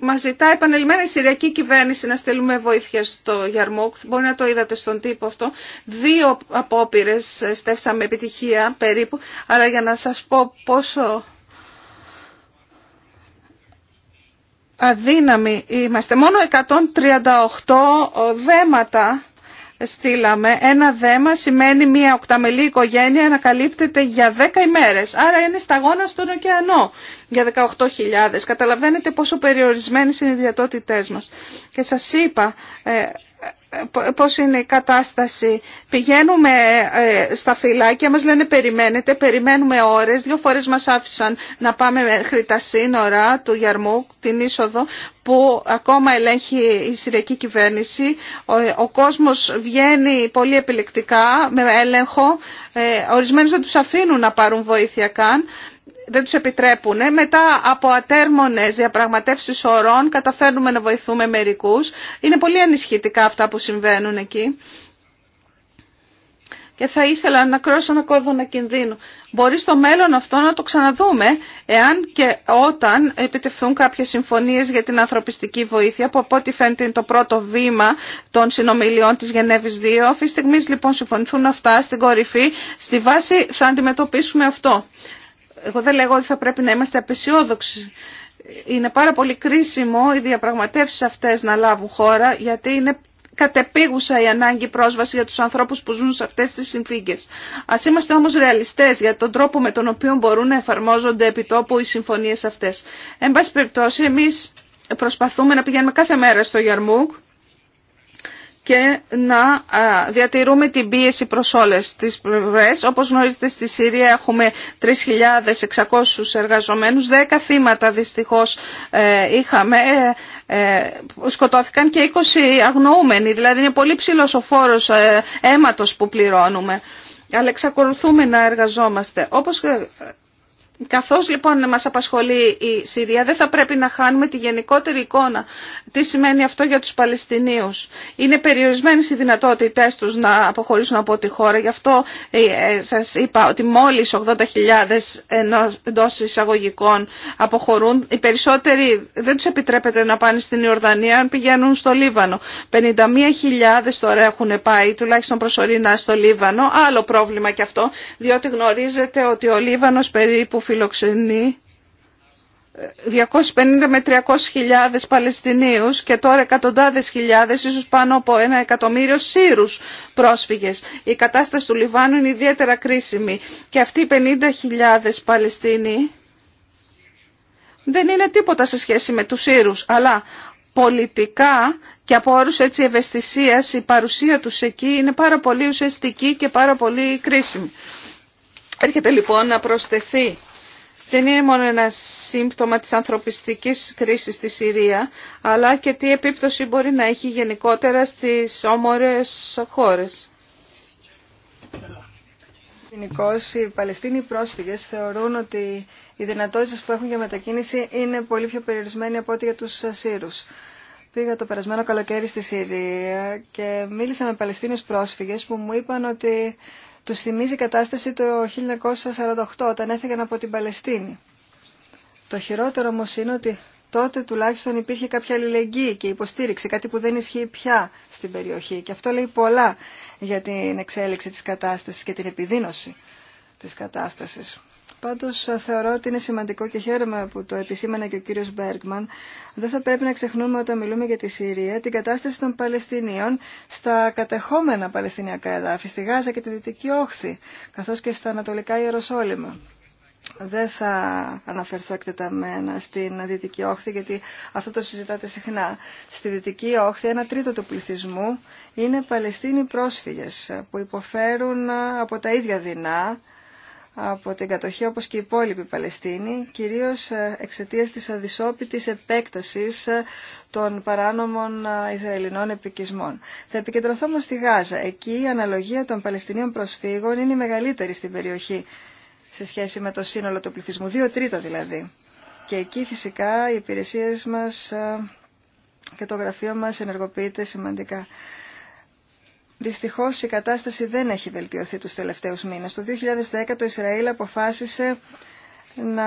S5: Μα ζητά επανελειμμένα η Συριακή κυβέρνηση να στείλουμε βοήθεια στο Γιαρμούκ. Μπορεί να το είδατε στον τύπο αυτό. Δύο απόπειρε ε, στέφσαμε επιτυχία περίπου. Αλλά για να σας πω πόσο αδύναμοι είμαστε. Μόνο 138 ε, δέματα στείλαμε. Ένα δέμα σημαίνει μια οκταμελή οικογένεια να καλύπτεται για 10 ημέρες. Άρα είναι σταγόνα στον ωκεανό για 18.000. Καταλαβαίνετε πόσο περιορισμένες είναι οι δυνατότητές μας. Και σας είπα, ε, πώς είναι η κατάσταση. Πηγαίνουμε ε, στα φυλάκια, μας λένε περιμένετε, περιμένουμε ώρες. Δύο φορές μας άφησαν να πάμε μέχρι τα σύνορα του Γιαρμού, την είσοδο, που ακόμα ελέγχει η Συριακή κυβέρνηση. Ο ε, κόσμος βγαίνει πολύ επιλεκτικά, με έλεγχο. Ε, ορισμένους δεν τους αφήνουν να πάρουν βοήθεια καν δεν τους επιτρέπουν. Μετά από ατέρμονες διαπραγματεύσεις ορών καταφέρνουμε να βοηθούμε μερικούς. Είναι πολύ ανισχυτικά αυτά που συμβαίνουν εκεί. Και θα ήθελα να κρώσω ένα κόδωνα κινδύνου. Μπορεί στο μέλλον αυτό να το ξαναδούμε, εάν και όταν επιτευχθούν κάποιες συμφωνίες για την ανθρωπιστική βοήθεια, που από ό,τι φαίνεται είναι το πρώτο βήμα των συνομιλιών της Γενέβης 2. Αυτή τη στιγμή λοιπόν συμφωνηθούν αυτά στην κορυφή. Στη βάση θα αντιμετωπίσουμε αυτό. Εγώ δεν λέγω ότι θα πρέπει να είμαστε απεσιόδοξοι. Είναι πάρα πολύ κρίσιμο οι διαπραγματεύσεις αυτές να λάβουν χώρα γιατί είναι κατεπίγουσα η ανάγκη πρόσβαση για τους ανθρώπους που ζουν σε αυτές τις συνθήκες. Ας είμαστε όμως ρεαλιστές για τον τρόπο με τον οποίο μπορούν να εφαρμόζονται επί οι συμφωνίες αυτές. Εν πάση περιπτώσει, εμείς προσπαθούμε να πηγαίνουμε κάθε μέρα στο Γιαρμούκ και να διατηρούμε την πίεση προς όλες τις πλευρές. Όπως γνωρίζετε στη Συρία έχουμε 3.600 εργαζομένους, 10 θύματα δυστυχώς ε, είχαμε, ε, ε, σκοτώθηκαν και 20 αγνοούμενοι, δηλαδή είναι πολύ ψηλός ο φόρος αίματος που πληρώνουμε. Αλλά εξακολουθούμε να εργαζόμαστε. Όπως Καθώς λοιπόν μας απασχολεί η Συρία δεν θα πρέπει να χάνουμε τη γενικότερη εικόνα. Τι σημαίνει αυτό για τους Παλαιστινίους. Είναι περιορισμένες οι δυνατότητές τους να αποχωρήσουν από τη χώρα. Γι' αυτό ε, ε, σας είπα ότι μόλις 80.000 εντό εισαγωγικών αποχωρούν. Οι περισσότεροι δεν τους επιτρέπεται να πάνε στην Ιορδανία αν πηγαίνουν στο Λίβανο. 51.000 τώρα έχουν πάει τουλάχιστον προσωρινά στο Λίβανο. Άλλο πρόβλημα και αυτό διότι γνωρίζετε ότι ο Λίβανος περίπου φιλοξενεί 250 ε, με 300 χιλιάδες Παλαιστινίους και τώρα εκατοντάδες χιλιάδες, ίσως πάνω από ένα εκατομμύριο Σύρους πρόσφυγες. Η κατάσταση του Λιβάνου είναι ιδιαίτερα κρίσιμη και αυτοί οι 50 χιλιάδες Παλαιστίνοι δεν είναι τίποτα σε σχέση με τους Σύρους, αλλά πολιτικά και από όρους έτσι ευαισθησίας η παρουσία τους εκεί είναι πάρα πολύ ουσιαστική και πάρα πολύ κρίσιμη. Έρχεται λοιπόν να προσθεθεί δεν είναι μόνο ένα σύμπτωμα της ανθρωπιστικής κρίσης στη Συρία, αλλά και τι επίπτωση μπορεί να έχει γενικότερα στις όμορες χώρες.
S4: Γενικώ οι Παλαιστίνοι πρόσφυγες θεωρούν ότι οι δυνατότητες που έχουν για μετακίνηση είναι πολύ πιο περιορισμένοι από ό,τι για τους Σύρους. Πήγα το περασμένο καλοκαίρι στη Συρία και μίλησα με Παλαιστίνιους πρόσφυγες που μου είπαν ότι τους θυμίζει η κατάσταση το 1948 όταν έφυγαν από την Παλαιστίνη. Το χειρότερο όμω είναι ότι τότε τουλάχιστον υπήρχε κάποια αλληλεγγύη και υποστήριξη, κάτι που δεν ισχύει πια στην περιοχή. Και αυτό λέει πολλά για την εξέλιξη της κατάστασης και την επιδείνωση της κατάστασης. Πάντως ε, θεωρώ ότι είναι σημαντικό και χαίρομαι που το επισήμανε και ο κύριος Μπέργκμαν. Δεν θα πρέπει να ξεχνούμε όταν μιλούμε για τη Συρία την κατάσταση των Παλαιστινίων στα κατεχόμενα Παλαιστινιακά εδάφη, στη Γάζα και τη Δυτική Όχθη, καθώς και στα Ανατολικά Ιεροσόλυμα. Δεν θα αναφερθώ εκτεταμένα στην Δυτική Όχθη, γιατί αυτό το συζητάτε συχνά. Στη Δυτική Όχθη ένα τρίτο του πληθυσμού είναι Παλαιστίνοι πρόσφυγες που υποφέρουν από τα ίδια δεινά από την κατοχή όπως και οι υπόλοιποι Παλαιστίνοι, κυρίως ε, εξαιτίας της αδυσόπιτης επέκτασης ε, των παράνομων ε, Ισραηλινών επικισμών. Θα επικεντρωθώ όμως στη Γάζα. Εκεί η αναλογία των Παλαιστινίων προσφύγων είναι η μεγαλύτερη στην περιοχή σε σχέση με το σύνολο του πληθυσμού, δύο τρίτα δηλαδή. Και εκεί φυσικά οι υπηρεσίες μας και το γραφείο μας ενεργοποιείται σημαντικά. Δυστυχώς η κατάσταση δεν έχει βελτιωθεί τους τελευταίους μήνες. Το 2010 το Ισραήλ αποφάσισε να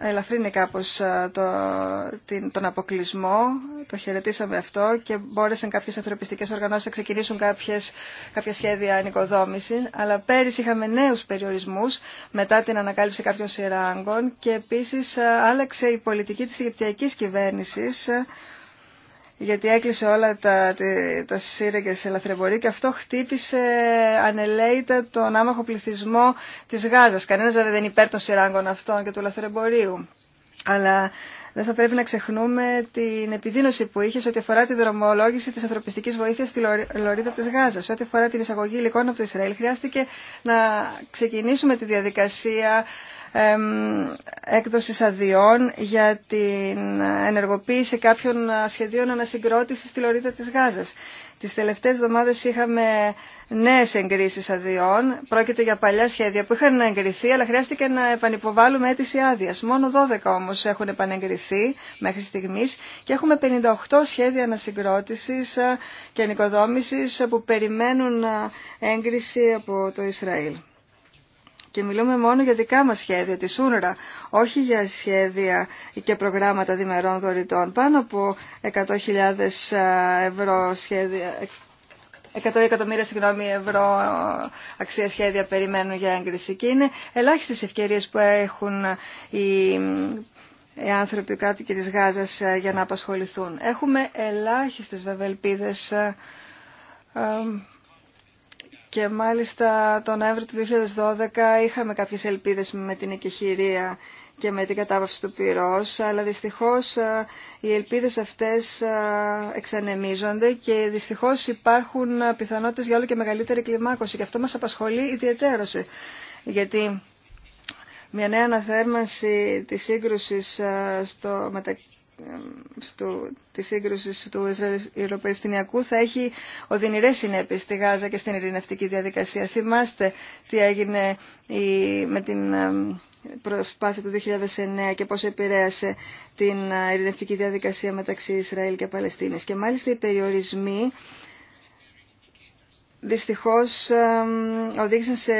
S4: ελαφρύνει κάπως ε, το, τον αποκλεισμό. Το χαιρετήσαμε αυτό και μπόρεσαν κάποιες ανθρωπιστικές οργανώσεις να ξεκινήσουν κάποιες, κάποια σχέδια ανοικοδόμηση. Αλλά πέρυσι είχαμε νέους περιορισμούς μετά την ανακάλυψη κάποιων σειράγκων και επίσης ε, άλλαξε η πολιτική της Αιγυπτιακής κυβέρνησης ε, γιατί έκλεισε όλα τα, τα σε ελαφρεμπορή και αυτό χτύπησε ανελαίητα τον άμαχο πληθυσμό της Γάζας. Κανένας βέβαια δεν υπέρ των σειράγγων αυτών και του ελαφρεμπορίου. Αλλά δεν θα πρέπει να ξεχνούμε την επιδίνωση που είχε σε ό,τι αφορά τη δρομολόγηση τη ανθρωπιστική βοήθεια στη Λωρίδα τη Γάζα. ό,τι αφορά την εισαγωγή υλικών από το Ισραήλ, χρειάστηκε να ξεκινήσουμε τη διαδικασία έκδοσης αδειών για την ενεργοποίηση κάποιων σχεδίων ανασυγκρότησης στη Λωρίδα της Γάζας. Τις τελευταίες εβδομάδες είχαμε νέες εγκρίσεις αδειών. Πρόκειται για παλιά σχέδια που είχαν εγκριθεί, αλλά χρειάστηκε να επανυποβάλουμε αίτηση άδεια. Μόνο 12 όμως έχουν επανεγκριθεί μέχρι στιγμής και έχουμε 58 σχέδια ανασυγκρότησης ε, και νοικοδόμησης που περιμένουν ε, έγκριση από το Ισραήλ. Και μιλούμε μόνο για δικά μας σχέδια, τη Σούνρα, όχι για σχέδια και προγράμματα διμερών δωρητών. Πάνω από 100.000 ε, ευρώ σχέδια, 100 εκατομμύρια συγγνώμη, ευρώ ε, αξία σχέδια περιμένουν για έγκριση και είναι ελάχιστες ευκαιρίες που έχουν ε, οι άνθρωποι κάτι και της Γάζας για να απασχοληθούν. Έχουμε ελάχιστες βέβαια και μάλιστα τον Νοέμβριο του 2012 είχαμε κάποιες ελπίδες με την εκεχηρία και με την κατάβαση του πυρός, αλλά δυστυχώς ε, οι ελπίδες αυτές ε, εξανεμίζονται και δυστυχώς υπάρχουν ε, πιθανότητες για όλο και μεγαλύτερη κλιμάκωση και αυτό μας απασχολεί ιδιαίτερω Γιατί μια νέα αναθέρμανση της σύγκρουσης στο, μετα στο της σύγκρουσης του Ισραηλοπαιστινιακού θα έχει οδυνηρές συνέπειες στη Γάζα και στην ειρηνευτική διαδικασία. Θυμάστε τι έγινε με την ε, προσπάθεια του 2009 και πώς επηρέασε την ε, ειρηνευτική διαδικασία μεταξύ Ισραήλ και Παλαιστίνης. Και μάλιστα οι περιορισμοί δυστυχώς οδήγησαν σε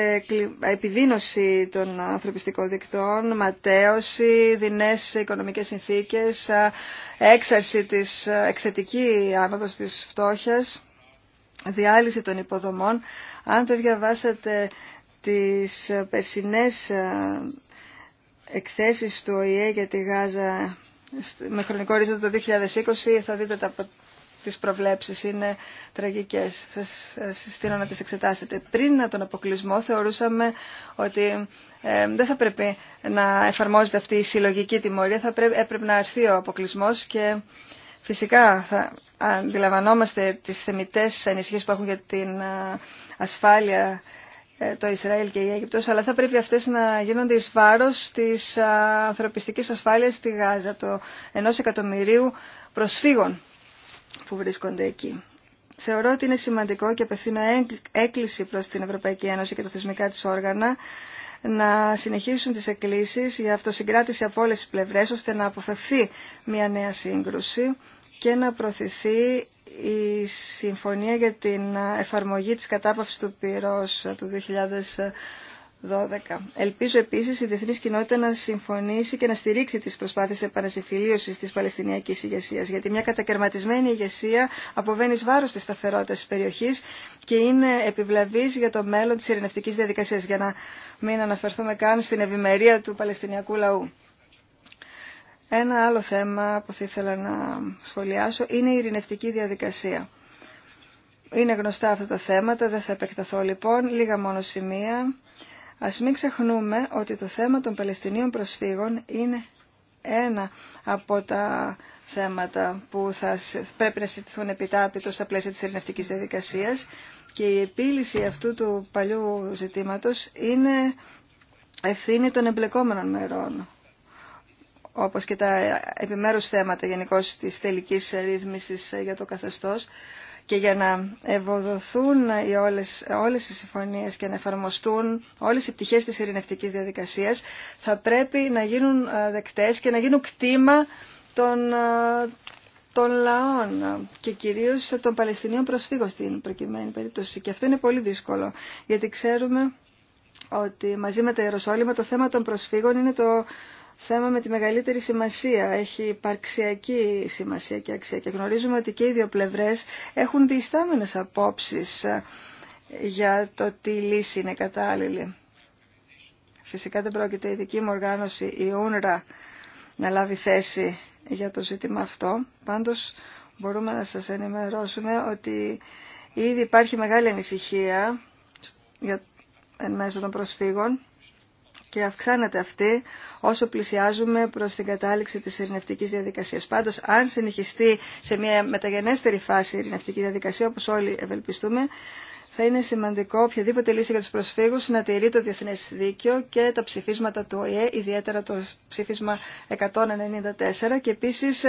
S4: επιδείνωση των ανθρωπιστικών δικτών, ματέωση, δεινές οικονομικές συνθήκες, έξαρση της εκθετική άνοδος της φτώχειας, διάλυση των υποδομών. Αν δεν διαβάσατε τις περσινές εκθέσεις του ΟΗΕ για τη Γάζα με χρονικό ορίζοντα το 2020 θα δείτε τα τις προβλέψεις είναι τραγικές. Σας ε, συστήνω να τις εξετάσετε. Πριν τον αποκλεισμό θεωρούσαμε ότι ε, δεν θα πρέπει να εφαρμόζεται αυτή η συλλογική τιμωρία, θα πρέπει, έπρεπε να έρθει ο αποκλεισμό και φυσικά θα αντιλαμβανόμαστε τις θεμητές ανησυχίες που έχουν για την ε, ασφάλεια το Ισραήλ και η Αίγυπτος, αλλά θα πρέπει αυτές να γίνονται εις βάρος της ανθρωπιστικής ασφάλειας στη Γάζα, το ενός εκατομμυρίου προσφύγων που βρίσκονται εκεί. Θεωρώ ότι είναι σημαντικό και απευθύνω έκκληση προς την Ευρωπαϊκή Ένωση και τα θεσμικά της όργανα να συνεχίσουν τις εκκλήσεις για αυτοσυγκράτηση από όλες τις πλευρές ώστε να αποφευθεί μια νέα σύγκρουση και να προωθηθεί η συμφωνία για την εφαρμογή της κατάπαυσης του πυρός του 2000 12. Ελπίζω επίσης η διεθνής κοινότητα να συμφωνήσει και να στηρίξει τις προσπάθειες επανασυμφιλίωσης της Παλαιστινιακής ηγεσίας, γιατί μια κατακαιρματισμένη ηγεσία αποβαίνει βάρος της σταθερότητας της περιοχής και είναι επιβλαβής για το μέλλον της ειρηνευτικής διαδικασίας, για να μην αναφερθούμε καν στην ευημερία του Παλαιστινιακού λαού. Ένα άλλο θέμα που θα ήθελα να σχολιάσω είναι η ειρηνευτική διαδικασία. Είναι γνωστά αυτά τα θέματα, δεν θα επεκταθώ λοιπόν, λίγα μόνο σημεία Ας μην ξεχνούμε ότι το θέμα των Παλαιστινίων προσφύγων είναι ένα από τα θέματα που θα πρέπει να συζητηθούν επιτάπητο στα πλαίσια της ειρηνευτικής διαδικασίας και η επίλυση αυτού του παλιού ζητήματος είναι ευθύνη των εμπλεκόμενων μερών όπως και τα επιμέρους θέματα γενικώ της τελικής ρύθμισης για το καθεστώς, και για να ευοδοθούν οι όλες, όλες οι συμφωνίες και να εφαρμοστούν όλες οι πτυχές της ειρηνευτικής διαδικασίας θα πρέπει να γίνουν ε, δεκτές και να γίνουν κτήμα των, ε, των λαών και κυρίως των Παλαιστινίων προσφύγων στην προκειμένη περίπτωση. Και αυτό είναι πολύ δύσκολο γιατί ξέρουμε ότι μαζί με τα Ιεροσόλυμα το θέμα των προσφύγων είναι το θέμα με τη μεγαλύτερη σημασία, έχει υπαρξιακή σημασία και αξία και γνωρίζουμε ότι και οι δύο πλευρές έχουν διστάμενες απόψεις ε, για το τι λύση είναι κατάλληλη. Φυσικά δεν πρόκειται η δική μου οργάνωση, η UNRWA, να λάβει θέση για το ζήτημα αυτό. Πάντως μπορούμε να σας ενημερώσουμε ότι ήδη υπάρχει μεγάλη ανησυχία για εν μέσω των προσφύγων και αυξάνεται αυτή όσο πλησιάζουμε προς την κατάληξη της ειρηνευτικής διαδικασίας. Πάντως, αν συνεχιστεί σε μια μεταγενέστερη φάση η ειρηνευτική διαδικασία, όπως όλοι ευελπιστούμε, θα είναι σημαντικό οποιαδήποτε λύση για τους προσφύγους να τηρεί το διεθνές δίκαιο και τα ψηφίσματα του ΟΗΕ, ιδιαίτερα το ψήφισμα 194 και επίσης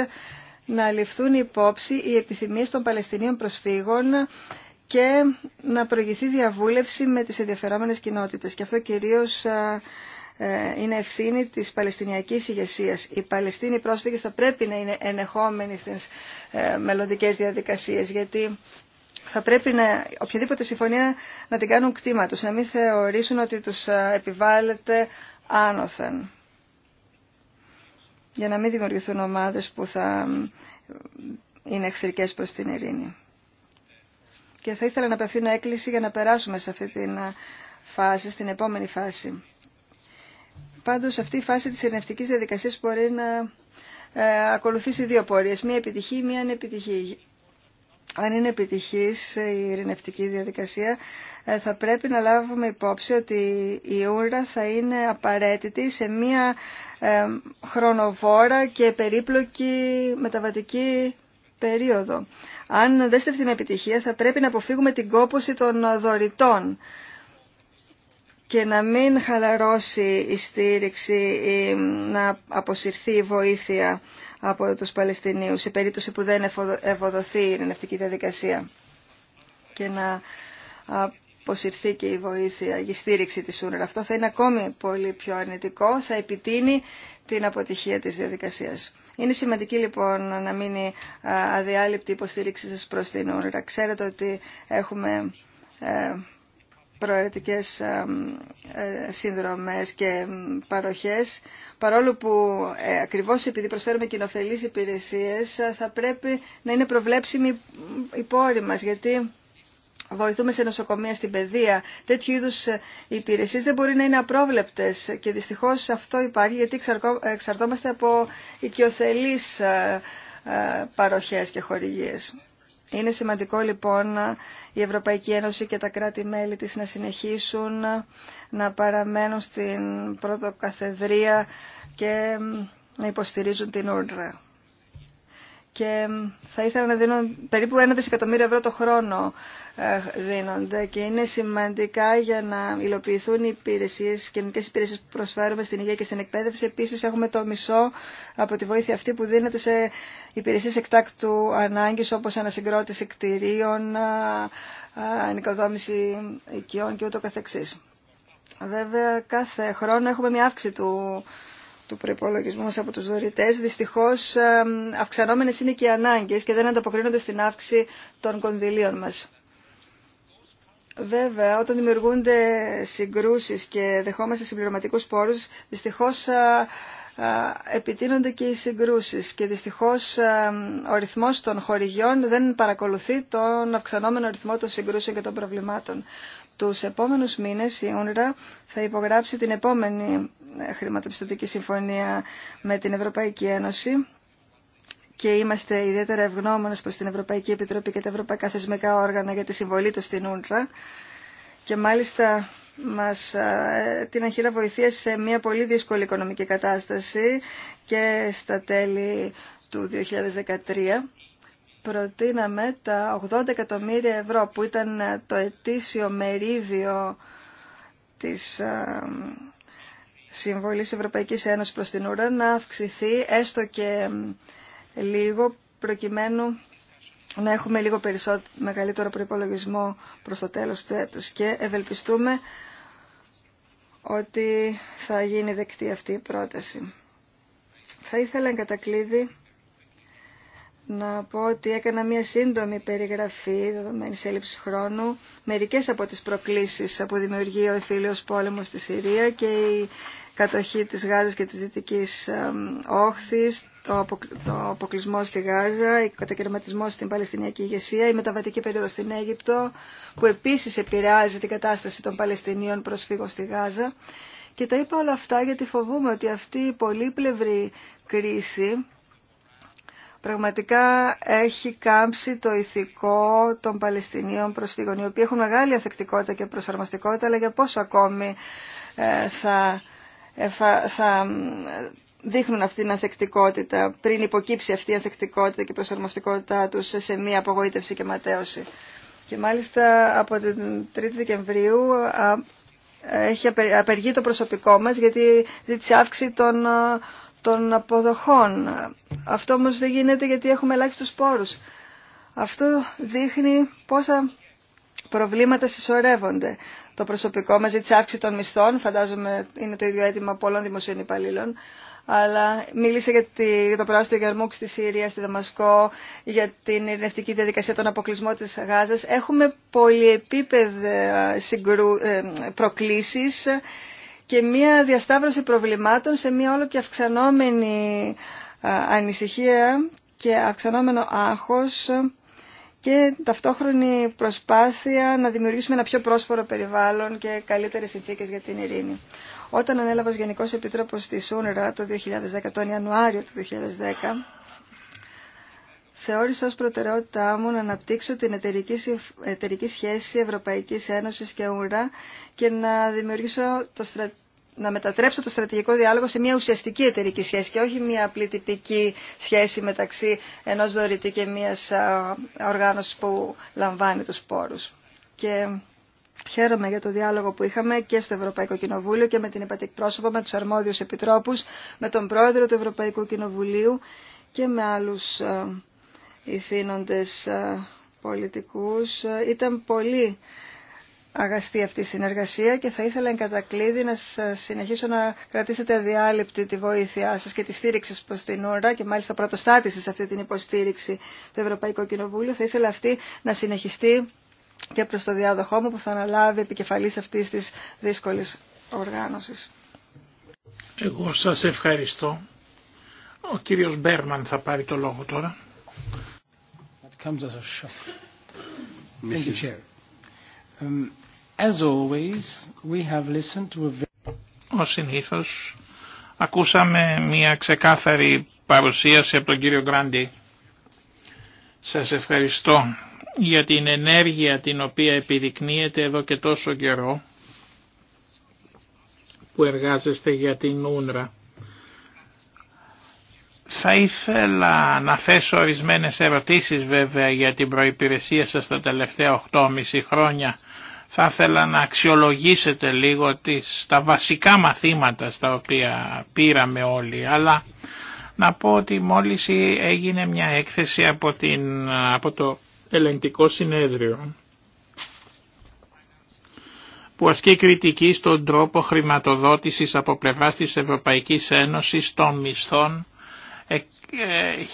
S4: να ληφθούν υπόψη οι επιθυμίες των Παλαιστινίων προσφύγων και να προηγηθεί διαβούλευση με τις ενδιαφερόμενες κοινότητες. Και αυτό κυρίως ε, είναι ευθύνη της Παλαιστινιακής ηγεσία. Οι Παλαιστίνοι πρόσφυγες θα πρέπει να είναι ενεχόμενοι στις ε, μελλοντικές διαδικασίες, γιατί θα πρέπει να, οποιαδήποτε συμφωνία να την κάνουν κτήμα τους, να μην θεωρήσουν ότι τους επιβάλλεται άνωθεν. Για να μην δημιουργηθούν ομάδες που θα είναι εχθρικές προς την ειρήνη και θα ήθελα να απευθύνω έκκληση για να περάσουμε σε αυτή την ε, φάση, στην επόμενη φάση. Πάντως αυτή η φάση της ειρηνευτικής διαδικασίας μπορεί να ε, ακολουθήσει δύο πορείες, μία επιτυχή ή μία ανεπιτυχή. Αν είναι επιτυχής η ειρηνευτική διαδικασία, ε, θα πρέπει να λάβουμε υπόψη ότι η ούρα θα είναι απαραίτητη σε μία χρονοβόρα και περίπλοκη μεταβατική περίοδο. Αν δεν στεφθεί με επιτυχία θα πρέπει να αποφύγουμε την κόπωση των δωρητών και να μην χαλαρώσει η στήριξη ή να αποσυρθεί η βοήθεια από τους Παλαιστινίους σε περίπτωση που δεν ευοδοθεί η ειρηνευτική διαδικασία και να αποσυρθεί και η βοήθεια, η στήριξη της ΟΝΡΑ. Αυτό θα είναι ακόμη πολύ πιο αρνητικό, θα επιτείνει την αποτυχία της διαδικασίας. Είναι σημαντική λοιπόν να μείνει αδιάλειπτη η υποστήριξη σας προς την Ούρα. Ξέρετε ότι έχουμε ε, προαιρετικές ε, ε, συνδρομές και παροχές. Παρόλο που ακριβώς επειδή προσφέρουμε κοινοφελείς υπηρεσίες θα πρέπει να είναι προβλέψιμη η πόρη μας γιατί βοηθούμε σε νοσοκομεία, στην παιδεία, τέτοιου είδου υπηρεσίες δεν μπορεί να είναι απρόβλεπτες και δυστυχώς αυτό υπάρχει γιατί εξαρτώμαστε από οικειοθελεί ε, ε, παροχές και χορηγίε. Είναι σημαντικό λοιπόν η Ευρωπαϊκή Ένωση και τα κράτη-μέλη της να συνεχίσουν να παραμένουν στην πρώτο πρωτοκαθεδρία και να υποστηρίζουν την ούρδρα και θα ήθελα να δίνουν περίπου ένα δισεκατομμύριο ευρώ το χρόνο ε, δίνονται και είναι σημαντικά για να υλοποιηθούν οι υπηρεσίες, κοινωνικές υπηρεσίες που προσφέρουμε στην υγεία και στην εκπαίδευση. Επίσης έχουμε το μισό από τη βοήθεια αυτή που δίνεται σε υπηρεσίες εκτάκτου ανάγκης όπως ανασυγκρότηση κτηρίων, ε, ε, ανοικοδόμηση οικειών και ούτω Βέβαια κάθε χρόνο έχουμε μια αύξηση του του προπολογισμού μας από τους δωρητέ, Δυστυχώς ε, αυξανόμενε είναι και οι ανάγκες και δεν ανταποκρίνονται στην αύξηση των κονδυλίων μας. Βέβαια, όταν δημιουργούνται συγκρούσει και δεχόμαστε συμπληρωματικού πόρους, δυστυχώς ε, ε, επιτείνονται και οι συγκρούσεις και δυστυχώς ο ρυθμός των χορηγιών δεν παρακολουθεί τον αυξανόμενο ρυθμό των συγκρούσεων και των προβλημάτων. Τους επόμενους μήνες η UNRWA θα υπογράψει την επόμενη ε, χρηματοπιστωτική συμφωνία με την Ευρωπαϊκή Ένωση και είμαστε ιδιαίτερα ευγνώμονες προς την Ευρωπαϊκή Επιτροπή και τα Ευρωπαϊκά Θεσμικά Όργανα για τη συμβολή του στην UNRWA και μάλιστα μας ε, την αχύρα βοηθεία σε μια πολύ δύσκολη οικονομική κατάσταση και στα τέλη του 2013 προτείναμε τα 80 εκατομμύρια ευρώ που ήταν ε, το ετήσιο μερίδιο της ε, Συμβολής Ευρωπαϊκής Ένωσης προς την Ούρα να αυξηθεί έστω και λίγο προκειμένου να έχουμε λίγο περισσότερο, μεγαλύτερο προϋπολογισμό προς το τέλος του έτους και ευελπιστούμε ότι θα γίνει δεκτή αυτή η πρόταση. Θα ήθελα εν κατακλείδη να πω ότι έκανα μια σύντομη περιγραφή δεδομένη έλλειψη χρόνου, μερικές από τις προκλήσεις που δημιουργεί ο εμφύλιος πόλεμος στη Συρία και η κατοχή της Γάζας και της Δυτικής Όχθης, το αποκλεισμό στη Γάζα, ο κατακαιρματισμό στην Παλαιστινιακή ηγεσία, η μεταβατική περίοδο στην Αίγυπτο, που επίσης επηρεάζει την κατάσταση των Παλαιστινίων προσφύγων στη Γάζα. Και τα είπα όλα αυτά γιατί φοβούμαι ότι αυτή η πολύπλευρη κρίση πραγματικά έχει κάμψει το ηθικό των Παλαιστινίων προσφύγων, οι οποίοι έχουν μεγάλη ανθεκτικότητα και προσαρμοστικότητα, αλλά για πόσο ακόμη ε, θα, θα δείχνουν αυτήν την ανθεκτικότητα, πριν υποκύψει αυτή η ανθεκτικότητα και προσαρμοστικότητά τους σε μία απογοήτευση και ματέωση. Και μάλιστα από την 3η Δεκεμβρίου έχει απεργεί το προσωπικό μας γιατί ζήτησε αύξηση των των αποδοχών. Αυτό όμω δεν γίνεται γιατί έχουμε ελάχιστου πόρους. Αυτό δείχνει πόσα προβλήματα συσσωρεύονται. Το προσωπικό μας ζήτησε αύξηση των μισθών, φαντάζομαι είναι το ίδιο αίτημα πολλών δημοσίων υπαλλήλων, αλλά μίλησε για το πράσινο Γερμούκ στη Συρία, στη Δαμασκό, για την ειρηνευτική διαδικασία, τον αποκλεισμό τη Γάζας. Έχουμε πολυεπίπεδες προκλήσει και μία διασταύρωση προβλημάτων σε μία όλο και αυξανόμενη ανησυχία και αυξανόμενο άγχος και ταυτόχρονη προσπάθεια να δημιουργήσουμε ένα πιο πρόσφορο περιβάλλον και καλύτερες συνθήκες για την ειρήνη. Όταν ανέλαβα ως Γενικός Επιτρόπος της Ούνερα το 2010, τον Ιανουάριο του 2010, θεώρησα ως προτεραιότητά μου να αναπτύξω την εταιρική, εταιρική σχέση Ευρωπαϊκής Ένωσης και ΟΥΡΑ και να δημιουργήσω το να μετατρέψω το στρατηγικό διάλογο σε μια ουσιαστική εταιρική σχέση και όχι μια απλή τυπική σχέση μεταξύ ενός δωρητή και μιας οργάνωσης που λαμβάνει τους πόρους. Και Χαίρομαι για το διάλογο που είχαμε και στο Ευρωπαϊκό Κοινοβούλιο και με την υπατεκπρόσωπο, με τους αρμόδιους επιτρόπους, με τον πρόεδρο του Ευρωπαϊκού Κοινοβουλίου και με άλλους ηθήνοντες ε, πολιτικούς. Ε, ήταν πολύ αγαστή αυτή η συνεργασία και θα ήθελα εν κατακλείδη να συνεχίσω να κρατήσετε αδιάλειπτη τη βοήθειά σας και τη στήριξη προ προς την ώρα και μάλιστα πρωτοστάτηση σε αυτή την υποστήριξη το Ευρωπαϊκό Κοινοβούλιο. Θα ήθελα αυτή να συνεχιστεί και προς το διάδοχό μου που θα αναλάβει επικεφαλής αυτής της δύσκολης οργάνωσης.
S1: Εγώ σας ευχαριστώ. Ο κύριος Μπέρμαν θα πάρει το λόγο τώρα comes as listened to συνήθως, ακούσαμε μια ξεκάθαρη παρουσίαση από τον κύριο Γκράντι. Σας ευχαριστώ για την ενέργεια την οποία επιδεικνύεται εδώ και τόσο καιρό που εργάζεστε για την Ούνρα. Θα ήθελα να θέσω ορισμένες ερωτήσεις βέβαια για την προϋπηρεσία σας τα τελευταία 8,5 χρόνια. Θα ήθελα να αξιολογήσετε λίγο τις, τα βασικά μαθήματα στα οποία πήραμε όλοι, αλλά να πω ότι μόλις έγινε μια έκθεση από, την, από το ελεγκτικό συνέδριο που ασκεί κριτική στον τρόπο χρηματοδότησης από πλευράς της Ευρωπαϊκής Ένωσης των μισθών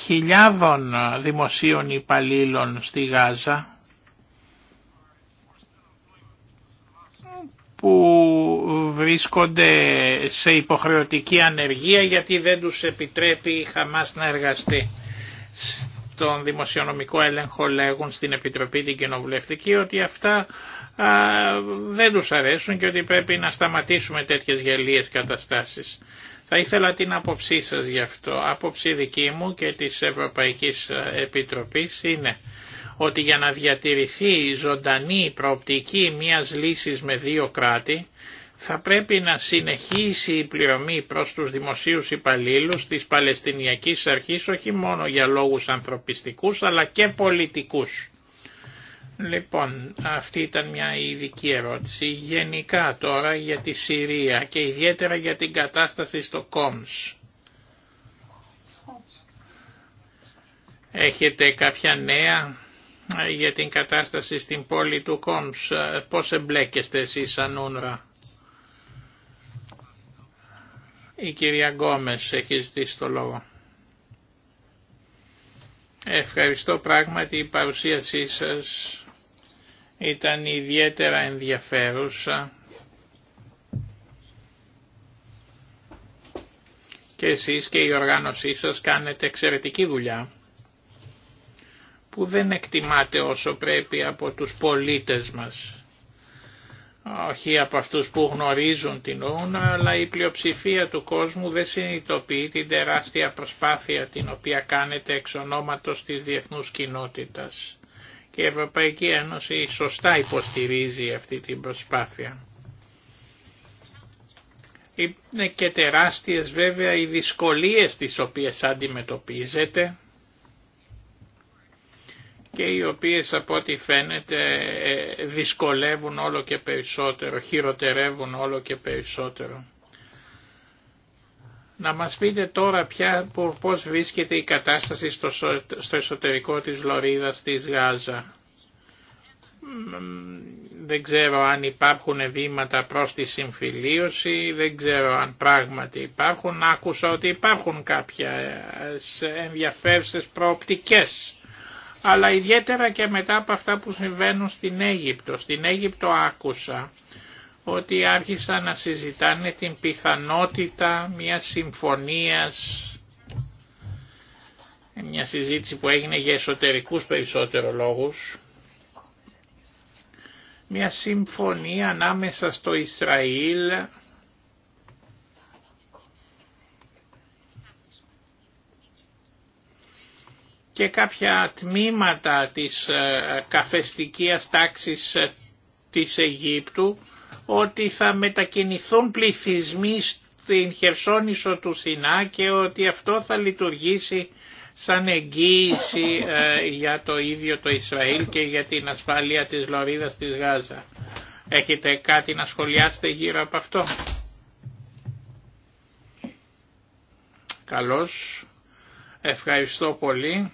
S1: χιλιάδων δημοσίων υπαλλήλων στη Γάζα που βρίσκονται σε υποχρεωτική ανεργία γιατί δεν τους επιτρέπει η Χαμάς να εργαστεί. Στον δημοσιονομικό έλεγχο λέγουν στην Επιτροπή την Κοινοβουλευτική ότι αυτά δεν τους αρέσουν και ότι πρέπει να σταματήσουμε τέτοιες γελίες καταστάσεις. Θα ήθελα την άποψή σας γι' αυτό. Άποψη δική μου και της Ευρωπαϊκής Επιτροπής είναι ότι για να διατηρηθεί η ζωντανή προοπτική μιας λύσης με δύο κράτη, θα πρέπει να συνεχίσει η πληρωμή προς τους δημοσίους υπαλλήλους της Παλαιστινιακής Αρχής όχι μόνο για λόγους ανθρωπιστικούς αλλά και πολιτικούς. Λοιπόν, αυτή ήταν μια ειδική ερώτηση. Γενικά τώρα για τη Συρία και ιδιαίτερα για την κατάσταση στο Κόμς. Έχετε κάποια νέα ε, για την κατάσταση στην πόλη του Κόμς. Ε, πώς εμπλέκεστε εσείς σαν ούνρα. Η κυρία Γκόμες έχει ζητήσει το λόγο. Ευχαριστώ πράγματι η παρουσίασή σας ήταν ιδιαίτερα ενδιαφέρουσα και εσείς και η οργάνωσή σας κάνετε εξαιρετική δουλειά που δεν εκτιμάτε όσο πρέπει από τους πολίτες μας. Όχι από αυτούς που γνωρίζουν την ούνα, αλλά η πλειοψηφία του κόσμου δεν συνειδητοποιεί την τεράστια προσπάθεια την οποία κάνετε εξ ονόματος της διεθνούς κοινότητας και η Ευρωπαϊκή Ένωση σωστά υποστηρίζει αυτή την προσπάθεια. Είναι και τεράστιες βέβαια οι δυσκολίες τις οποίες αντιμετωπίζεται και οι οποίες από ό,τι φαίνεται ε, δυσκολεύουν όλο και περισσότερο, χειροτερεύουν όλο και περισσότερο. Να μας πείτε τώρα πια πώς βρίσκεται η κατάσταση στο, στο εσωτερικό της Λωρίδας της Γάζα. Δεν ξέρω αν υπάρχουν βήματα προς τη συμφιλίωση, δεν ξέρω αν πράγματι υπάρχουν. Άκουσα ότι υπάρχουν κάποια ενδιαφέρουσες προοπτικές. Αλλά ιδιαίτερα και μετά από αυτά που συμβαίνουν στην Αίγυπτο. Στην Αίγυπτο άκουσα ότι άρχισαν να συζητάνε την πιθανότητα μιας συμφωνίας, μια συζήτηση που έγινε για εσωτερικούς περισσότερο λόγους, μια συμφωνία ανάμεσα στο Ισραήλ και κάποια τμήματα της ε, καφεστικίας τάξης ε, της Αιγύπτου ότι θα μετακινηθούν πληθυσμοί στην Χερσόνησο του Σινά και ότι αυτό θα λειτουργήσει σαν εγγύηση ε, για το ίδιο το Ισραήλ και για την ασφάλεια της Λωρίδας της Γάζα. Έχετε κάτι να σχολιάσετε γύρω από αυτό. Καλώς. Ευχαριστώ πολύ.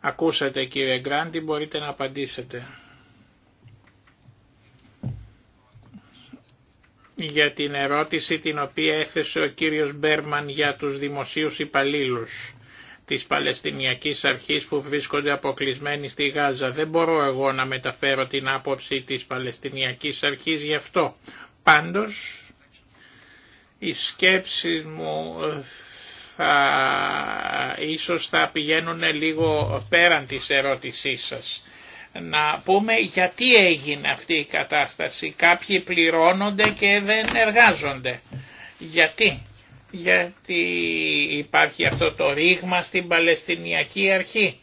S1: Ακούσατε κύριε Γκράντι, μπορείτε να απαντήσετε. για την ερώτηση την οποία έθεσε ο κύριος Μπέρμαν για τους δημοσίους υπαλλήλους της Παλαιστινιακής Αρχής που βρίσκονται αποκλεισμένοι στη Γάζα. Δεν μπορώ εγώ να μεταφέρω την άποψη της Παλαιστινιακής Αρχής γι' αυτό. Πάντως, οι σκέψει μου θα, ίσως θα πηγαίνουν λίγο πέραν της ερώτησής σας να πούμε γιατί έγινε αυτή η κατάσταση. Κάποιοι πληρώνονται και δεν εργάζονται. Γιατί. Γιατί υπάρχει αυτό το ρήγμα στην Παλαιστινιακή αρχή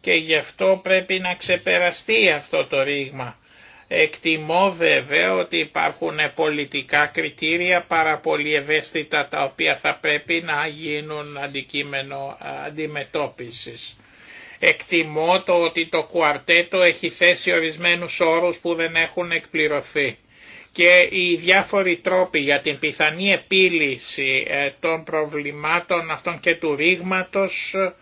S1: και γι' αυτό πρέπει να ξεπεραστεί αυτό το ρήγμα. Εκτιμώ βέβαια ότι υπάρχουν πολιτικά κριτήρια πάρα πολύ ευαίσθητα τα οποία θα πρέπει να γίνουν αντικείμενο ε, αντιμετώπισης. Εκτιμώ το ότι το κουαρτέτο έχει θέσει ορισμένους όρους που δεν έχουν εκπληρωθεί και οι διάφοροι τρόποι για την πιθανή επίλυση ε, των προβλημάτων αυτών και του ρήγματος ε,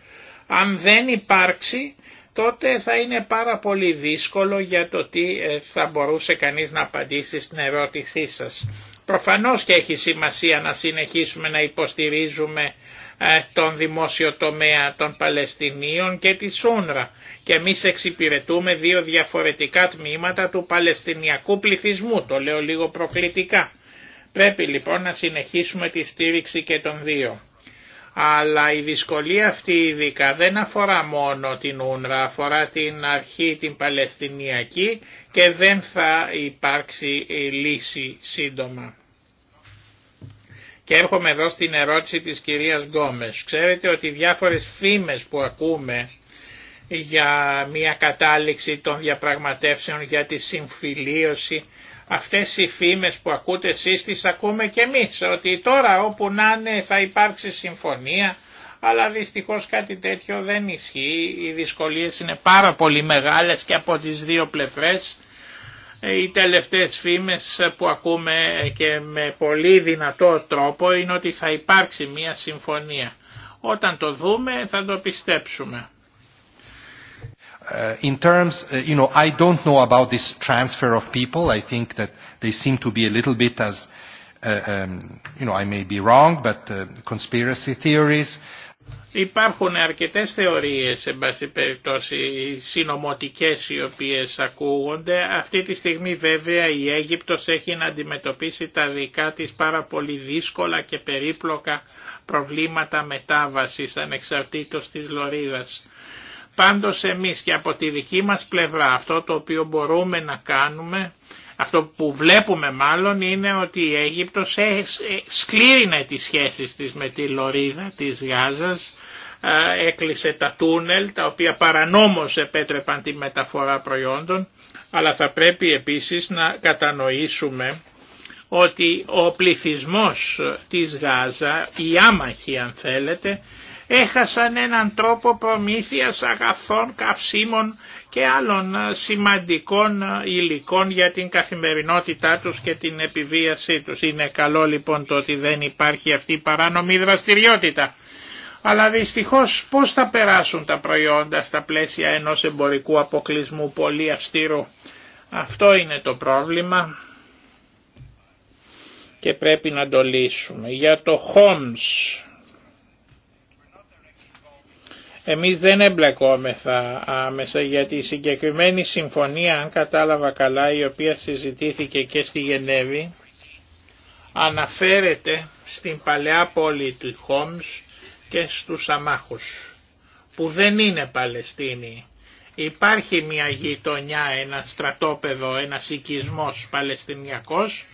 S1: αν δεν υπάρξει τότε θα είναι πάρα πολύ δύσκολο για το τι ε, θα μπορούσε κανείς να απαντήσει στην ερώτησή σας. Προφανώς και έχει σημασία να συνεχίσουμε να υποστηρίζουμε ε, τον δημόσιο τομέα των Παλαιστινίων και τη Σούνρα και εμείς εξυπηρετούμε δύο διαφορετικά τμήματα του Παλαιστινιακού πληθυσμού, το λέω λίγο προκλητικά. Πρέπει λοιπόν να συνεχίσουμε τη στήριξη και των δύο. Αλλά η δυσκολία αυτή ειδικά δεν αφορά μόνο την Ούνρα, αφορά την αρχή την Παλαιστινιακή και δεν θα υπάρξει λύση σύντομα. Και έρχομαι εδώ στην ερώτηση της κυρίας Γκόμες. Ξέρετε ότι διάφορες φήμες που ακούμε για μια κατάληξη των διαπραγματεύσεων για τη συμφιλίωση. Αυτές οι φήμες που ακούτε εσείς τις ακούμε και εμείς, ότι τώρα όπου να είναι θα υπάρξει συμφωνία, αλλά δυστυχώς κάτι τέτοιο δεν ισχύει. Οι δυσκολίες είναι πάρα πολύ μεγάλες και από τις δύο πλευρές οι τελευταίες φήμες που ακούμε και με πολύ δυνατό τρόπο είναι ότι θα υπάρξει μια συμφωνία. Όταν το δούμε θα το πιστέψουμε.
S2: In terms, you know, I don't know about this transfer of people. I think that they seem to be a little bit as, you know, I may be wrong, but conspiracy theories. Υπάρχουν αρκετές θεωρίες,
S1: σε πάση περιπτώσει, συνομωτικές οι οποίες ακούγονται. Αυτή τη στιγμή βέβαια η Αίγυπτος έχει να αντιμετωπίσει τα δικά της πάρα πολύ δύσκολα και περίπλοκα προβλήματα μετάβασης ανεξαρτήτως της λωρίδας. Πάντως εμείς και από τη δική μας πλευρά αυτό το οποίο μπορούμε να κάνουμε αυτό που βλέπουμε μάλλον είναι ότι η Αίγυπτος ε, ε, σκλήρινε τις σχέσεις της με τη Λωρίδα της Γάζας, ε, έκλεισε τα τούνελ τα οποία παρανόμως επέτρεπαν τη μεταφορά προϊόντων, αλλά θα πρέπει επίσης να κατανοήσουμε ότι ο πληθυσμός της Γάζα, οι άμαχοι αν θέλετε, έχασαν έναν τρόπο προμήθειας αγαθών, καυσίμων, και άλλων ε, σημαντικών ε, υλικών για την καθημερινότητά τους και την επιβίασή τους. Είναι καλό λοιπόν το ότι δεν υπάρχει αυτή η παράνομη δραστηριότητα. Αλλά δυστυχώς πώς θα περάσουν τα προϊόντα στα πλαίσια ενός εμπορικού αποκλεισμού πολύ αυστηρού. Αυτό είναι το πρόβλημα και πρέπει να το λύσουμε. Για το HOMS εμείς δεν εμπλεκόμεθα άμεσα γιατί η συγκεκριμένη συμφωνία, αν κατάλαβα καλά, η οποία συζητήθηκε και στη Γενέβη, αναφέρεται στην παλαιά πόλη του Χόμς και στους αμάχους, που δεν είναι Παλαιστίνοι. Υπάρχει μια γειτονιά, ένα στρατόπεδο, ένα οικισμός παλαιστινιακός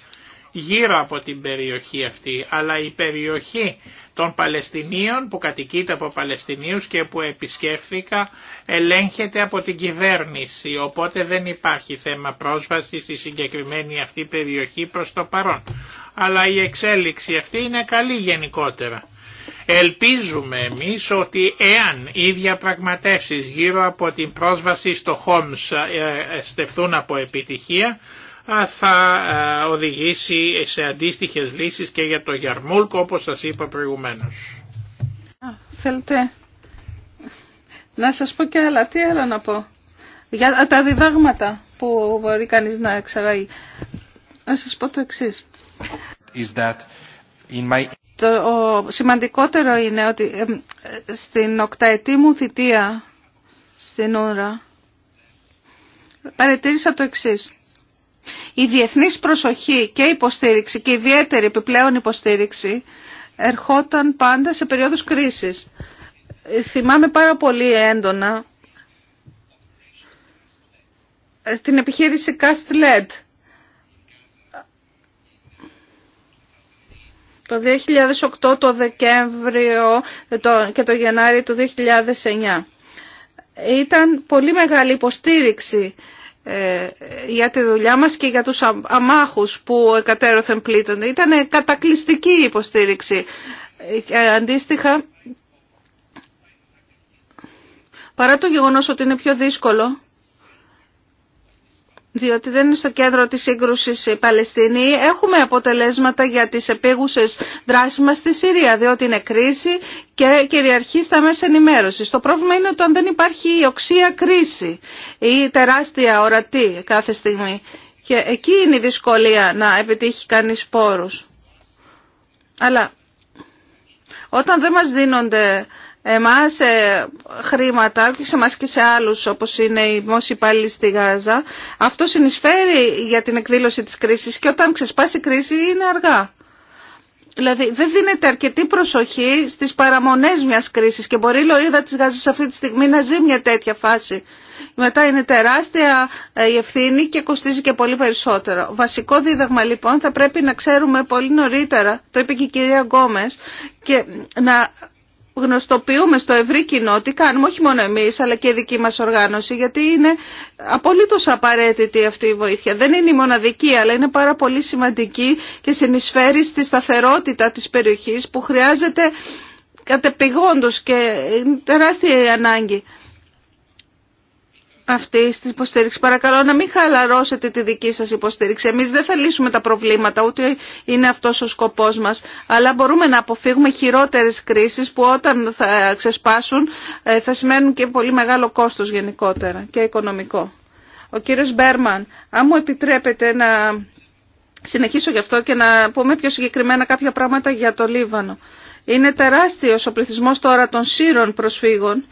S1: γύρω από την περιοχή αυτή, αλλά η περιοχή των Παλαιστινίων που κατοικείται από Παλαιστινίους και που επισκέφθηκα ελέγχεται από την κυβέρνηση οπότε δεν υπάρχει θέμα πρόσβαση στη συγκεκριμένη αυτή περιοχή προς το παρόν. Αλλά η εξέλιξη αυτή είναι καλή γενικότερα. Ελπίζουμε εμείς ότι εάν οι διαπραγματεύσεις γύρω από την πρόσβαση στο Χόμς ε, ε, στεφθούν από επιτυχία θα ε, οδηγήσει σε αντίστοιχες λύσεις και για το Γιαρμούλκο όπως σας είπα προηγουμένως.
S5: Θέλετε να σας πω και άλλα. Τι άλλο να πω. Για τα διδάγματα που μπορεί κανείς να εξαγάγει. Να σας πω το εξής. Is that Το σημαντικότερο είναι ότι ε, στην οκταετή μου θητεία στην ώρα παρατήρησα το εξής η διεθνής προσοχή και υποστήριξη και ιδιαίτερη επιπλέον υποστήριξη ερχόταν πάντα σε περίοδους κρίσης. Θυμάμαι πάρα πολύ έντονα στην επιχείρηση Cast το 2008, το Δεκέμβριο και το Γενάρη του 2009. Ήταν πολύ μεγάλη υποστήριξη ε, για τη δουλειά μας και για τους αμάχους που εκατέρωθεν πλήττονται. Ήταν κατακλειστική η υποστήριξη. Ε, αντίστοιχα, παρά το γεγονός ότι είναι πιο δύσκολο, διότι δεν είναι στο κέντρο της σύγκρουσης η Παλαιστίνη, έχουμε αποτελέσματα για τις επίγουσες δράσεις μας στη Συρία, διότι είναι κρίση και κυριαρχεί στα μέσα ενημέρωσης. Το πρόβλημα είναι ότι αν δεν υπάρχει η οξία κρίση ή τεράστια ορατή κάθε στιγμή. Και εκεί είναι η δυσκολία να επιτύχει κανείς πόρους. Αλλά όταν δεν μας δίνονται εμάς ε, χρήματα, και σε εμάς και σε άλλους όπως είναι οι δημόσιοι υπάλληλοι στη Γάζα, αυτό συνεισφέρει για την εκδήλωση της κρίσης και όταν ξεσπάσει η κρίση είναι αργά. Δηλαδή δεν δίνεται αρκετή προσοχή στις παραμονές μιας κρίσης και μπορεί η Λωρίδα της Γάζας αυτή τη στιγμή να ζει μια τέτοια φάση. Μετά είναι τεράστια ε, η ευθύνη και κοστίζει και πολύ περισσότερο. Βασικό δίδαγμα λοιπόν θα πρέπει να ξέρουμε πολύ νωρίτερα, το είπε και η κυρία Γκόμες, και να γνωστοποιούμε στο ευρύ κοινό τι κάνουμε, όχι μόνο εμεί, αλλά και η δική μα οργάνωση, γιατί είναι απολύτω απαραίτητη αυτή η βοήθεια. Δεν είναι η μοναδική, αλλά είναι πάρα πολύ σημαντική και συνεισφέρει στη σταθερότητα της περιοχής που χρειάζεται κατεπηγόντω και τεράστια η ανάγκη αυτή τη υποστήριξη. Παρακαλώ να μην χαλαρώσετε τη δική σα υποστήριξη. Εμεί δεν θα λύσουμε τα προβλήματα, ούτε είναι αυτό ο σκοπό μα, αλλά μπορούμε να αποφύγουμε χειρότερε κρίσει που όταν θα ξεσπάσουν ε, θα σημαίνουν και πολύ μεγάλο κόστο γενικότερα και οικονομικό. Ο κύριο Μπέρμαν, αν μου επιτρέπετε να συνεχίσω γι' αυτό και να πούμε πιο συγκεκριμένα κάποια πράγματα για το Λίβανο. Είναι τεράστιος ο πληθυσμός τώρα των σύρων προσφύγων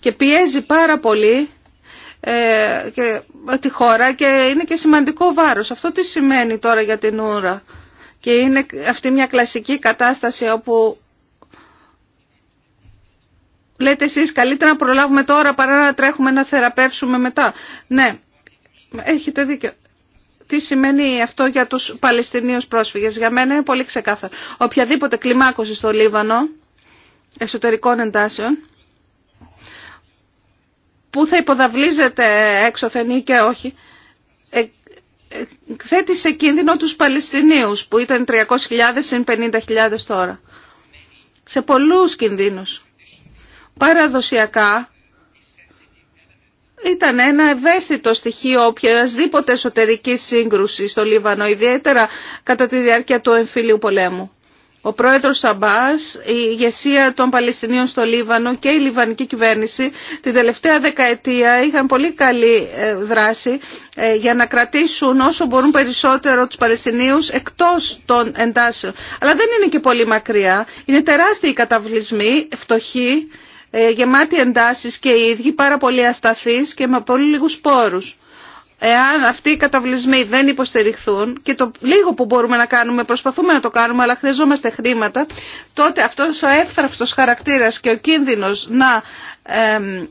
S5: και πιέζει πάρα πολύ ε, και ε, τη χώρα και είναι και σημαντικό βάρος. Αυτό τι σημαίνει τώρα για την ούρα. Και είναι αυτή μια κλασική κατάσταση όπου λέτε εσείς καλύτερα να προλάβουμε τώρα παρά να τρέχουμε να θεραπεύσουμε μετά. Ναι, έχετε δίκιο. Τι σημαίνει αυτό για τους Παλαιστινίους πρόσφυγες. Για μένα είναι πολύ ξεκάθαρο. Οποιαδήποτε κλιμάκωση στο Λίβανο εσωτερικών εντάσεων που θα υποδαβλίζεται έξωθεν ή και όχι, ε, ε, θέτει σε κίνδυνο τους Παλαιστινίους που ήταν 300.000 συν 50.000 τώρα. Σε πολλούς κινδύνους. Παραδοσιακά ήταν ένα ευαίσθητο στοιχείο οποιασδήποτε εσωτερική σύγκρουση στο Λίβανο, ιδιαίτερα κατά τη διάρκεια του εμφυλίου πολέμου ο πρόεδρος Σαμπάς, η ηγεσία των Παλαιστινίων στο Λίβανο και η Λιβανική κυβέρνηση την τελευταία δεκαετία είχαν πολύ καλή ε, δράση ε, για να κρατήσουν όσο μπορούν περισσότερο τους Παλαιστινίους εκτός των εντάσεων. Αλλά δεν είναι και πολύ μακριά. Είναι τεράστιοι οι καταβλισμοί, φτωχοί, ε, γεμάτοι εντάσεις και οι ίδιοι, πάρα πολύ ασταθείς και με πολύ λίγους πόρους. Εάν αυτοί οι καταβλισμοί δεν υποστηριχθούν και το λίγο που μπορούμε να κάνουμε, προσπαθούμε να το κάνουμε, αλλά χρειαζόμαστε χρήματα, τότε αυτός ο εύθραυστος χαρακτήρας και ο κίνδυνος να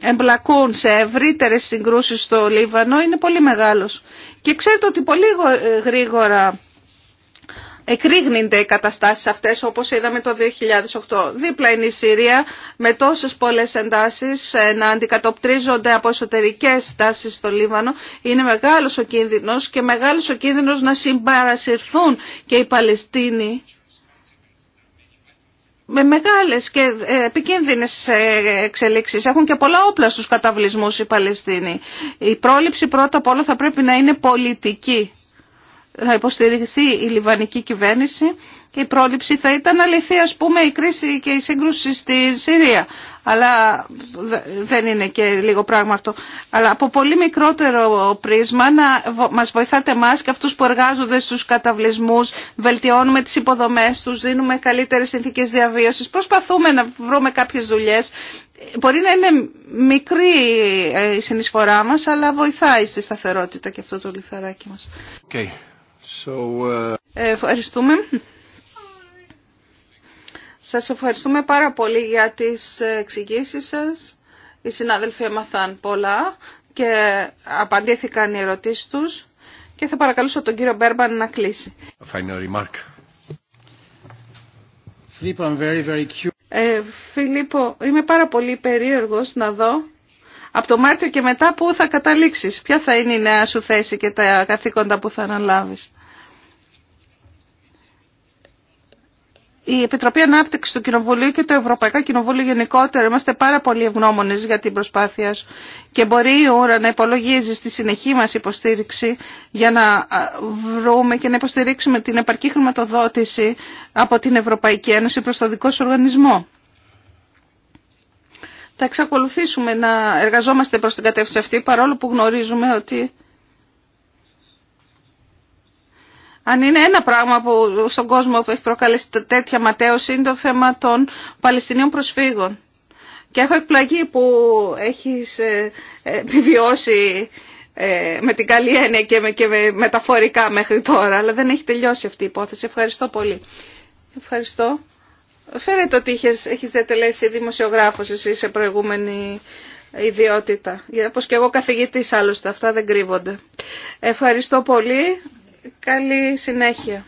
S5: εμπλακούν σε ευρύτερε συγκρούσεις στο Λίβανο είναι πολύ μεγάλος. Και ξέρετε ότι πολύ ε, γρήγορα εκρήγνυνται οι καταστάσεις αυτές όπως είδαμε το 2008. Δίπλα είναι η Συρία με τόσες πολλές εντάσεις ε, να αντικατοπτρίζονται από εσωτερικές τάσεις στο Λίβανο. Είναι μεγάλος ο κίνδυνος και μεγάλος ο κίνδυνος να συμπαρασυρθούν και οι Παλαιστίνοι με μεγάλες και ε, επικίνδυνες ε, εξελίξεις. Έχουν και πολλά όπλα στους καταβλισμούς οι Παλαιστίνοι. Η πρόληψη πρώτα απ' όλα θα πρέπει να είναι πολιτική να υποστηριχθεί η Λιβανική κυβέρνηση και η πρόληψη θα ήταν αληθή ας πούμε η κρίση και η σύγκρουση στη Συρία. Αλλά δεν είναι και λίγο πράγμα αυτό. Αλλά από πολύ μικρότερο πρίσμα να μας βοηθάτε εμά και αυτούς που εργάζονται στους καταβλισμούς, βελτιώνουμε τις υποδομές τους, δίνουμε καλύτερες συνθήκες διαβίωσης, προσπαθούμε να βρούμε κάποιες δουλειές. Μπορεί να είναι μικρή ε, η συνεισφορά μας, αλλά βοηθάει στη σταθερότητα και αυτό το λιθαράκι μας.
S2: Okay. Uh,
S5: ευχαριστούμε. Σας ευχαριστούμε πάρα πολύ για τις εξηγήσει σας. Οι συνάδελφοι έμαθαν πολλά και απαντήθηκαν οι ερωτήσεις τους και θα παρακαλούσα τον κύριο Μπέρμπαν να κλείσει. Ε, Φιλίππο, είμαι πάρα πολύ περίεργος να δω από το Μάρτιο και μετά πού θα καταλήξεις. Ποια θα είναι η νέα σου θέση και τα καθήκοντα που θα αναλάβεις. η Επιτροπή Ανάπτυξη του Κοινοβουλίου και το Ευρωπαϊκό Κοινοβούλιο γενικότερα είμαστε πάρα πολύ ευγνώμονε για την προσπάθεια σου και μπορεί η ώρα να υπολογίζει στη συνεχή μα υποστήριξη για να βρούμε και να υποστηρίξουμε την επαρκή χρηματοδότηση από την Ευρωπαϊκή Ένωση προ το δικό σου οργανισμό. Θα εξακολουθήσουμε να εργαζόμαστε προ την κατεύθυνση αυτή παρόλο που γνωρίζουμε ότι Αν είναι ένα πράγμα που στον κόσμο που έχει προκαλέσει τέτοια ματέωση είναι το θέμα των Παλαιστινίων προσφύγων. Και έχω εκπλαγεί που έχεις ε, ε, επιβιώσει ε, με την καλή έννοια και με, μεταφορικά μέχρι τώρα, αλλά δεν έχει τελειώσει αυτή η υπόθεση. Ευχαριστώ πολύ. Ευχαριστώ. Φέρετε ότι είχες, έχεις διατελέσει δημοσιογράφος εσύ σε προηγούμενη ιδιότητα. Όπως και εγώ καθηγητής άλλωστε, αυτά δεν κρύβονται. Ευχαριστώ πολύ. Καλή συνέχεια.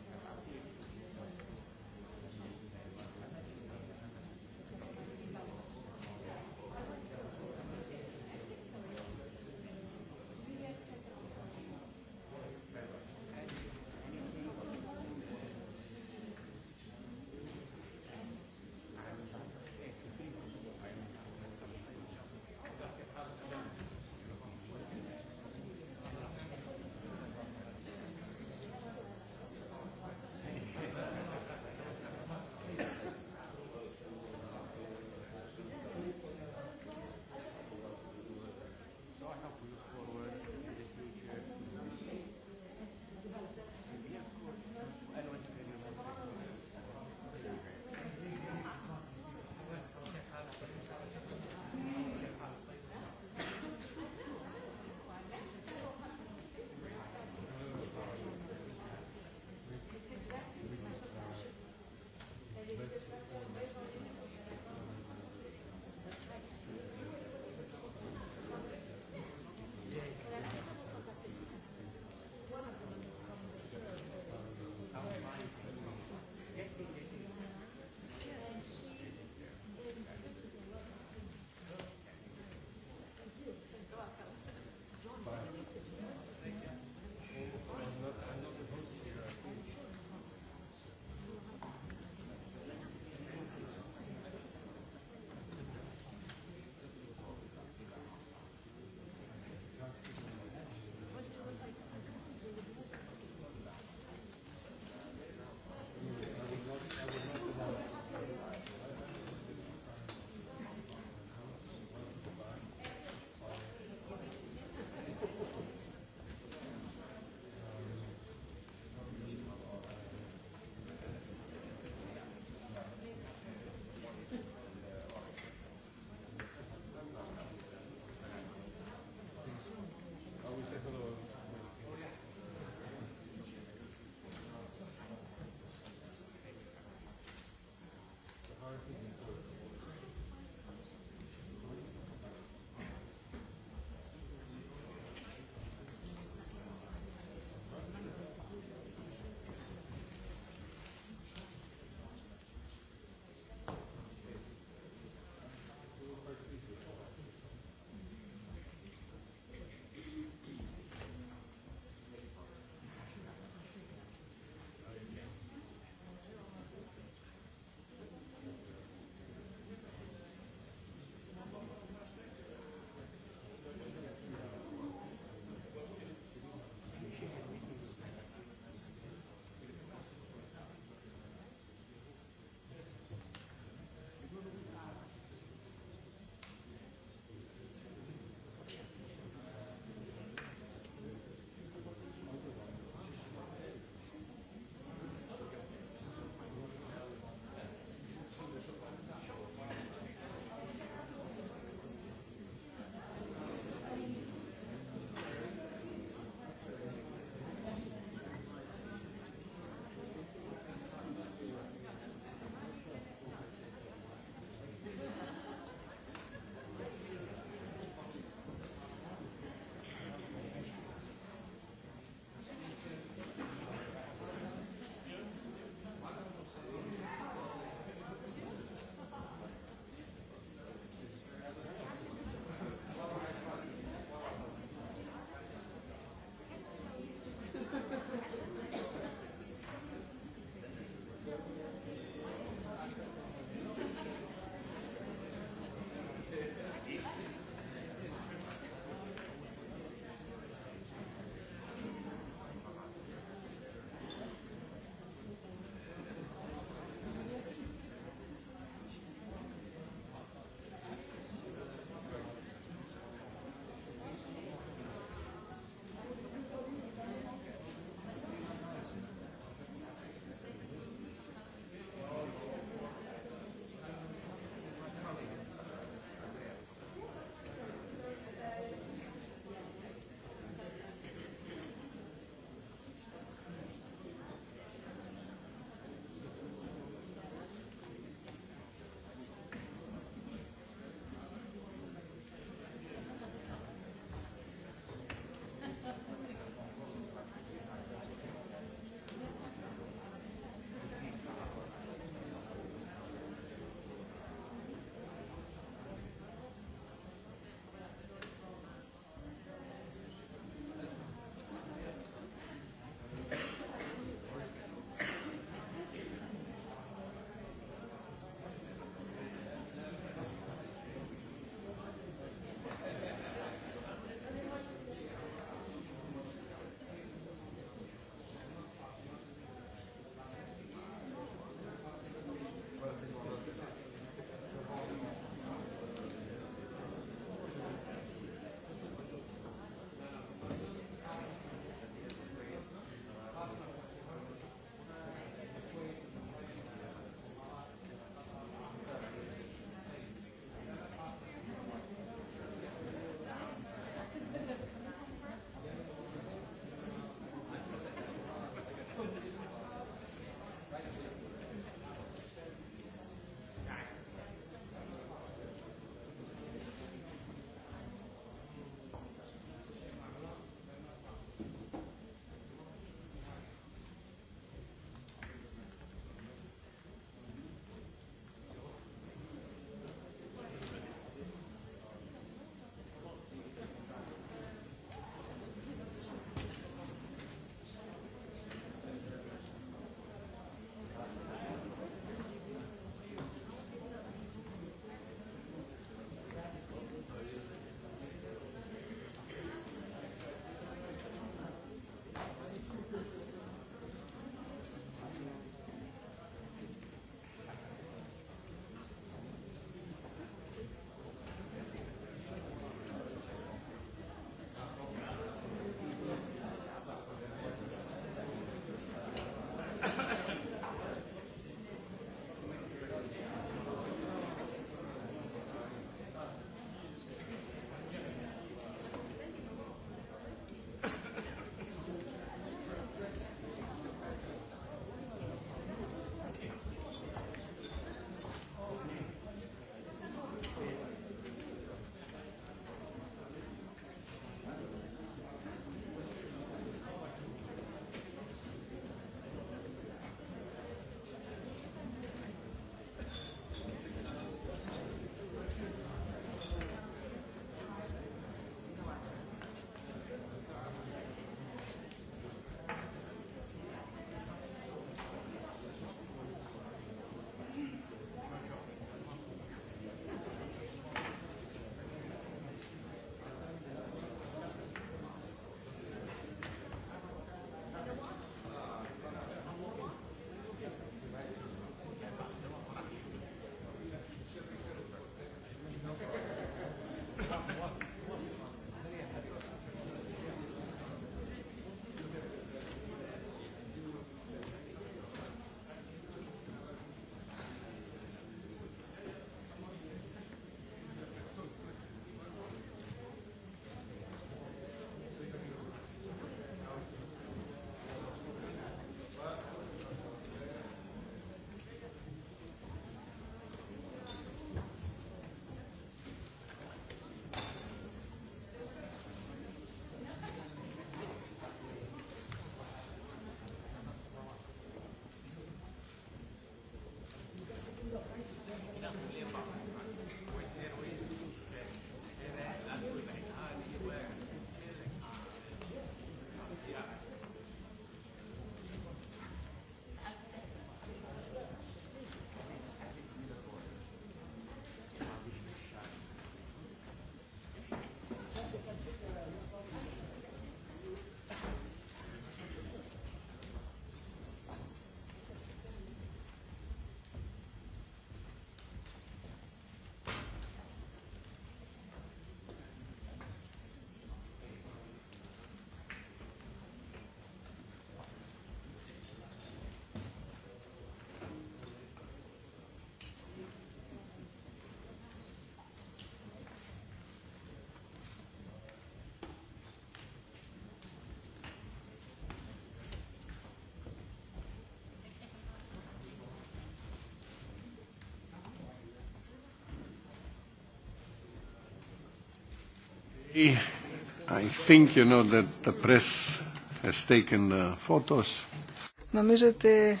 S4: Νομίζω ότι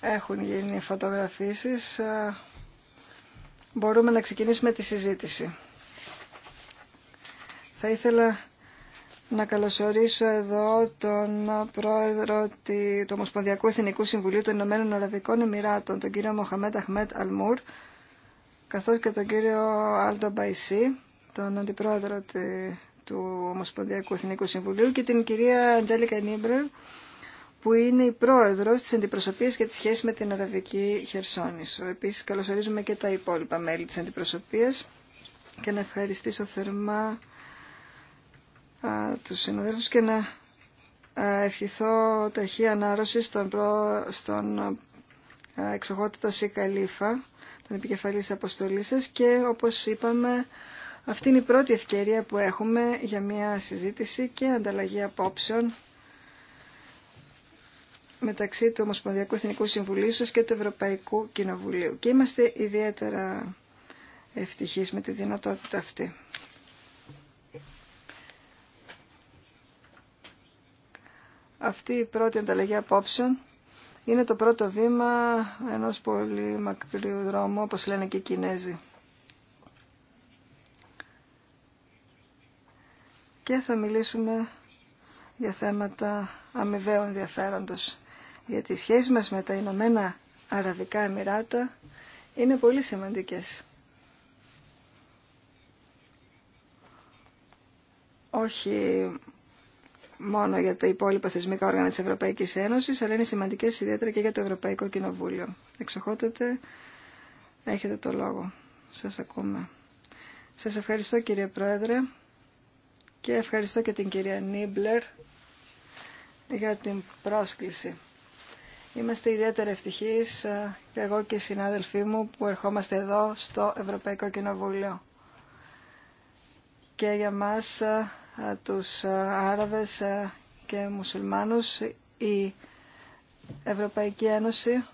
S4: έχουν γίνει φωτογραφίσεις. Μπορούμε να ξεκινήσουμε τη συζήτηση. Θα ήθελα να καλωσορίσω εδώ τον πρόεδρο του Ομοσπονδιακού Εθνικού Συμβουλίου των Ηνωμένων Αραβικών Εμμυράτων, τον κύριο Μοχαμέντα Αχμέτ Αλμούρ, καθώς και τον κύριο Άλτο Μπαϊσί, τον αντιπρόεδρο του Ομοσπονδιακού Εθνικού Συμβουλίου και την κυρία Αντζέλικα Νίμπρε, που είναι η πρόεδρο τη Αντιπροσωπείας για τη σχέση με την Αραβική Χερσόνησο. Επίση καλωσορίζουμε και τα υπόλοιπα μέλη τη Αντιπροσωπείας και να ευχαριστήσω θερμά του τους και να ευχηθώ ταχύ ανάρρωση στον, προ, στον εξοχότητο Λίφα, τον επικεφαλής αποστολής σας και όπως είπαμε αυτή είναι η πρώτη ευκαιρία που έχουμε για μια συζήτηση και ανταλλαγή απόψεων μεταξύ του Ομοσπονδιακού Εθνικού Συμβουλίου σας και του Ευρωπαϊκού Κοινοβουλίου. Και είμαστε ιδιαίτερα ευτυχείς με τη δυνατότητα αυτή. Αυτή η πρώτη ανταλλαγή απόψεων είναι το πρώτο βήμα ενός πολύ μακριού δρόμου, όπως λένε και οι Κινέζοι. και θα μιλήσουμε για θέματα αμοιβαίου ενδιαφέροντος. Γιατί οι σχέσεις μας με τα Ηνωμένα Αραβικά Εμμυράτα είναι πολύ σημαντικές. Όχι μόνο για τα υπόλοιπα θεσμικά όργανα της Ευρωπαϊκής Ένωσης, αλλά είναι σημαντικές ιδιαίτερα και για το Ευρωπαϊκό Κοινοβούλιο. Εξοχότατε, έχετε το λόγο. Σας ακούμε. Σας ευχαριστώ κύριε Πρόεδρε και ευχαριστώ και την κυρία Νίμπλερ για την πρόσκληση. Είμαστε ιδιαίτερα ευτυχείς ε, και εγώ και οι συνάδελφοί μου που ερχόμαστε εδώ στο Ευρωπαϊκό Κοινοβούλιο. Και για μας ε, τους ε, Άραβες και Μουσουλμάνους η Ευρωπαϊκή Ένωση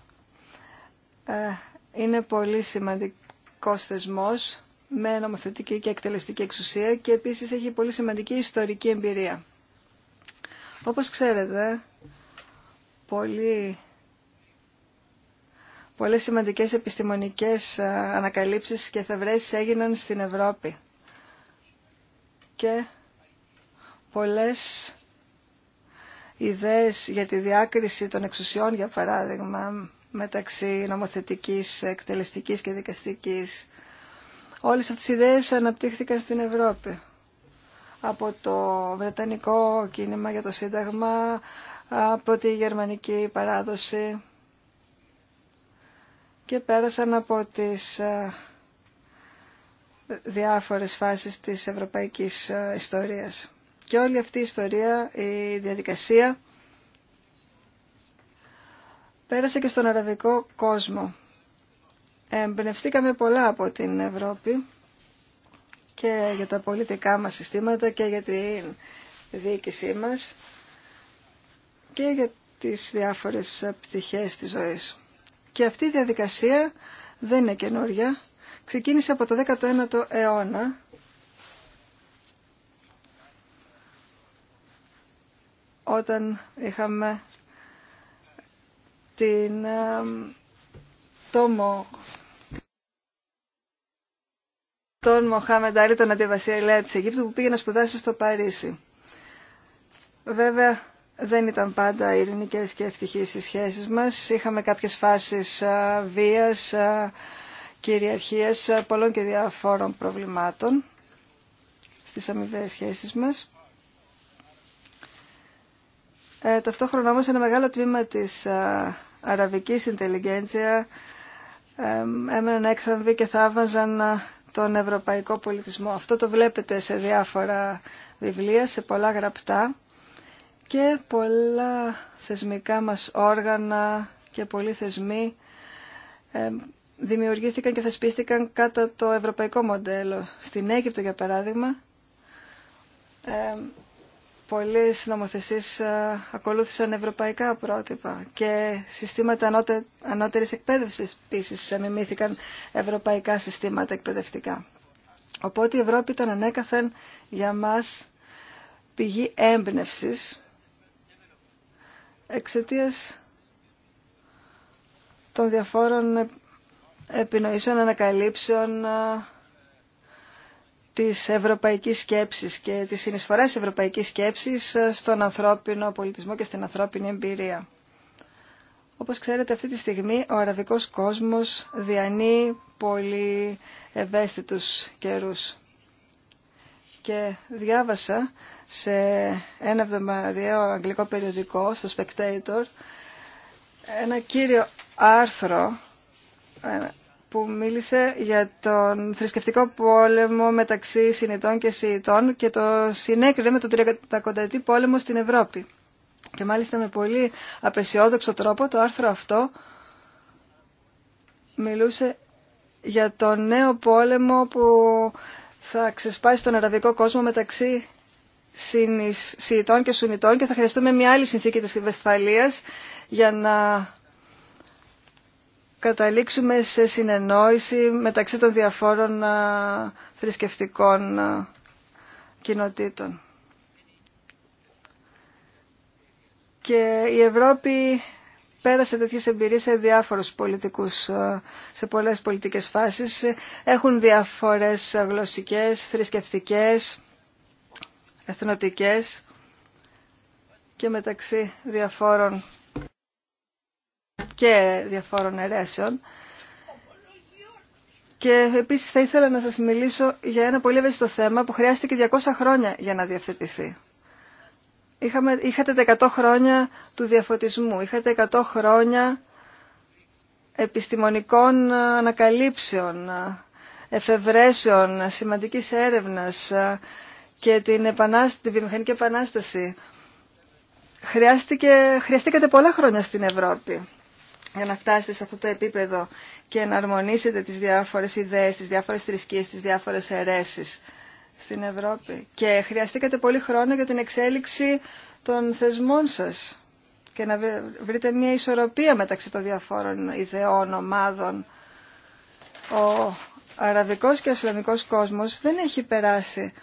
S4: είναι πολύ σημαντικός θεσμός με νομοθετική και εκτελεστική εξουσία και επίσης έχει πολύ σημαντική ιστορική εμπειρία. Όπως ξέρετε, πολύ, πολλές σημαντικές επιστημονικές ε, ανακαλύψεις και εφευρέσεις έγιναν στην Ευρώπη και πολλές ιδέες για τη διάκριση των εξουσιών, για παράδειγμα, μεταξύ νομοθετικής, εκτελεστικής και δικαστικής Όλες αυτές οι ιδέες αναπτύχθηκαν στην Ευρώπη. Από το Βρετανικό κίνημα για το Σύνταγμα, από τη Γερμανική παράδοση και πέρασαν από τις ε, διάφορες φάσεις της ευρωπαϊκής ε, ιστορίας. Και όλη αυτή η ιστορία, η διαδικασία, πέρασε και στον αραβικό κόσμο εμπνευστήκαμε πολλά από την Ευρώπη και για τα πολιτικά μας συστήματα και για την διοίκησή μας και για τις διάφορες πτυχές της ζωής. Και αυτή η διαδικασία δεν είναι καινούρια. Ξεκίνησε από το 19ο αιώνα όταν είχαμε την ε, τόμο τον Μοχάμεντ Άλλη, τον αντιβασιλέα της Αιγύπτου που πήγε να σπουδάσει στο Παρίσι. Βέβαια δεν ήταν πάντα ειρηνικές και ευτυχείς οι σχέσεις μας. Είχαμε κάποιες φάσεις βίας, κυριαρχίας, πολλών και διαφόρων προβλημάτων στις αμοιβαίες σχέσεις μας. Ε, ταυτόχρονα όμω ένα μεγάλο τμήμα της αραβική αραβικής ιντελιγέντσια ε, έμεναν έκθαμβοι και θαύμαζαν τον ευρωπαϊκό πολιτισμό. Αυτό το βλέπετε σε διάφορα βιβλία, σε πολλά γραπτά και πολλά θεσμικά μας όργανα και πολλοί θεσμοί ε, δημιουργήθηκαν και θεσπίστηκαν κατά το ευρωπαϊκό μοντέλο. Στην Αίγυπτο, για παράδειγμα, ε, πολλές νομοθεσίες ε, ακολούθησαν ευρωπαϊκά πρότυπα και συστήματα ανώτερης εκπαίδευσης επίση μιμήθηκαν ευρωπαϊκά συστήματα εκπαιδευτικά. Οπότε η Ευρώπη ήταν ανέκαθεν για μας πηγή έμπνευσης εξαιτία των διαφόρων επινοήσεων, ανακαλύψεων, ε, της ευρωπαϊκής σκέψης και της συνεισφοράς της ευρωπαϊκής σκέψης στον ανθρώπινο πολιτισμό και στην ανθρώπινη εμπειρία. Όπως ξέρετε αυτή τη στιγμή ο αραβικός κόσμος διανύει πολύ ευαίσθητους καιρούς. Και διάβασα σε ένα εβδομαδιαίο αγγλικό περιοδικό, στο Spectator, ένα κύριο άρθρο που μίλησε για τον θρησκευτικό πόλεμο μεταξύ Συνητών και Σιητών και το συνέκρινε με τον Τριακονταετή πόλεμο στην Ευρώπη. Και μάλιστα με πολύ απεσιόδοξο τρόπο το άρθρο αυτό μιλούσε για τον νέο πόλεμο που θα ξεσπάσει τον αραβικό κόσμο μεταξύ Σιητών και σουνητών και θα χρειαστούμε μια άλλη συνθήκη της Βεσφαλίας για να καταλήξουμε σε συνεννόηση μεταξύ των διαφόρων θρησκευτικών κοινοτήτων. Και η Ευρώπη πέρασε τέτοιες εμπειρίες σε διάφορους πολιτικούς, σε πολλές πολιτικές φάσεις. Έχουν διαφορές γλωσσικές, θρησκευτικές, εθνοτικές και μεταξύ διαφόρων και διαφόρων αιρέσεων. Και επίσης θα ήθελα να σας μιλήσω για ένα πολύ ευαίσθητο θέμα που χρειάστηκε 200 χρόνια για να διαφθετηθεί. Είχαμε, είχατε 100 χρόνια του διαφωτισμού, είχατε 100 χρόνια επιστημονικών ανακαλύψεων, εφευρέσεων, σημαντικής έρευνας και την, επανάσταση, την βιομηχανική επανάσταση. Χρειάστηκε, χρειαστήκατε πολλά χρόνια στην Ευρώπη για να φτάσετε σε αυτό το επίπεδο και να αρμονίσετε τις διάφορες ιδέες, τις διάφορες θρησκείες, τις διάφορες αιρέσεις στην Ευρώπη. Και χρειαστήκατε πολύ χρόνο για την εξέλιξη των θεσμών σας και να βρείτε μια ισορροπία μεταξύ των διαφόρων ιδεών, ομάδων. Ο αραβικός και ο ισλαμικός κόσμος δεν έχει περάσει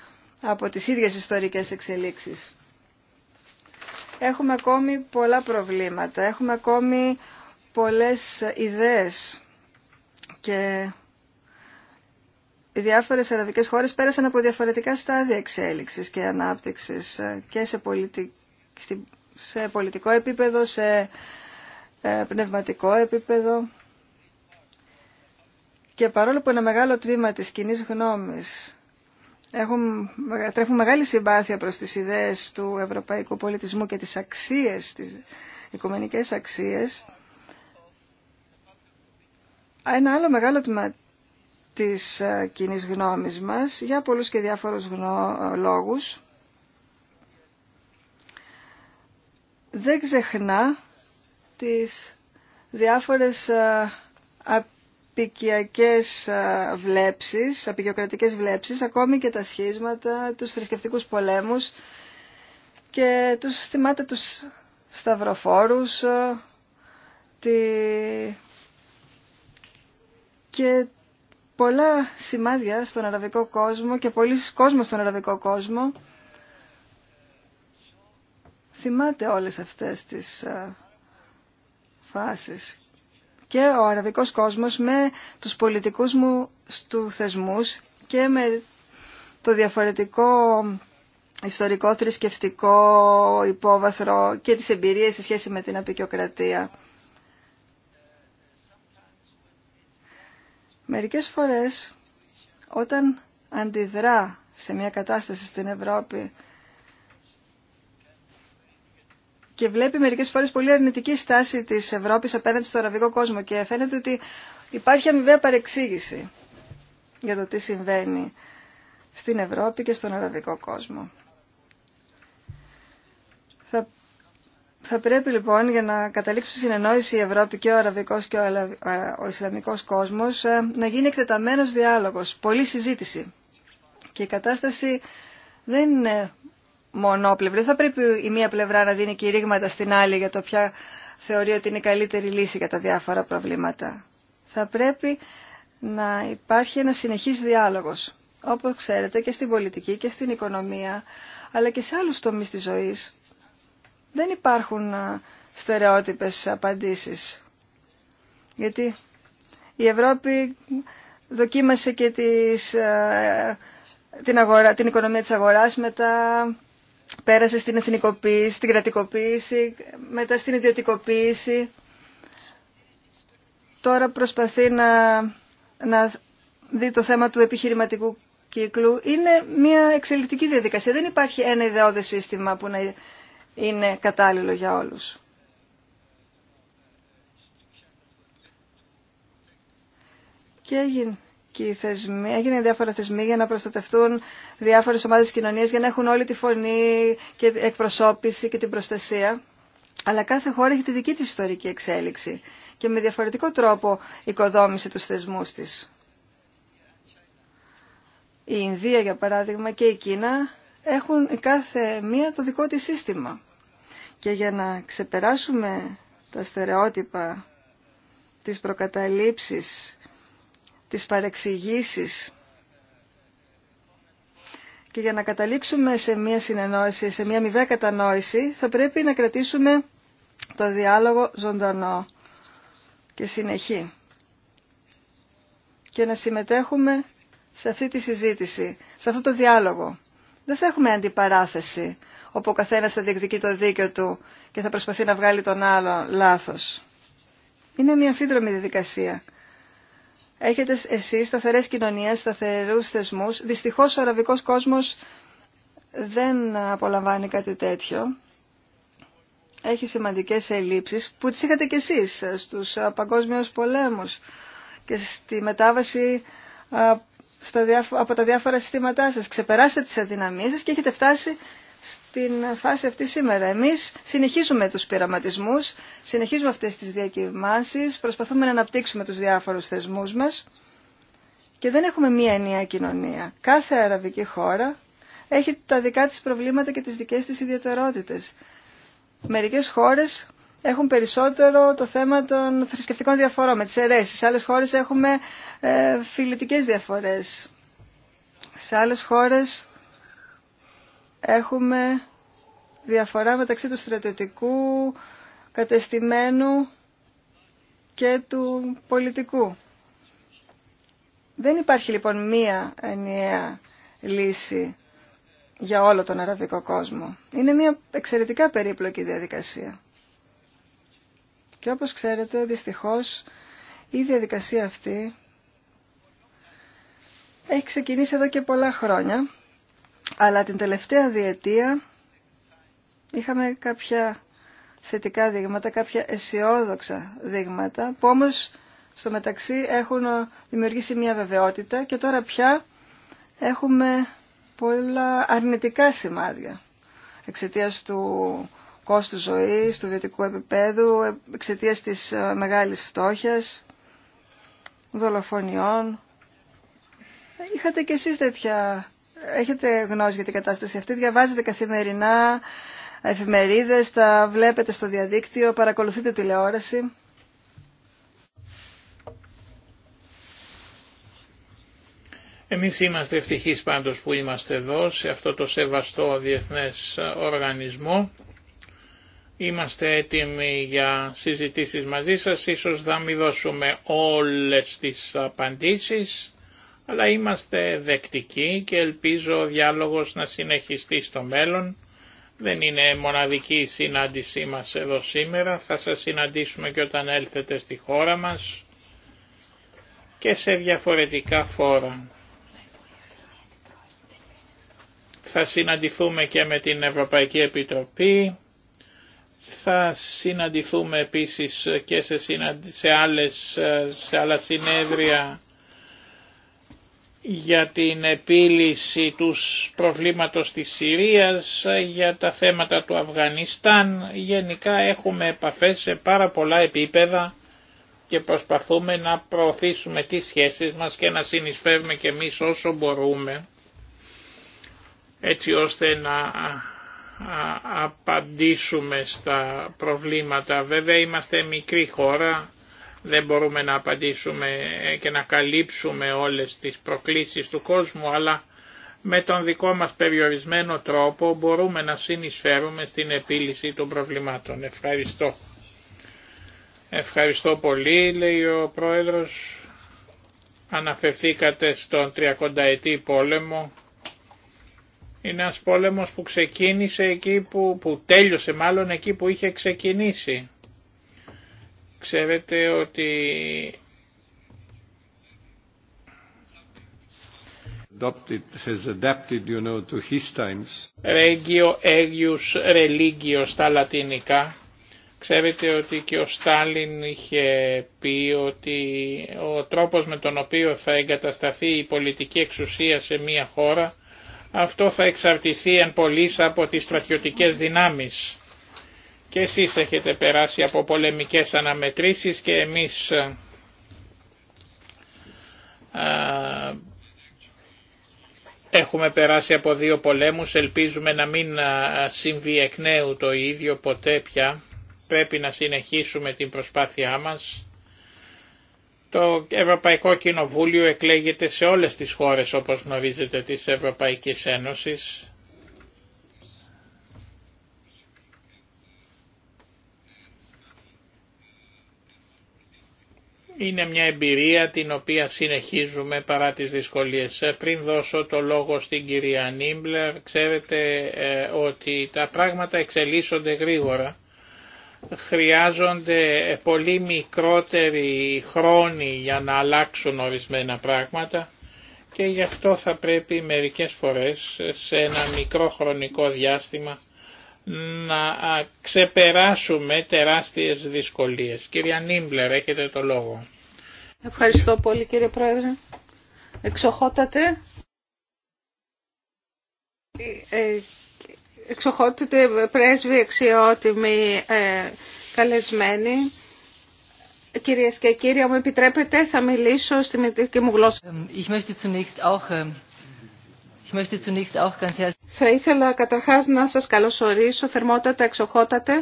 S4: από τις ίδιες ιστορικές εξελίξεις. Έχουμε ακόμη πολλά προβλήματα, έχουμε ακόμη πολλές ιδέες και οι διάφορες αραβικές χώρες πέρασαν από διαφορετικά στάδια εξέλιξης και ανάπτυξης και σε, σε πολιτικό επίπεδο, σε ε, πνευματικό επίπεδο. Και παρόλο που ένα μεγάλο τμήμα της κοινή γνώμης έχουν, τρέχουν μεγάλη συμπάθεια προς τις ιδέες του ευρωπαϊκού πολιτισμού και τις αξίες, τις οικουμενικές αξίες, ένα άλλο μεγάλο τμήμα της ε, κοινή γνώμης μας για πολλούς και διάφορους ε, λόγους δεν ξεχνά τις διάφορες ε, απικιακές βλέψεις, απικιοκρατικές βλέψεις, ακόμη και τα σχίσματα, τους θρησκευτικού πολέμους και τους θυμάται τους σταυροφόρους, τη και πολλά σημάδια στον αραβικό κόσμο και πολλοί κόσμος στον αραβικό κόσμο θυμάται όλες αυτές τις ε, φάσεις. Και ο αραβικός κόσμος με τους πολιτικούς μου στους θεσμούς και με το διαφορετικό ιστορικό θρησκευτικό υπόβαθρο και τις εμπειρίες σε σχέση με την απεικιοκρατία Μερικές φορές όταν αντιδρά σε μια κατάσταση στην Ευρώπη και βλέπει μερικές φορές πολύ αρνητική στάση της Ευρώπης απέναντι στο αραβικό κόσμο και φαίνεται ότι υπάρχει αμοιβαία παρεξήγηση για το τι συμβαίνει στην Ευρώπη και στον αραβικό κόσμο. Θα πρέπει λοιπόν για να καταλήξουν συνεννόηση η Ευρώπη και ο Αραβικός και ο Ισλαμικός κόσμος ε, να γίνει εκτεταμένος διάλογος, πολλή συζήτηση. Και η κατάσταση δεν είναι μονόπλευρη. Δεν θα πρέπει η μία πλευρά να δίνει κηρύγματα στην άλλη για το ποια θεωρεί ότι είναι η καλύτερη λύση για τα διάφορα προβλήματα. Θα πρέπει να υπάρχει ένα συνεχής διάλογος, όπως ξέρετε και στην πολιτική και στην οικονομία, αλλά και σε άλλους τομείς της ζωής δεν υπάρχουν στερεότυπες απαντήσεις. Γιατί η Ευρώπη δοκίμασε και τις, την, αγορά, την οικονομία της αγοράς, μετά πέρασε στην εθνικοποίηση, στην κρατικοποίηση, μετά στην ιδιωτικοποίηση. Τώρα προσπαθεί να, να δει το θέμα του επιχειρηματικού κύκλου. Είναι μια εξελικτική διαδικασία. Δεν υπάρχει ένα ιδεώδη σύστημα που να είναι κατάλληλο για όλους. Και έγινε και οι θεσμοί, έγινε διάφορα θεσμοί για να προστατευτούν διάφορες ομάδες κοινωνίας, για να έχουν όλη τη φωνή και εκπροσώπηση και την προστασία. Αλλά κάθε χώρα έχει τη δική της ιστορική εξέλιξη και με διαφορετικό τρόπο οικοδόμησε τους θεσμούς της. Η Ινδία, για παράδειγμα, και η Κίνα έχουν κάθε μία το δικό της σύστημα. Και για να ξεπεράσουμε τα στερεότυπα, της προκαταλήψεις, της παρεξηγήσεις και για να καταλήξουμε σε μία συνεννόηση, σε μία μηδέα κατανόηση, θα πρέπει να κρατήσουμε το διάλογο ζωντανό και συνεχή και να συμμετέχουμε σε αυτή τη συζήτηση, σε αυτό το διάλογο δεν θα έχουμε αντιπαράθεση όπου ο καθένας θα διεκδικεί το δίκαιο του και θα προσπαθεί να βγάλει τον άλλο λάθος. Είναι μια αμφίδρομη διαδικασία. Έχετε εσείς σταθερέ κοινωνίες, σταθερού θεσμού. Δυστυχώς ο αραβικός κόσμος δεν απολαμβάνει κάτι τέτοιο. Έχει σημαντικές ελλείψεις που τις είχατε κι εσείς στους παγκόσμιους πολέμους και στη μετάβαση από τα διάφορα συστήματά σας. Ξεπεράσετε τις αδυναμίες σας και έχετε φτάσει στην φάση αυτή σήμερα. Εμείς συνεχίζουμε τους πειραματισμούς, συνεχίζουμε αυτές τις διακυμάνσεις, προσπαθούμε να αναπτύξουμε τους διάφορους θεσμούς μας και δεν έχουμε μία ενιαία κοινωνία. Κάθε αραβική χώρα έχει τα δικά της προβλήματα και τις δικές της ιδιαιτερότητες. Μερικές χώρες έχουν περισσότερο το θέμα των θρησκευτικών διαφορών με τις αιρέσεις. Σε άλλες χώρες έχουμε ε, φιλητικές διαφορές. Σε άλλες χώρες έχουμε διαφορά μεταξύ του στρατιωτικού, κατεστημένου και του πολιτικού. Δεν υπάρχει λοιπόν μία ενιαία λύση για όλο τον αραβικό κόσμο. Είναι μια εξαιρετικά περίπλοκη διαδικασία. Και όπως ξέρετε, δυστυχώς, η διαδικασία αυτή έχει ξεκινήσει εδώ και πολλά χρόνια, αλλά την τελευταία διετία είχαμε κάποια θετικά δείγματα, κάποια αισιόδοξα δείγματα, που όμως στο μεταξύ έχουν δημιουργήσει μια βεβαιότητα και τώρα πια έχουμε πολλά αρνητικά σημάδια εξαιτίας του κόστου ζωή του βιωτικού επίπεδου, εξαιτία τη ε, μεγάλη φτώχεια, δολοφονιών. Είχατε κι εσεί τέτοια, έχετε γνώση για την κατάσταση αυτή, διαβάζετε καθημερινά εφημερίδε. τα βλέπετε στο διαδίκτυο, παρακολουθείτε τηλεόραση.
S1: Εμείς είμαστε ευτυχείς πάντως που είμαστε εδώ σε αυτό το σεβαστό διεθνές ε, οργανισμό Είμαστε έτοιμοι για συζητήσεις μαζί σας, ίσως θα μην δώσουμε όλες τις απαντήσεις, αλλά είμαστε δεκτικοί και ελπίζω ο διάλογος να συνεχιστεί στο μέλλον. Δεν είναι μοναδική η συνάντησή μας εδώ σήμερα, θα σας συναντήσουμε και όταν έλθετε στη χώρα μας και σε διαφορετικά φόρα. Θα συναντηθούμε και με την Ευρωπαϊκή Επιτροπή θα συναντηθούμε επίσης και σε, σε, άλλες, σε άλλα συνέδρια για την επίλυση του προβλήματος της Συρίας, για τα θέματα του Αφγανιστάν. Γενικά έχουμε επαφές σε πάρα πολλά επίπεδα και προσπαθούμε να προωθήσουμε τις σχέσεις μας και να συνεισφέρουμε και εμείς όσο μπορούμε έτσι ώστε να απαντήσουμε στα προβλήματα. Βέβαια είμαστε μικρή χώρα, δεν μπορούμε να απαντήσουμε και να καλύψουμε όλες τις προκλήσεις του κόσμου, αλλά με τον δικό μας περιορισμένο τρόπο μπορούμε να συνεισφέρουμε στην επίλυση των προβλημάτων. Ευχαριστώ. Ευχαριστώ πολύ, λέει ο Πρόεδρος. Αναφερθήκατε στον 30 πόλεμο είναι ένας πόλεμος που ξεκίνησε εκεί που, που τέλειωσε μάλλον εκεί που είχε ξεκινήσει. Ξέρετε ότι Ρέγγιο, έγιους, ρελίγιο στα λατινικά. Ξέρετε ότι και ο Στάλιν είχε πει ότι ο τρόπος με τον οποίο θα εγκατασταθεί η πολιτική εξουσία σε μία χώρα αυτό θα εξαρτηθεί εν πολλής από τις στρατιωτικές δυνάμεις. Και εσείς έχετε περάσει από πολεμικές αναμετρήσεις και εμείς ε, ε, έχουμε περάσει από δύο πολέμους, ελπίζουμε να μην ε, συμβεί εκ νέου το ίδιο ποτέ πια. Πρέπει να συνεχίσουμε την προσπάθειά μας το Ευρωπαϊκό Κοινοβούλιο εκλέγεται σε όλες τις χώρες όπως γνωρίζετε της Ευρωπαϊκής Ένωσης. Είναι μια εμπειρία την οποία συνεχίζουμε παρά τις δυσκολίες. Ε, πριν δώσω το λόγο στην κυρία Νίμπλερ, ξέρετε ε, ότι τα πράγματα εξελίσσονται γρήγορα χρειάζονται πολύ μικρότεροι χρόνοι για να αλλάξουν ορισμένα πράγματα και γι' αυτό θα πρέπει μερικές φορές σε ένα μικρό χρονικό διάστημα να ξεπεράσουμε τεράστιες δυσκολίες. Κυρία Νίμπλερ, έχετε το λόγο.
S5: Ευχαριστώ πολύ κύριε Πρόεδρε. Εξοχότατε. Ε, ε, εξοχότητε πρέσβοι, αξιότιμοι ε, καλεσμένοι. κύριε και κύριοι, αν μου επιτρέπετε, θα μιλήσω στη μητρική μου γλώσσα.
S3: Θα ήθελα
S5: καταρχά να σα καλωσορίσω θερμότατα, εξοχότατε.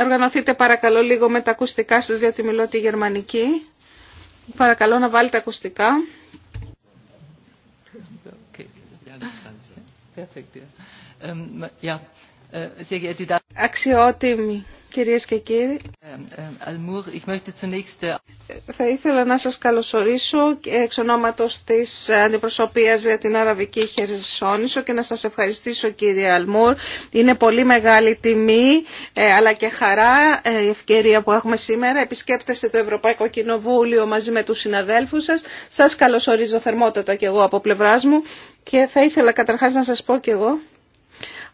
S5: Οργανωθείτε παρακαλώ λίγο με τα ακουστικά σας, γιατί μιλώ τη γερμανική. Παρακαλώ να βάλετε ακουστικά. Okay. Äh, Αξιότιμοι κυρίες και κύριοι,
S3: äh, äh,
S5: θα ήθελα να σας καλωσορίσω εξ ονόματος της Αντιπροσωπείας για την Αραβική Χερσόνησο και να σας ευχαριστήσω κύριε Αλμούρ. Είναι πολύ μεγάλη τιμή ε, αλλά και χαρά ε, η ευκαιρία που έχουμε σήμερα. Επισκέπτεστε το Ευρωπαϊκό Κοινοβούλιο μαζί με τους συναδέλφους σας. Σας καλωσορίζω θερμότατα και εγώ από πλευράς μου και θα ήθελα καταρχάς να σας πω και εγώ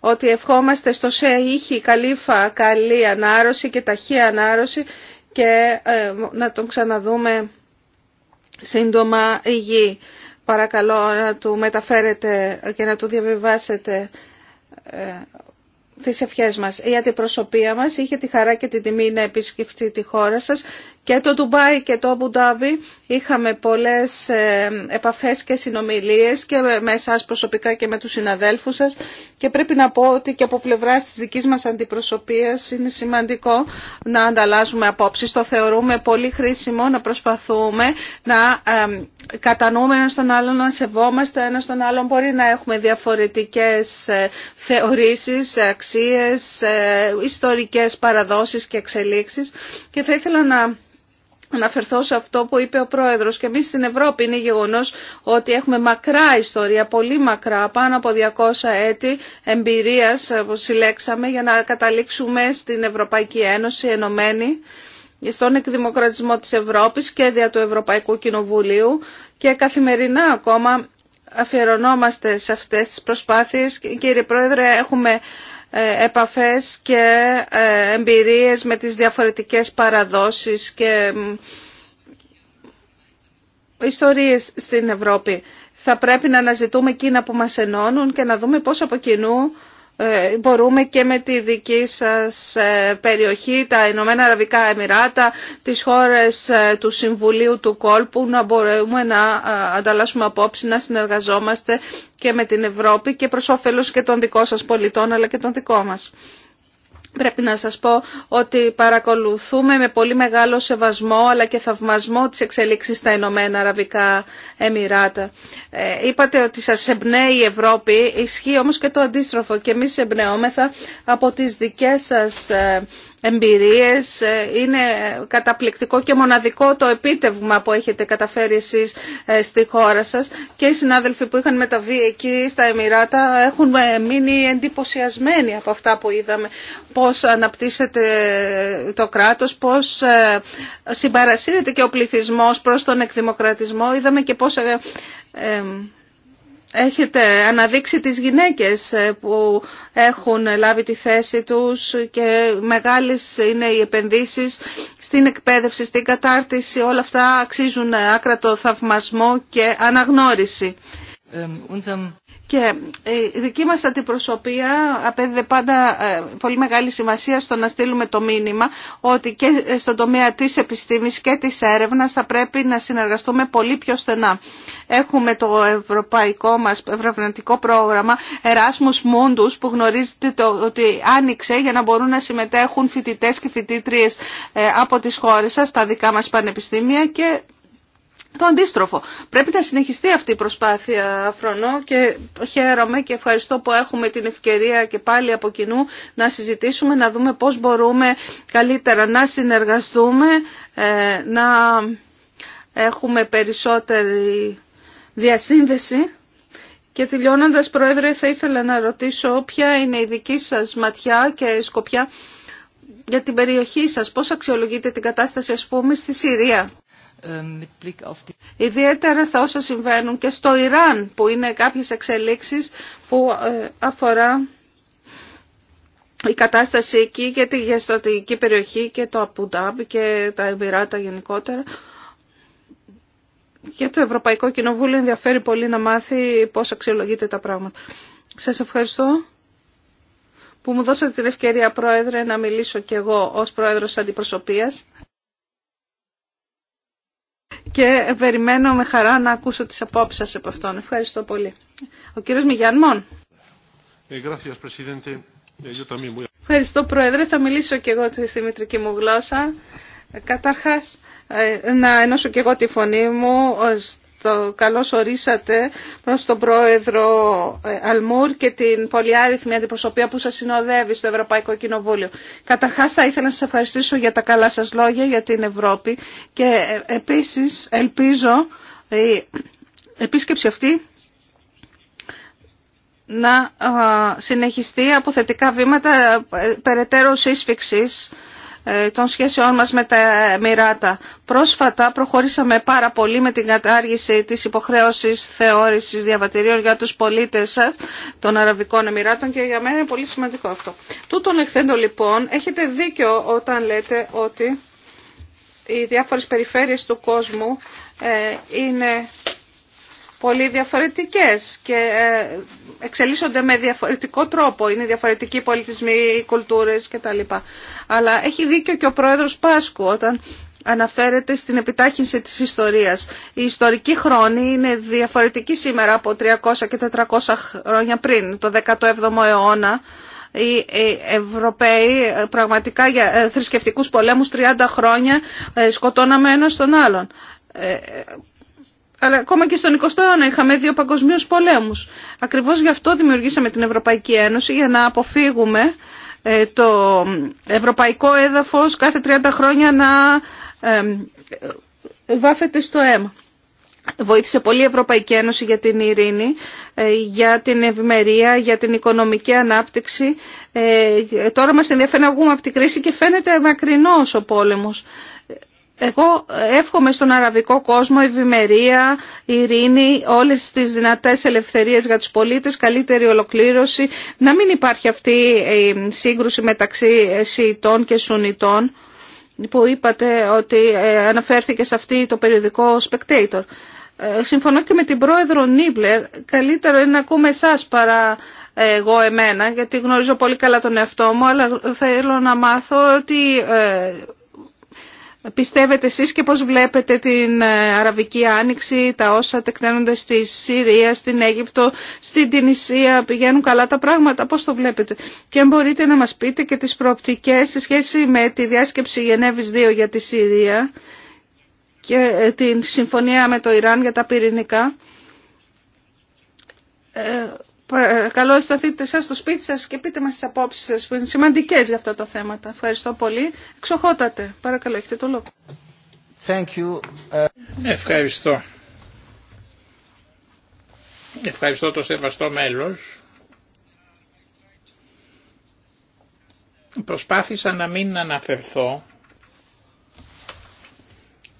S5: ότι ευχόμαστε στο ΣΕΙΧΙ καλήφα καλή ανάρρωση και ταχεία ανάρρωση και ε, να τον ξαναδούμε σύντομα υγιή. Παρακαλώ να του μεταφέρετε και να του διαβιβάσετε ε, τις ευχές μας. Η αντιπροσωπεία μας είχε τη χαρά και την τιμή να επισκεφτεί τη χώρα σας και το Ντουμπάι και το Αμπουντάβι είχαμε πολλές ε, επαφές και συνομιλίες και με εσά προσωπικά και με τους συναδέλφους σας και πρέπει να πω ότι και από πλευρά της δικής μας αντιπροσωπείας είναι σημαντικό να ανταλλάζουμε απόψεις. Το θεωρούμε πολύ χρήσιμο να προσπαθούμε να κατανοούμε ένα τον άλλον, να σεβόμαστε ένα τον άλλον. Μπορεί να έχουμε διαφορετικές ε, θεωρήσεις, αξίες, ε, ιστορικές παραδόσεις και εξελίξεις και θα ήθελα να αναφερθώ σε αυτό που είπε ο Πρόεδρος και εμείς στην Ευρώπη είναι γεγονός ότι έχουμε μακρά ιστορία, πολύ μακρά, πάνω από 200 έτη εμπειρίας ε, που συλλέξαμε για να καταλήξουμε στην Ευρωπαϊκή Ένωση ενωμένη στον εκδημοκρατισμό της Ευρώπης και δια του Ευρωπαϊκού Κοινοβουλίου και καθημερινά ακόμα αφιερωνόμαστε σε αυτές τις προσπάθειες. Κύριε Πρόεδρε, έχουμε ε, επαφές και ε, εμπειρίες με τις διαφορετικές παραδόσεις και ιστορίες στην Ευρώπη. Θα πρέπει να αναζητούμε εκείνα που μας ενώνουν και να δούμε πώς από κοινού ε, μπορούμε και με τη δική σας ε, περιοχή, τα Ηνωμένα Αραβικά Εμμυράτα, τις χώρες ε, του Συμβουλίου του Κόλπου να μπορούμε να ανταλλάσσουμε απόψη, να συνεργαζόμαστε και με την Ευρώπη και προς όφελος και των δικών σας πολιτών αλλά και των δικών μας. Πρέπει να σας πω ότι παρακολουθούμε με πολύ μεγάλο σεβασμό αλλά και θαυμασμό τις εξελίξεις στα Ηνωμένα Αραβικά Εμμυράτα. Ε, είπατε ότι σας εμπνέει η Ευρώπη, ισχύει όμως και το αντίστροφο και εμείς εμπνεόμεθα από τις δικές σας ε, εμπειρίες. Ε, είναι καταπληκτικό και μοναδικό το επίτευγμα που έχετε καταφέρει εσείς ε, στη χώρα σας και οι συνάδελφοι που είχαν μεταβεί εκεί στα Εμμυράτα έχουν ε, μείνει εντυπωσιασμένοι από αυτά που είδαμε. Πώς αναπτύσσεται το κράτος, πώς συμπαρασύρεται και ο πληθυσμός προς τον εκδημοκρατισμό. Είδαμε και πώς έχετε αναδείξει τις γυναίκες ε, που έχουν λάβει τη θέση τους και μεγάλες είναι οι επενδύσεις στην εκπαίδευση, στην κατάρτιση. Όλα αυτά αξίζουν άκρατο θαυμασμό και αναγνώριση. Ε, ε, και η δική μας αντιπροσωπεία απέδιδε πάντα ε, πολύ μεγάλη σημασία στο να στείλουμε το μήνυμα ότι και στον τομέα της επιστήμης και της έρευνας θα πρέπει να συνεργαστούμε πολύ πιο στενά. Έχουμε το ευρωπαϊκό μας ευρωπαϊκό πρόγραμμα Erasmus Mundus που γνωρίζετε ότι άνοιξε για να μπορούν να συμμετέχουν φοιτητές και φοιτήτριες ε, από τις χώρες σας τα δικά μας πανεπιστήμια και το αντίστροφο. Πρέπει να συνεχιστεί αυτή η προσπάθεια, Φρονό, και χαίρομαι και ευχαριστώ που έχουμε την ευκαιρία και πάλι από κοινού να συζητήσουμε, να δούμε πώς μπορούμε καλύτερα να συνεργαστούμε, ε, να έχουμε περισσότερη διασύνδεση. Και τελειώνοντας, Πρόεδρε, θα ήθελα να ρωτήσω ποια είναι η δική σας ματιά και σκοπιά για την περιοχή σας. Πώς αξιολογείτε την κατάσταση, ας πούμε, στη Συρία. Ε, Ιδιαίτερα στα όσα συμβαίνουν και στο Ιράν που είναι κάποιες εξελίξεις που ε, αφορά η κατάσταση εκεί και τη γεωστρατηγική περιοχή και το Απουντάμπ και τα Εμμυράτα γενικότερα. Και το Ευρωπαϊκό Κοινοβούλιο ενδιαφέρει πολύ να μάθει πώς αξιολογείται τα πράγματα. Σας ευχαριστώ που μου δώσατε την ευκαιρία, Πρόεδρε, να μιλήσω κι εγώ ως Πρόεδρος Αντιπροσωπείας και περιμένω με χαρά να ακούσω τις απόψεις σας από αυτόν. Ευχαριστώ πολύ. Ο κύριος Μιγιανμόν. Ε,
S1: ε,
S5: Ευχαριστώ Πρόεδρε. Θα μιλήσω και εγώ στη μητρική μου γλώσσα. Ε, καταρχάς, να ενώσω και εγώ τη φωνή μου το καλώς ορίσατε προς τον πρόεδρο ε, Αλμούρ και την πολυάριθμη αντιπροσωπεία που σας συνοδεύει στο Ευρωπαϊκό Κοινοβούλιο. Καταρχάς θα ήθελα να σας ευχαριστήσω για τα καλά σας λόγια για την Ευρώπη και ε, επίσης ελπίζω η επίσκεψη αυτή να συνεχιστεί από θετικά βήματα ε, περαιτέρω σύσφυξης ε, των σχέσεών μας με τα Εμμυράτα. Πρόσφατα προχωρήσαμε πάρα πολύ με την κατάργηση της υποχρέωσης θεώρησης διαβατηρίων για τους πολίτες των Αραβικών Εμμυράτων και για μένα είναι πολύ σημαντικό αυτό. Τούτον εκθέντο λοιπόν, έχετε δίκιο όταν λέτε ότι οι διάφορες περιφέρειες του κόσμου ε, είναι πολύ διαφορετικές και ε, εξελίσσονται με διαφορετικό τρόπο. Είναι διαφορετικοί πολιτισμοί, οι κουλτούρες κτλ. Αλλά έχει δίκιο και ο πρόεδρος Πάσκου όταν αναφέρεται στην επιτάχυνση της ιστορίας. Η ιστορική χρόνη είναι διαφορετική σήμερα από 300 και 400 χρόνια πριν, το 17ο αιώνα. Οι Ευρωπαίοι ε, πραγματικά για ε, θρησκευτικούς πολέμους 30 χρόνια σκοτώναμε ένα τον άλλον αλλά ακόμα και στον 20ο αιώνα είχαμε δύο παγκοσμίους πολέμου. Ακριβώς γι' αυτό δημιουργήσαμε την Ευρωπαϊκή Ένωση για να αποφύγουμε ε, το ευρωπαϊκό έδαφος κάθε 30 χρόνια να ε, βάφεται στο αίμα. Βοήθησε πολύ η Ευρωπαϊκή Ένωση για την ειρήνη, ε, για την ευημερία, για την οικονομική ανάπτυξη. Τώρα μας ενδιαφέρει να βγούμε από την κρίση και φαίνεται μακρινός ο πόλεμος. Εγώ εύχομαι στον αραβικό κόσμο ευημερία, ειρήνη, όλες τις δυνατές ελευθερίες για τους πολίτες, καλύτερη ολοκλήρωση, να μην υπάρχει αυτή η σύγκρουση μεταξύ Σιητών και Σουνιτών που είπατε ότι ε, αναφέρθηκε σε αυτή το περιοδικό Spectator. Ε, συμφωνώ και με την πρόεδρο Νίμπλερ, καλύτερο είναι να ακούμε εσά παρά ε, εγώ εμένα, γιατί γνωρίζω πολύ καλά τον εαυτό μου, αλλά θέλω να μάθω ότι πιστεύετε εσείς και πώς βλέπετε την ε, Αραβική Άνοιξη, τα όσα τεκταίνονται στη Συρία, στην Αίγυπτο, στην Τινησία, πηγαίνουν καλά τα πράγματα, πώς το βλέπετε. Και αν μπορείτε να μας πείτε και τις προοπτικές σε σχέση με τη διάσκεψη Γενέβης 2 για τη Συρία και ε, την συμφωνία με το Ιράν για τα πυρηνικά ε, Παρακαλώ, αισθανθείτε εσά στο σπίτι σα και πείτε μας τι απόψει σα που είναι σημαντικές για αυτά τα θέματα. Ευχαριστώ πολύ. Εξοχότατε. Παρακαλώ, έχετε το λόγο.
S1: Thank you. Ε, ευχαριστώ. Ευχαριστώ το σεβαστό μέλος. Προσπάθησα να μην αναφερθώ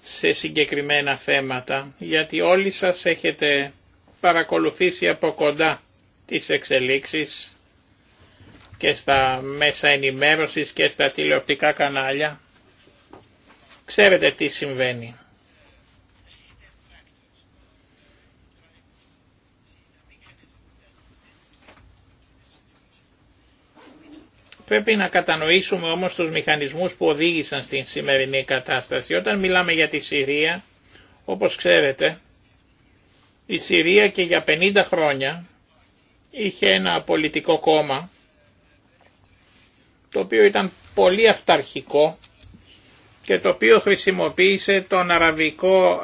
S1: σε συγκεκριμένα θέματα, γιατί όλοι σας έχετε παρακολουθήσει από κοντά τις εξελίξεις και στα μέσα ενημέρωσης και στα τηλεοπτικά κανάλια. Ξέρετε τι συμβαίνει. Πρέπει να κατανοήσουμε όμως τους μηχανισμούς που οδήγησαν στην σημερινή κατάσταση. Όταν μιλάμε για τη Συρία, όπως ξέρετε, η Συρία και για 50 χρόνια είχε ένα πολιτικό κόμμα το οποίο ήταν πολύ αυταρχικό και το οποίο χρησιμοποίησε τον αραβικό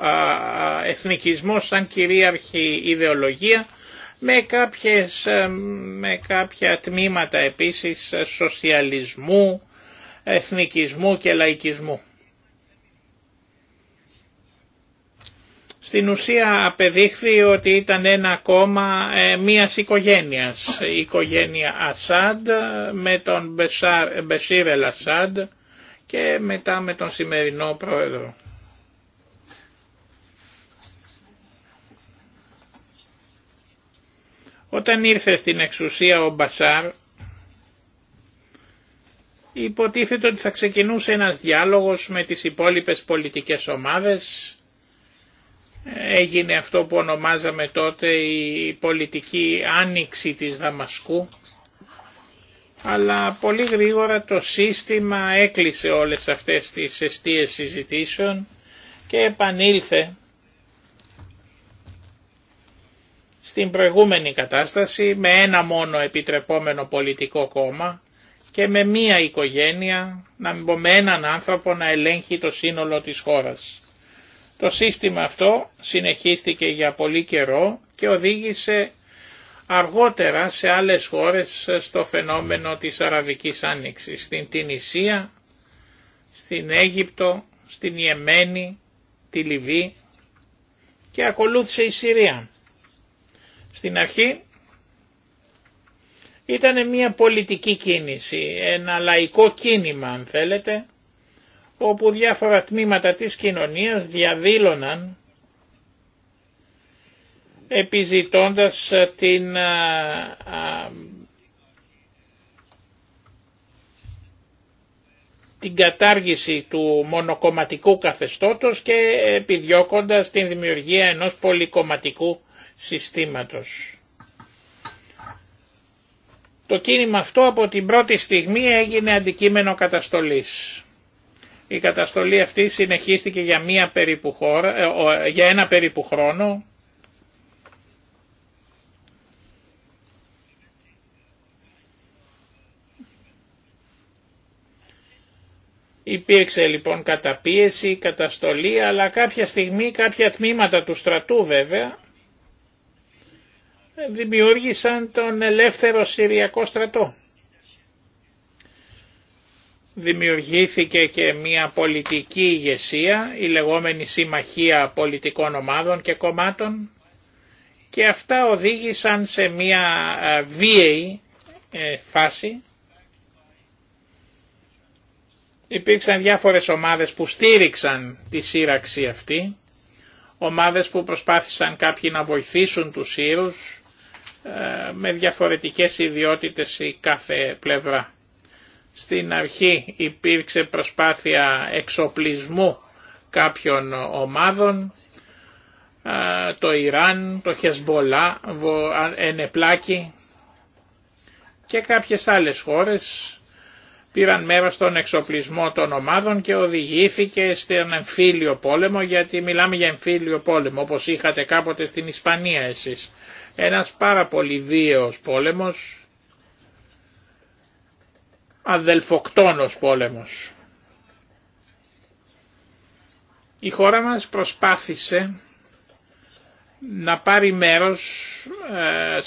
S1: εθνικισμό σαν κυρίαρχη ιδεολογία με, κάποιες, ε, με κάποια τμήματα επίσης σοσιαλισμού, εθνικισμού και λαϊκισμού. Στην ουσία απεδείχθη ότι ήταν ένα κόμμα ε, μίας οικογένειας, η οικογένεια Ασάντ με τον Μπεσίρελ Ασάντ και μετά με τον σημερινό πρόεδρο. Όταν ήρθε στην εξουσία ο Μπασάρ, υποτίθεται ότι θα ξεκινούσε ένας διάλογος με τις υπόλοιπες πολιτικές ομάδες έγινε αυτό που ονομάζαμε τότε η πολιτική άνοιξη της Δαμασκού αλλά πολύ γρήγορα το σύστημα έκλεισε όλες αυτές τις αιστείες συζητήσεων και επανήλθε στην προηγούμενη κατάσταση με ένα μόνο επιτρεπόμενο πολιτικό κόμμα και με μία οικογένεια, να μην πω με έναν άνθρωπο να ελέγχει το σύνολο της χώρας. Το σύστημα αυτό συνεχίστηκε για πολύ καιρό και οδήγησε αργότερα σε άλλες χώρες στο φαινόμενο της Αραβικής Άνοιξης, στην Τινησία, στην Αίγυπτο, στην Ιεμένη, τη Λιβύη και ακολούθησε η Συρία. Στην αρχή ήταν μια πολιτική κίνηση, ένα λαϊκό κίνημα αν θέλετε, όπου διάφορα τμήματα της κοινωνίας διαδήλωναν επιζητώντας ε, την ε, την κατάργηση του μονοκομματικού καθεστώτος και επιδιώκοντας την δημιουργία ενός πολυκομματικού συστήματος. Το κίνημα αυτό από την πρώτη στιγμή έγινε αντικείμενο καταστολής. Η καταστολή αυτή συνεχίστηκε για, μία περίπου ε, για ένα περίπου χρόνο. Υπήρξε λοιπόν καταπίεση, καταστολή, αλλά κάποια στιγμή κάποια τμήματα του στρατού βέβαια δημιούργησαν τον ελεύθερο Συριακό στρατό δημιουργήθηκε και μια πολιτική ηγεσία, η λεγόμενη συμμαχία πολιτικών ομάδων και κομμάτων και αυτά οδήγησαν σε μια ε, βίαιη ε, φάση. Υπήρξαν διάφορες ομάδες που στήριξαν τη σύραξη αυτή, ομάδες που προσπάθησαν κάποιοι να βοηθήσουν τους Σύρους ε, με διαφορετικές ιδιότητες η κάθε πλευρά. Στην αρχή υπήρξε προσπάθεια εξοπλισμού κάποιων ομάδων, το Ιράν, το Χεσμπολά, Ενεπλάκη και κάποιες άλλες χώρες πήραν μέρος στον εξοπλισμό των ομάδων και οδηγήθηκε στον εμφύλιο πόλεμο γιατί μιλάμε για εμφύλιο πόλεμο όπως είχατε κάποτε στην Ισπανία εσείς. Ένας πάρα πολύ βίαιος πόλεμος αδελφοκτόνος πόλεμος. Η χώρα μας προσπάθησε να πάρει μέρος ε,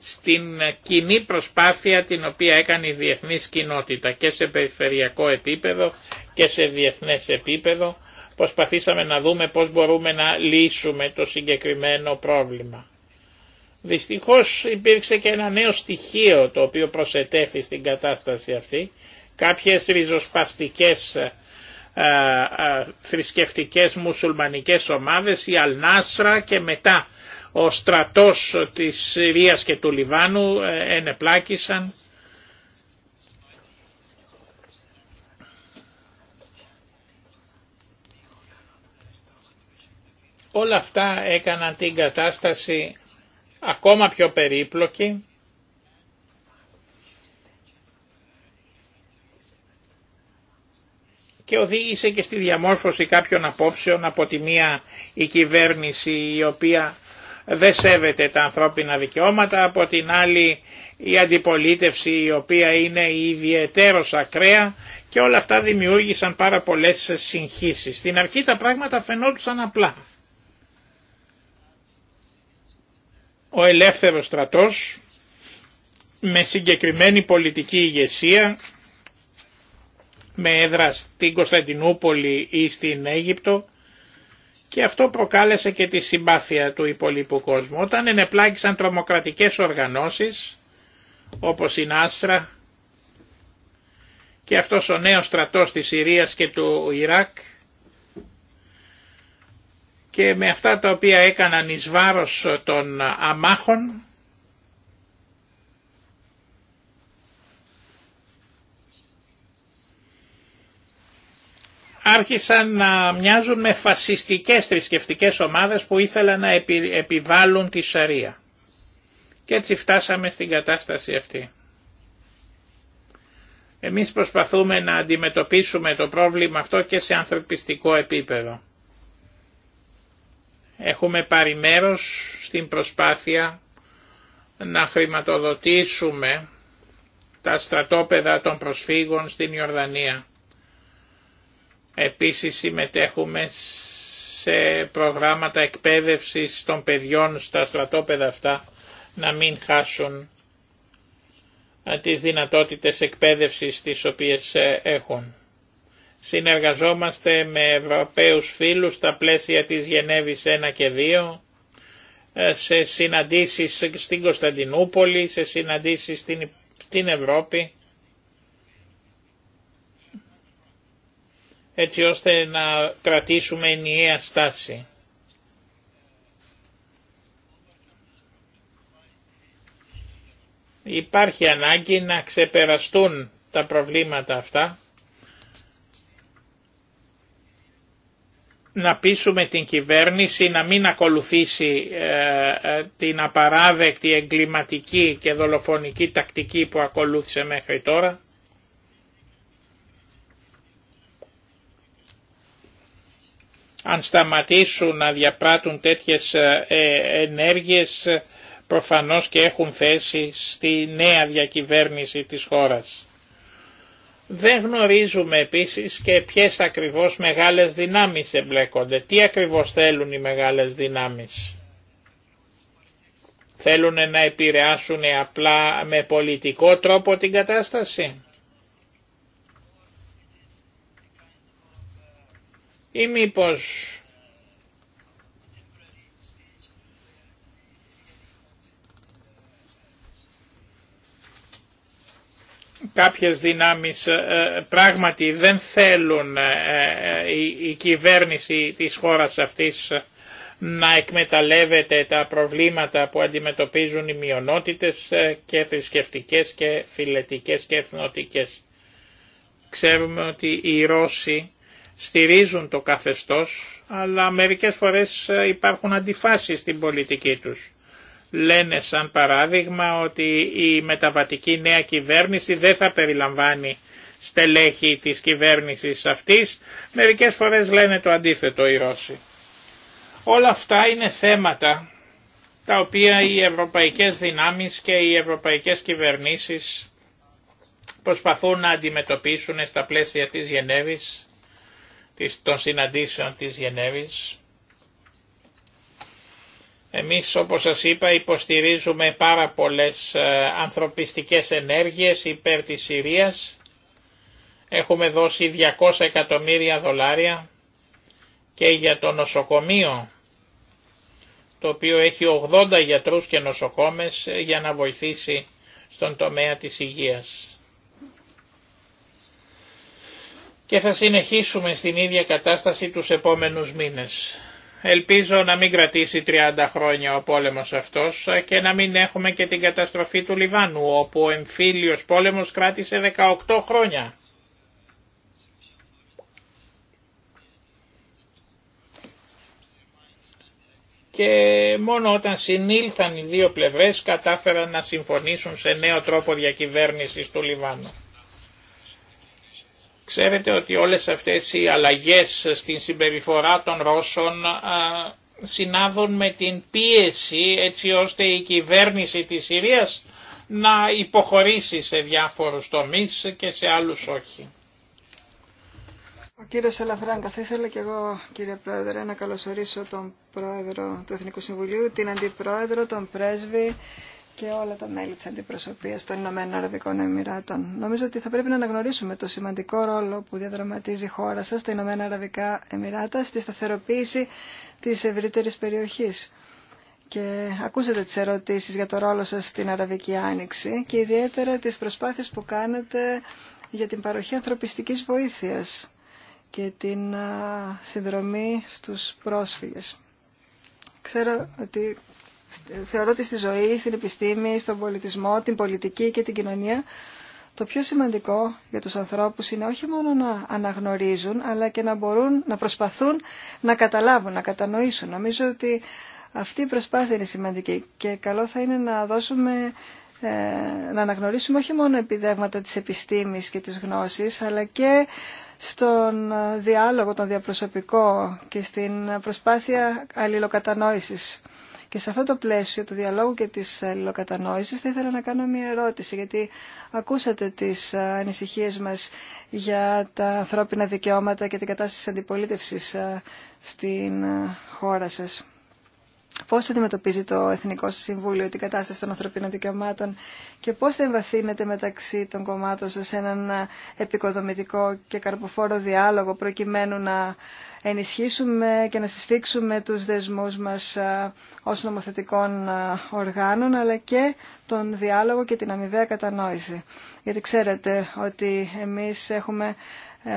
S1: στην κοινή προσπάθεια την οποία έκανε η διεθνής κοινότητα και σε περιφερειακό επίπεδο και σε διεθνές επίπεδο προσπαθήσαμε να δούμε πώς μπορούμε να λύσουμε το συγκεκριμένο πρόβλημα. Δυστυχώς υπήρξε και ένα νέο στοιχείο το οποίο προσετέθη στην κατάσταση αυτή. Κάποιες ριζοσπαστικές α, ε, α, ε, ε, θρησκευτικές μουσουλμανικές ομάδες, η Αλνάσρα και μετά ο στρατός της Συρίας και του Λιβάνου ενεπλάκησαν. Όλα αυτά έκαναν την κατάσταση ακόμα πιο περίπλοκη και οδήγησε και στη διαμόρφωση κάποιων απόψεων από τη μία η κυβέρνηση η οποία δεν σέβεται τα ανθρώπινα δικαιώματα, από την άλλη η αντιπολίτευση η οποία είναι ιδιαιτέρως ακραία και όλα αυτά δημιούργησαν πάρα πολλές συγχύσεις. Στην αρχή τα πράγματα φαινόντουσαν απλά. Ο ελεύθερος στρατός με συγκεκριμένη πολιτική ηγεσία με έδρα στην Κωνσταντινούπολη ή στην Αίγυπτο και αυτό προκάλεσε και τη συμπάθεια του υπολείπου κόσμου. Όταν ενεπλάγησαν τρομοκρατικές οργανώσεις όπως η Νάστρα και αυτός ο νέος στρατός της Συρίας και του Ιράκ και με αυτά τα οποία έκαναν εις βάρος των αμάχων άρχισαν να μοιάζουν με φασιστικές θρησκευτικέ ομάδες που ήθελαν να επιβάλλουν τη Σαρία. Και έτσι φτάσαμε στην κατάσταση αυτή. Εμείς προσπαθούμε να αντιμετωπίσουμε το πρόβλημα αυτό και σε ανθρωπιστικό επίπεδο. Έχουμε πάρει στην προσπάθεια να χρηματοδοτήσουμε τα στρατόπεδα των προσφύγων στην Ιορδανία. Επίσης συμμετέχουμε σε προγράμματα εκπαίδευσης των παιδιών στα στρατόπεδα αυτά να μην χάσουν ε, τις δυνατότητες εκπαίδευσης τις οποίες ε, έχουν. Συνεργαζόμαστε με Ευρωπαίους φίλους στα πλαίσια της Γενέβης 1 και 2, ε, σε συναντήσεις στην Κωνσταντινούπολη, σε συναντήσεις στην, στην Ευρώπη, έτσι ώστε να κρατήσουμε ενιαία στάση. Υπάρχει ανάγκη να ξεπεραστούν τα προβλήματα αυτά να πείσουμε την κυβέρνηση να μην ακολουθήσει ε, ε, την απαράδεκτη εγκληματική και δολοφονική τακτική που ακολούθησε μέχρι τώρα. Αν σταματήσουν να διαπράττουν τέτοιες ε, ενέργειες προφανώς και έχουν θέση στη νέα διακυβέρνηση της χώρας. Δεν γνωρίζουμε επίσης και ποιες ακριβώς μεγάλες δυνάμεις εμπλέκονται. Τι ακριβώς θέλουν οι μεγάλες δυνάμεις. Θέλουν να επηρεάσουν απλά με πολιτικό τρόπο την κατάσταση. Ή μήπως κάποιες δυνάμεις ε, ε, πράγματι δεν θέλουν ε, η κυβέρνηση της χώρας αυτής να εκμεταλλεύεται τα προβλήματα που αντιμετωπίζουν οι μειονότητες και θρησκευτικέ και φιλετικές και εθνοτικές. Ξέρουμε ότι οι Ρώσοι στηρίζουν το καθεστώς, αλλά μερικές φορές υπάρχουν αντιφάσεις στην πολιτική τους λένε σαν παράδειγμα ότι η μεταβατική νέα κυβέρνηση δεν θα περιλαμβάνει στελέχη της κυβέρνησης αυτής, μερικές φορές λένε το αντίθετο οι Ρώσοι. Όλα αυτά είναι θέματα τα οποία οι ευρωπαϊκές δυνάμεις και οι ευρωπαϊκές κυβερνήσεις προσπαθούν να αντιμετωπίσουν στα πλαίσια της Γενέβης, των συναντήσεων της Γενέβης εμείς όπως σας είπα υποστηρίζουμε πάρα πολλές ε, ανθρωπιστικές ενέργειες υπέρ της Συρίας. Έχουμε δώσει 200 εκατομμύρια δολάρια και για το νοσοκομείο το οποίο έχει 80 γιατρούς και νοσοκόμες ε, για να βοηθήσει στον τομέα της υγείας. Και θα συνεχίσουμε στην ίδια κατάσταση τους επόμενους μήνες. Ελπίζω να μην κρατήσει 30 χρόνια ο πόλεμος αυτός και να μην έχουμε και την καταστροφή του Λιβάνου όπου ο εμφύλιος πόλεμος κράτησε 18 χρόνια. και μόνο όταν συνήλθαν οι δύο πλευρές κατάφεραν να συμφωνήσουν σε νέο τρόπο διακυβέρνησης του Λιβάνου. Ξέρετε ότι όλες αυτές οι αλλαγές στην συμπεριφορά των Ρώσων συνάδουν με την πίεση έτσι ώστε η κυβέρνηση της Συρίας να υποχωρήσει σε διάφορους τομείς και σε άλλους όχι.
S4: Ο κύριος Αλαφράγκα, θα ήθελα και εγώ κύριε Πρόεδρε να καλωσορίσω τον Πρόεδρο του Εθνικού Συμβουλίου, την Αντιπρόεδρο, τον Πρέσβη και όλα τα μέλη της αντιπροσωπείας των Ηνωμένων Αραβικών Εμμυράτων. Νομίζω ότι θα πρέπει να αναγνωρίσουμε το σημαντικό ρόλο που διαδραματίζει η χώρα σας, τα Ηνωμένα Αραβικά Εμμυράτα, στη σταθεροποίηση της ευρύτερης περιοχής. Και ακούσατε τις ερωτήσεις για το ρόλο σας στην Αραβική Άνοιξη και ιδιαίτερα τις προσπάθειες που κάνετε για την παροχή ανθρωπιστικής βοήθειας και την συνδρομή στους πρόσφυγες. Ξέρω ότι θεωρώ ότι στη ζωή, στην επιστήμη, στον πολιτισμό, την πολιτική και την κοινωνία το πιο σημαντικό για τους ανθρώπους είναι όχι μόνο να αναγνωρίζουν αλλά και να μπορούν να προσπαθούν να καταλάβουν, να κατανοήσουν. Νομίζω ότι αυτή η προσπάθεια είναι σημαντική και καλό θα είναι να δώσουμε ε, να αναγνωρίσουμε όχι μόνο επιδεύματα της επιστήμης και της γνώσης αλλά και στον διάλογο, τον διαπροσωπικό και στην προσπάθεια αλληλοκατανόησης και σε αυτό το πλαίσιο του διαλόγου και της αλληλοκατανόησης θα ήθελα να κάνω μια ερώτηση, γιατί ακούσατε τις ανησυχίες μας για τα ανθρώπινα δικαιώματα και την κατάσταση της αντιπολίτευσης ε, στην ε, χώρα σας. Πώς αντιμετωπίζει το Εθνικό Συμβούλιο την κατάσταση των ανθρωπίνων δικαιωμάτων και πώς θα εμβαθύνεται μεταξύ των κομμάτων σε έναν επικοδομητικό και καρποφόρο διάλογο προκειμένου να ενισχύσουμε και να συσφίξουμε τους δεσμούς μας ως νομοθετικών οργάνων αλλά και τον διάλογο και την αμοιβαία κατανόηση. Γιατί ξέρετε ότι εμείς έχουμε ε,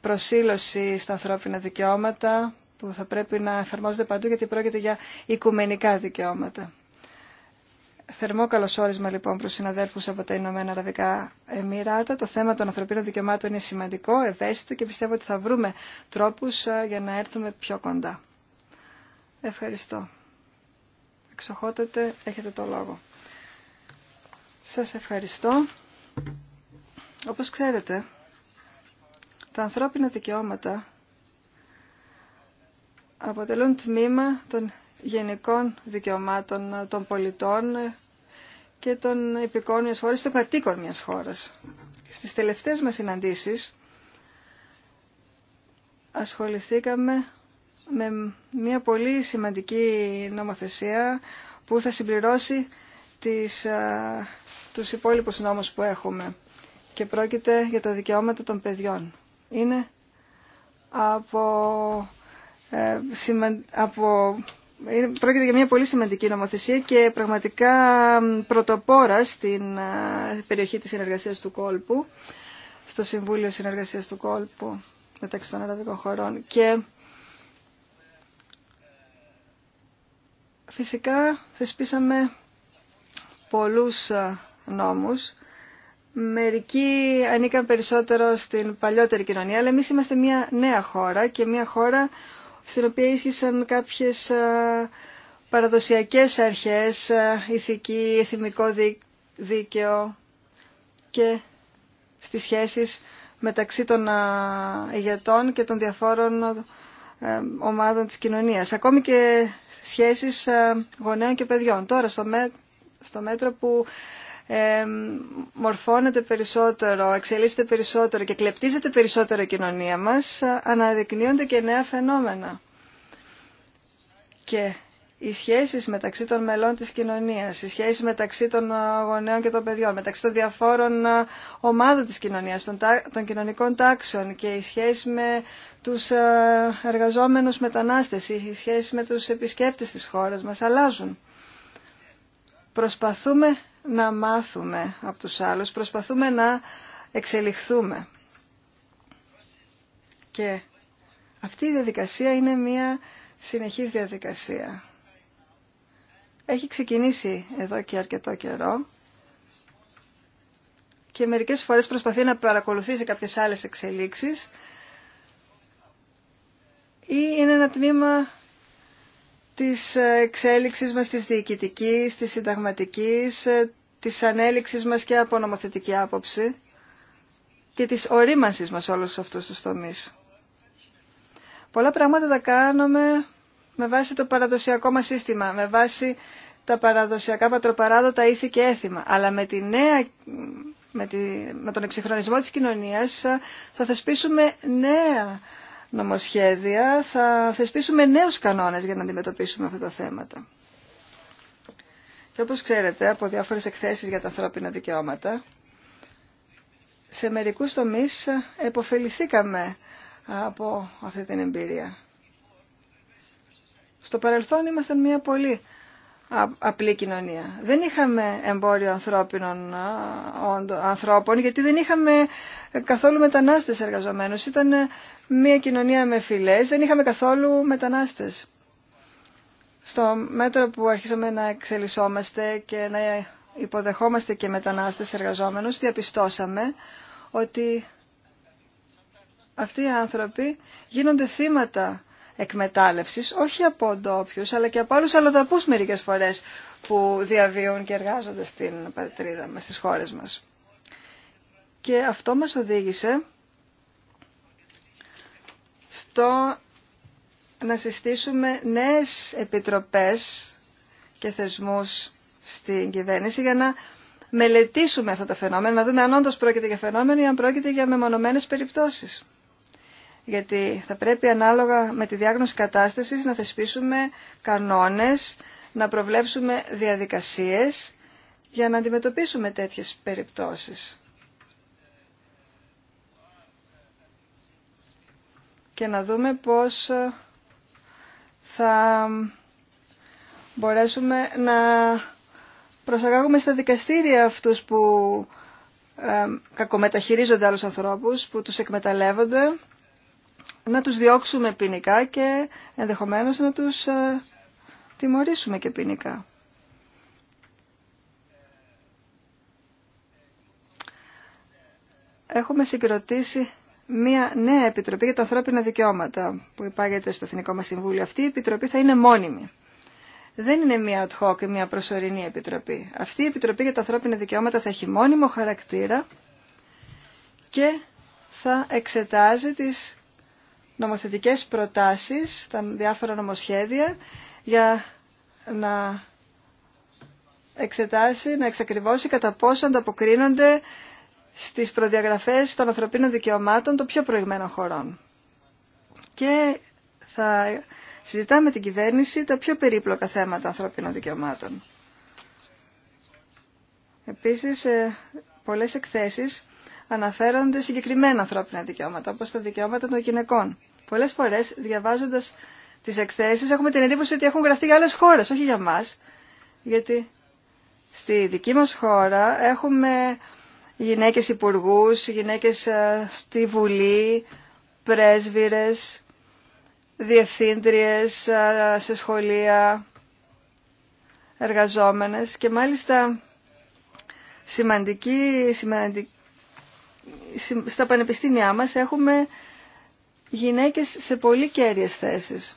S4: προσήλωση στα ανθρώπινα δικαιώματα που θα πρέπει να εφαρμόζονται παντού γιατί πρόκειται για οικουμενικά δικαιώματα. Θερμό καλωσόρισμα λοιπόν προς συναδέλφους από τα Ηνωμένα Αραβικά Εμμυράτα. Το θέμα των ανθρωπίνων δικαιωμάτων είναι σημαντικό, ευαίσθητο και πιστεύω ότι θα βρούμε τρόπους ε, για να έρθουμε πιο κοντά. Ευχαριστώ. Εξοχότατε, έχετε το λόγο. Σας ευχαριστώ. Όπως ξέρετε, τα ανθρώπινα δικαιώματα αποτελούν τμήμα των γενικών δικαιωμάτων των πολιτών και των υπηκών μιας χώρας, των κατοίκων μιας χώρας. Στις τελευταίες μας συναντήσεις ασχοληθήκαμε με μια πολύ σημαντική νομοθεσία που θα συμπληρώσει τις, τους υπόλοιπους νόμους που έχουμε και πρόκειται για τα δικαιώματα των παιδιών. Είναι από ε, από Πρόκειται για μια πολύ σημαντική νομοθεσία και πραγματικά πρωτοπόρα στην ε, περιοχή της συνεργασίας του κόλπου, στο Συμβούλιο Συνεργασίας του Κόλπου μεταξύ των Αραβικών χωρών. Και φυσικά θεσπίσαμε πολλούς ε, νόμους. Μερικοί ανήκαν περισσότερο στην παλιότερη κοινωνία, αλλά εμείς είμαστε μια νέα χώρα και μια χώρα στην οποία ίσχυσαν κάποιες ε, παραδοσιακές αρχές, ε, ηθική, εθιμικό δίκαιο και στις σχέσεις μεταξύ των ε, ηγετών και των διαφόρων ομάδων της κοινωνίας. Ακόμη και σχέσεις γονέων και παιδιών. Τώρα στο μέτρο που μορφώνεται περισσότερο, εξελίσσεται περισσότερο και κλεπτίζεται περισσότερο η κοινωνία μας, αναδεικνύονται και νέα φαινόμενα. Και οι σχέσεις μεταξύ των μελών της κοινωνίας, οι σχέσεις μεταξύ των γονέων και των παιδιών, μεταξύ των διαφόρων ομάδων της κοινωνίας, των, κοινωνικών τάξεων και οι σχέσεις με τους ε, εργαζόμενους μετανάστες, οι σχέσεις με τους επισκέπτες της χώρας μας αλλάζουν. Προσπαθούμε να μάθουμε από τους άλλους, προσπαθούμε να εξελιχθούμε. Και αυτή η διαδικασία είναι μια συνεχής διαδικασία. Έχει ξεκινήσει εδώ και αρκετό καιρό και μερικές φορές προσπαθεί να παρακολουθήσει κάποιες άλλες εξελίξεις ή είναι ένα τμήμα της εξέλιξης μας της διοικητικής, της συνταγματικής, της ανέλυξης μας και από νομοθετική άποψη και της ορίμανσης μας όλους αυτούς τους τομείς. Πολλά πράγματα τα κάνουμε με βάση το παραδοσιακό μας σύστημα, με βάση τα παραδοσιακά πατροπαράδοτα ήθη και έθιμα. Αλλά με, τη νέα, με, τη, με τον εξυγχρονισμό της κοινωνίας θα θεσπίσουμε νέα νομοσχέδια θα θεσπίσουμε νέους κανόνες για να αντιμετωπίσουμε αυτά τα θέματα. Και όπως ξέρετε από διάφορες εκθέσεις για τα ανθρώπινα δικαιώματα, σε μερικούς τομείς επωφεληθήκαμε από αυτή την εμπειρία. Στο παρελθόν ήμασταν μια πολύ απλή κοινωνία. Δεν είχαμε εμπόριο ανθρώπινων ανθρώπων γιατί δεν είχαμε καθόλου μετανάστες εργαζομένους. Ήταν μια κοινωνία με φυλές, δεν είχαμε καθόλου μετανάστες. Στο μέτρο που αρχίσαμε να εξελισσόμαστε και να υποδεχόμαστε και μετανάστες εργαζόμενους, διαπιστώσαμε ότι αυτοί οι άνθρωποι γίνονται θύματα εκμετάλλευσης, όχι από ντόπιου, αλλά και από άλλους αλλοδαπούς μερικές φορές που διαβίουν και εργάζονται στην πατρίδα μας, στις χώρες μας. Και αυτό μας οδήγησε στο να συστήσουμε νέες επιτροπές και θεσμούς στην κυβέρνηση για να μελετήσουμε αυτά τα φαινόμενα, να δούμε αν όντως πρόκειται για φαινόμενο ή αν πρόκειται για μεμονωμένες περιπτώσεις γιατί θα πρέπει ανάλογα με τη διάγνωση κατάστασης να θεσπίσουμε κανόνες, να προβλέψουμε διαδικασίες για να αντιμετωπίσουμε τέτοιες περιπτώσεις. Και να δούμε πώς θα μπορέσουμε να προσαγάγουμε στα δικαστήρια αυτούς που ε, κακομεταχειρίζονται άλλους ανθρώπους, που τους εκμεταλλεύονται να τους διώξουμε ποινικά και ενδεχομένως να τους ε, τιμωρήσουμε και ποινικά. Έχουμε συγκροτήσει μία νέα επιτροπή για τα ανθρώπινα δικαιώματα που υπάγεται στο Εθνικό μας Συμβούλιο. Αυτή η επιτροπή θα είναι μόνιμη. Δεν είναι μία ad hoc, μία προσωρινή επιτροπή. Αυτή η επιτροπή για τα ανθρώπινα δικαιώματα θα έχει μόνιμο χαρακτήρα και θα εξετάζει τις νομοθετικές προτάσεις, τα διάφορα νομοσχέδια για να εξετάσει, να εξακριβώσει κατά πόσο ανταποκρίνονται στις προδιαγραφές των ανθρωπίνων δικαιωμάτων των πιο προηγμένων χωρών. Και θα συζητάμε την κυβέρνηση τα πιο περίπλοκα θέματα ανθρωπίνων δικαιωμάτων. Επίσης, πολλές εκθέσεις αναφέρονται συγκεκριμένα ανθρώπινα δικαιώματα, όπως τα δικαιώματα των γυναικών. Πολλές φορές, διαβάζοντας τις εκθέσεις, έχουμε την εντύπωση ότι έχουν γραφτεί για άλλες χώρες, όχι για μας. Γιατί στη δική μας χώρα έχουμε γυναίκες υπουργού, γυναίκες ε, στη Βουλή, πρέσβυρες, διευθύντριες ε, σε σχολεία, εργαζόμενες και μάλιστα σημαντική, σημαντική στα πανεπιστήμια μας έχουμε γυναίκες σε πολύ κέρυες θέσεις.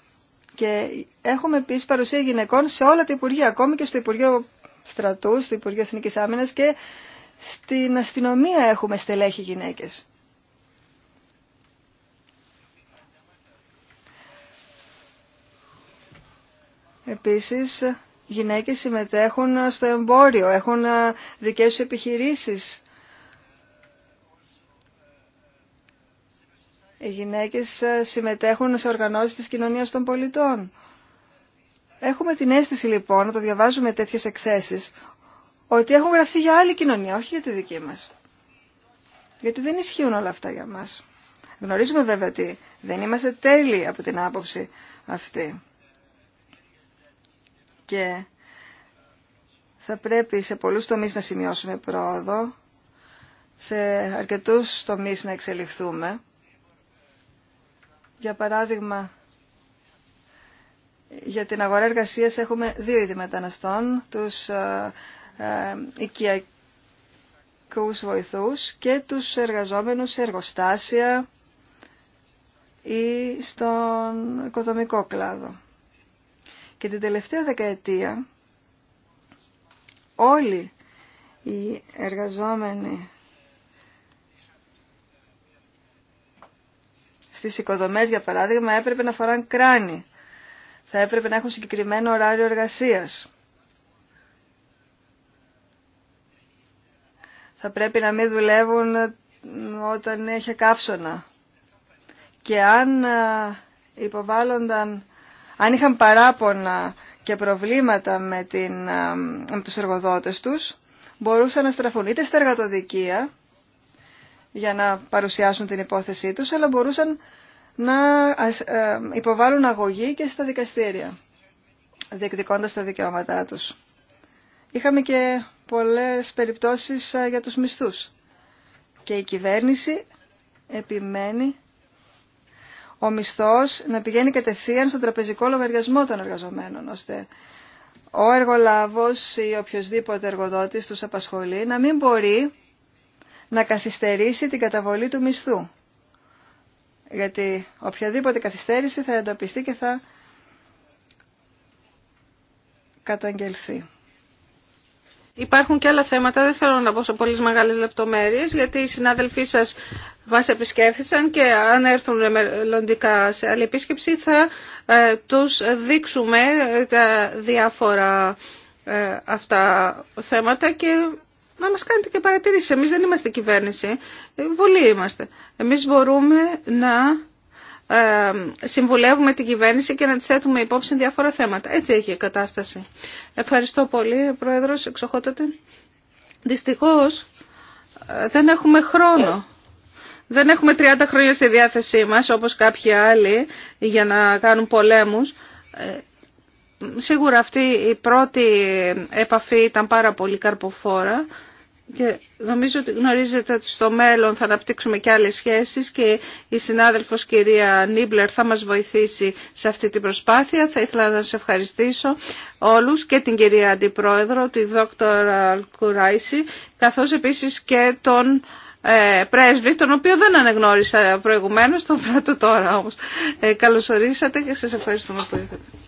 S4: Και έχουμε επίσης παρουσία γυναικών σε όλα τα Υπουργεία, ακόμη και στο Υπουργείο Στρατού, στο Υπουργείο Εθνικής Άμυνας και στην αστυνομία έχουμε στελέχη γυναίκες. Επίσης, γυναίκες συμμετέχουν στο εμπόριο, έχουν δικές τους επιχειρήσεις οι γυναίκες ε, συμμετέχουν σε οργανώσεις της κοινωνίας των πολιτών. Έχουμε την αίσθηση λοιπόν, όταν διαβάζουμε τέτοιες εκθέσεις, ότι έχουν γραφτεί για άλλη κοινωνία, όχι για τη δική μας. Γιατί δεν ισχύουν όλα αυτά για μας. Γνωρίζουμε βέβαια ότι δεν είμαστε τέλειοι από την άποψη αυτή. Και θα πρέπει σε πολλούς τομείς να σημειώσουμε πρόοδο, σε αρκετούς τομείς να εξελιχθούμε. Για παράδειγμα, για την αγορά εργασίας έχουμε δύο είδη μεταναστών, τους ε, ε, οικιακούς βοηθούς και τους εργαζόμενους σε εργοστάσια ή στον οικοδομικό κλάδο. Και την τελευταία δεκαετία όλοι οι εργαζόμενοι Τις οικοδομές, για παράδειγμα, έπρεπε να φοράν κράνη. Θα έπρεπε να έχουν συγκεκριμένο ωράριο εργασίας. Θα πρέπει να μην δουλεύουν ε, όταν έχει καύσωνα. Και αν ε, υποβάλλονταν, αν είχαν παράπονα και προβλήματα με, την, ε, με τους εργοδότες τους, μπορούσαν να στραφούν είτε στα εργατοδικεία, για να παρουσιάσουν την υπόθεσή τους, αλλά μπορούσαν να ε, υποβάλουν αγωγή και στα δικαστήρια, διεκδικώντας τα δικαιώματά τους. Είχαμε και πολλές περιπτώσεις ε, για τους μισθούς. Και η κυβέρνηση επιμένει ο μισθός να πηγαίνει κατευθείαν στον τραπεζικό λογαριασμό των εργαζομένων, ώστε ο εργολάβος ή οποιοδήποτε εργοδότης τους απασχολεί να μην μπορεί να καθυστερήσει την καταβολή του μισθού. Γιατί οποιαδήποτε καθυστέρηση θα εντοπιστεί και θα
S5: καταγγελθεί. Υπάρχουν και άλλα θέματα, δεν θέλω να πω σε πολλές μεγάλες λεπτομέρειες, γιατί οι συνάδελφοί σας μας επισκέφθησαν και αν έρθουν μελλοντικά σε άλλη επίσκεψη θα ε, τους δείξουμε τα διάφορα ε, αυτά θέματα και να μας κάνετε και παρατηρήσεις. Εμείς δεν είμαστε κυβέρνηση, ε, βολή είμαστε. Εμείς μπορούμε να ε, συμβουλεύουμε την κυβέρνηση και να της θέτουμε υπόψη διάφορα θέματα. Έτσι έχει η κατάσταση. Ευχαριστώ πολύ, Πρόεδρος, εξοχότατε. Δυστυχώς ε, δεν έχουμε χρόνο. Δεν έχουμε 30 χρόνια στη διάθεσή μας, όπως κάποιοι άλλοι, για να κάνουν πολέμους σίγουρα αυτή η πρώτη επαφή ήταν πάρα πολύ καρποφόρα και νομίζω ότι γνωρίζετε ότι στο μέλλον θα αναπτύξουμε και άλλες σχέσεις και η συνάδελφος κυρία Νίμπλερ θα μας βοηθήσει σε αυτή την προσπάθεια. Θα ήθελα να σας ευχαριστήσω όλους και την κυρία Αντιπρόεδρο, τη Δόκτωρ Κουράισι, καθώς επίσης και τον ε, πρέσβη, τον οποίο δεν αναγνώρισα προηγουμένως, τον πράττω τώρα όμως. Ε, καλωσορίσατε και σας ευχαριστούμε που ήρθατε.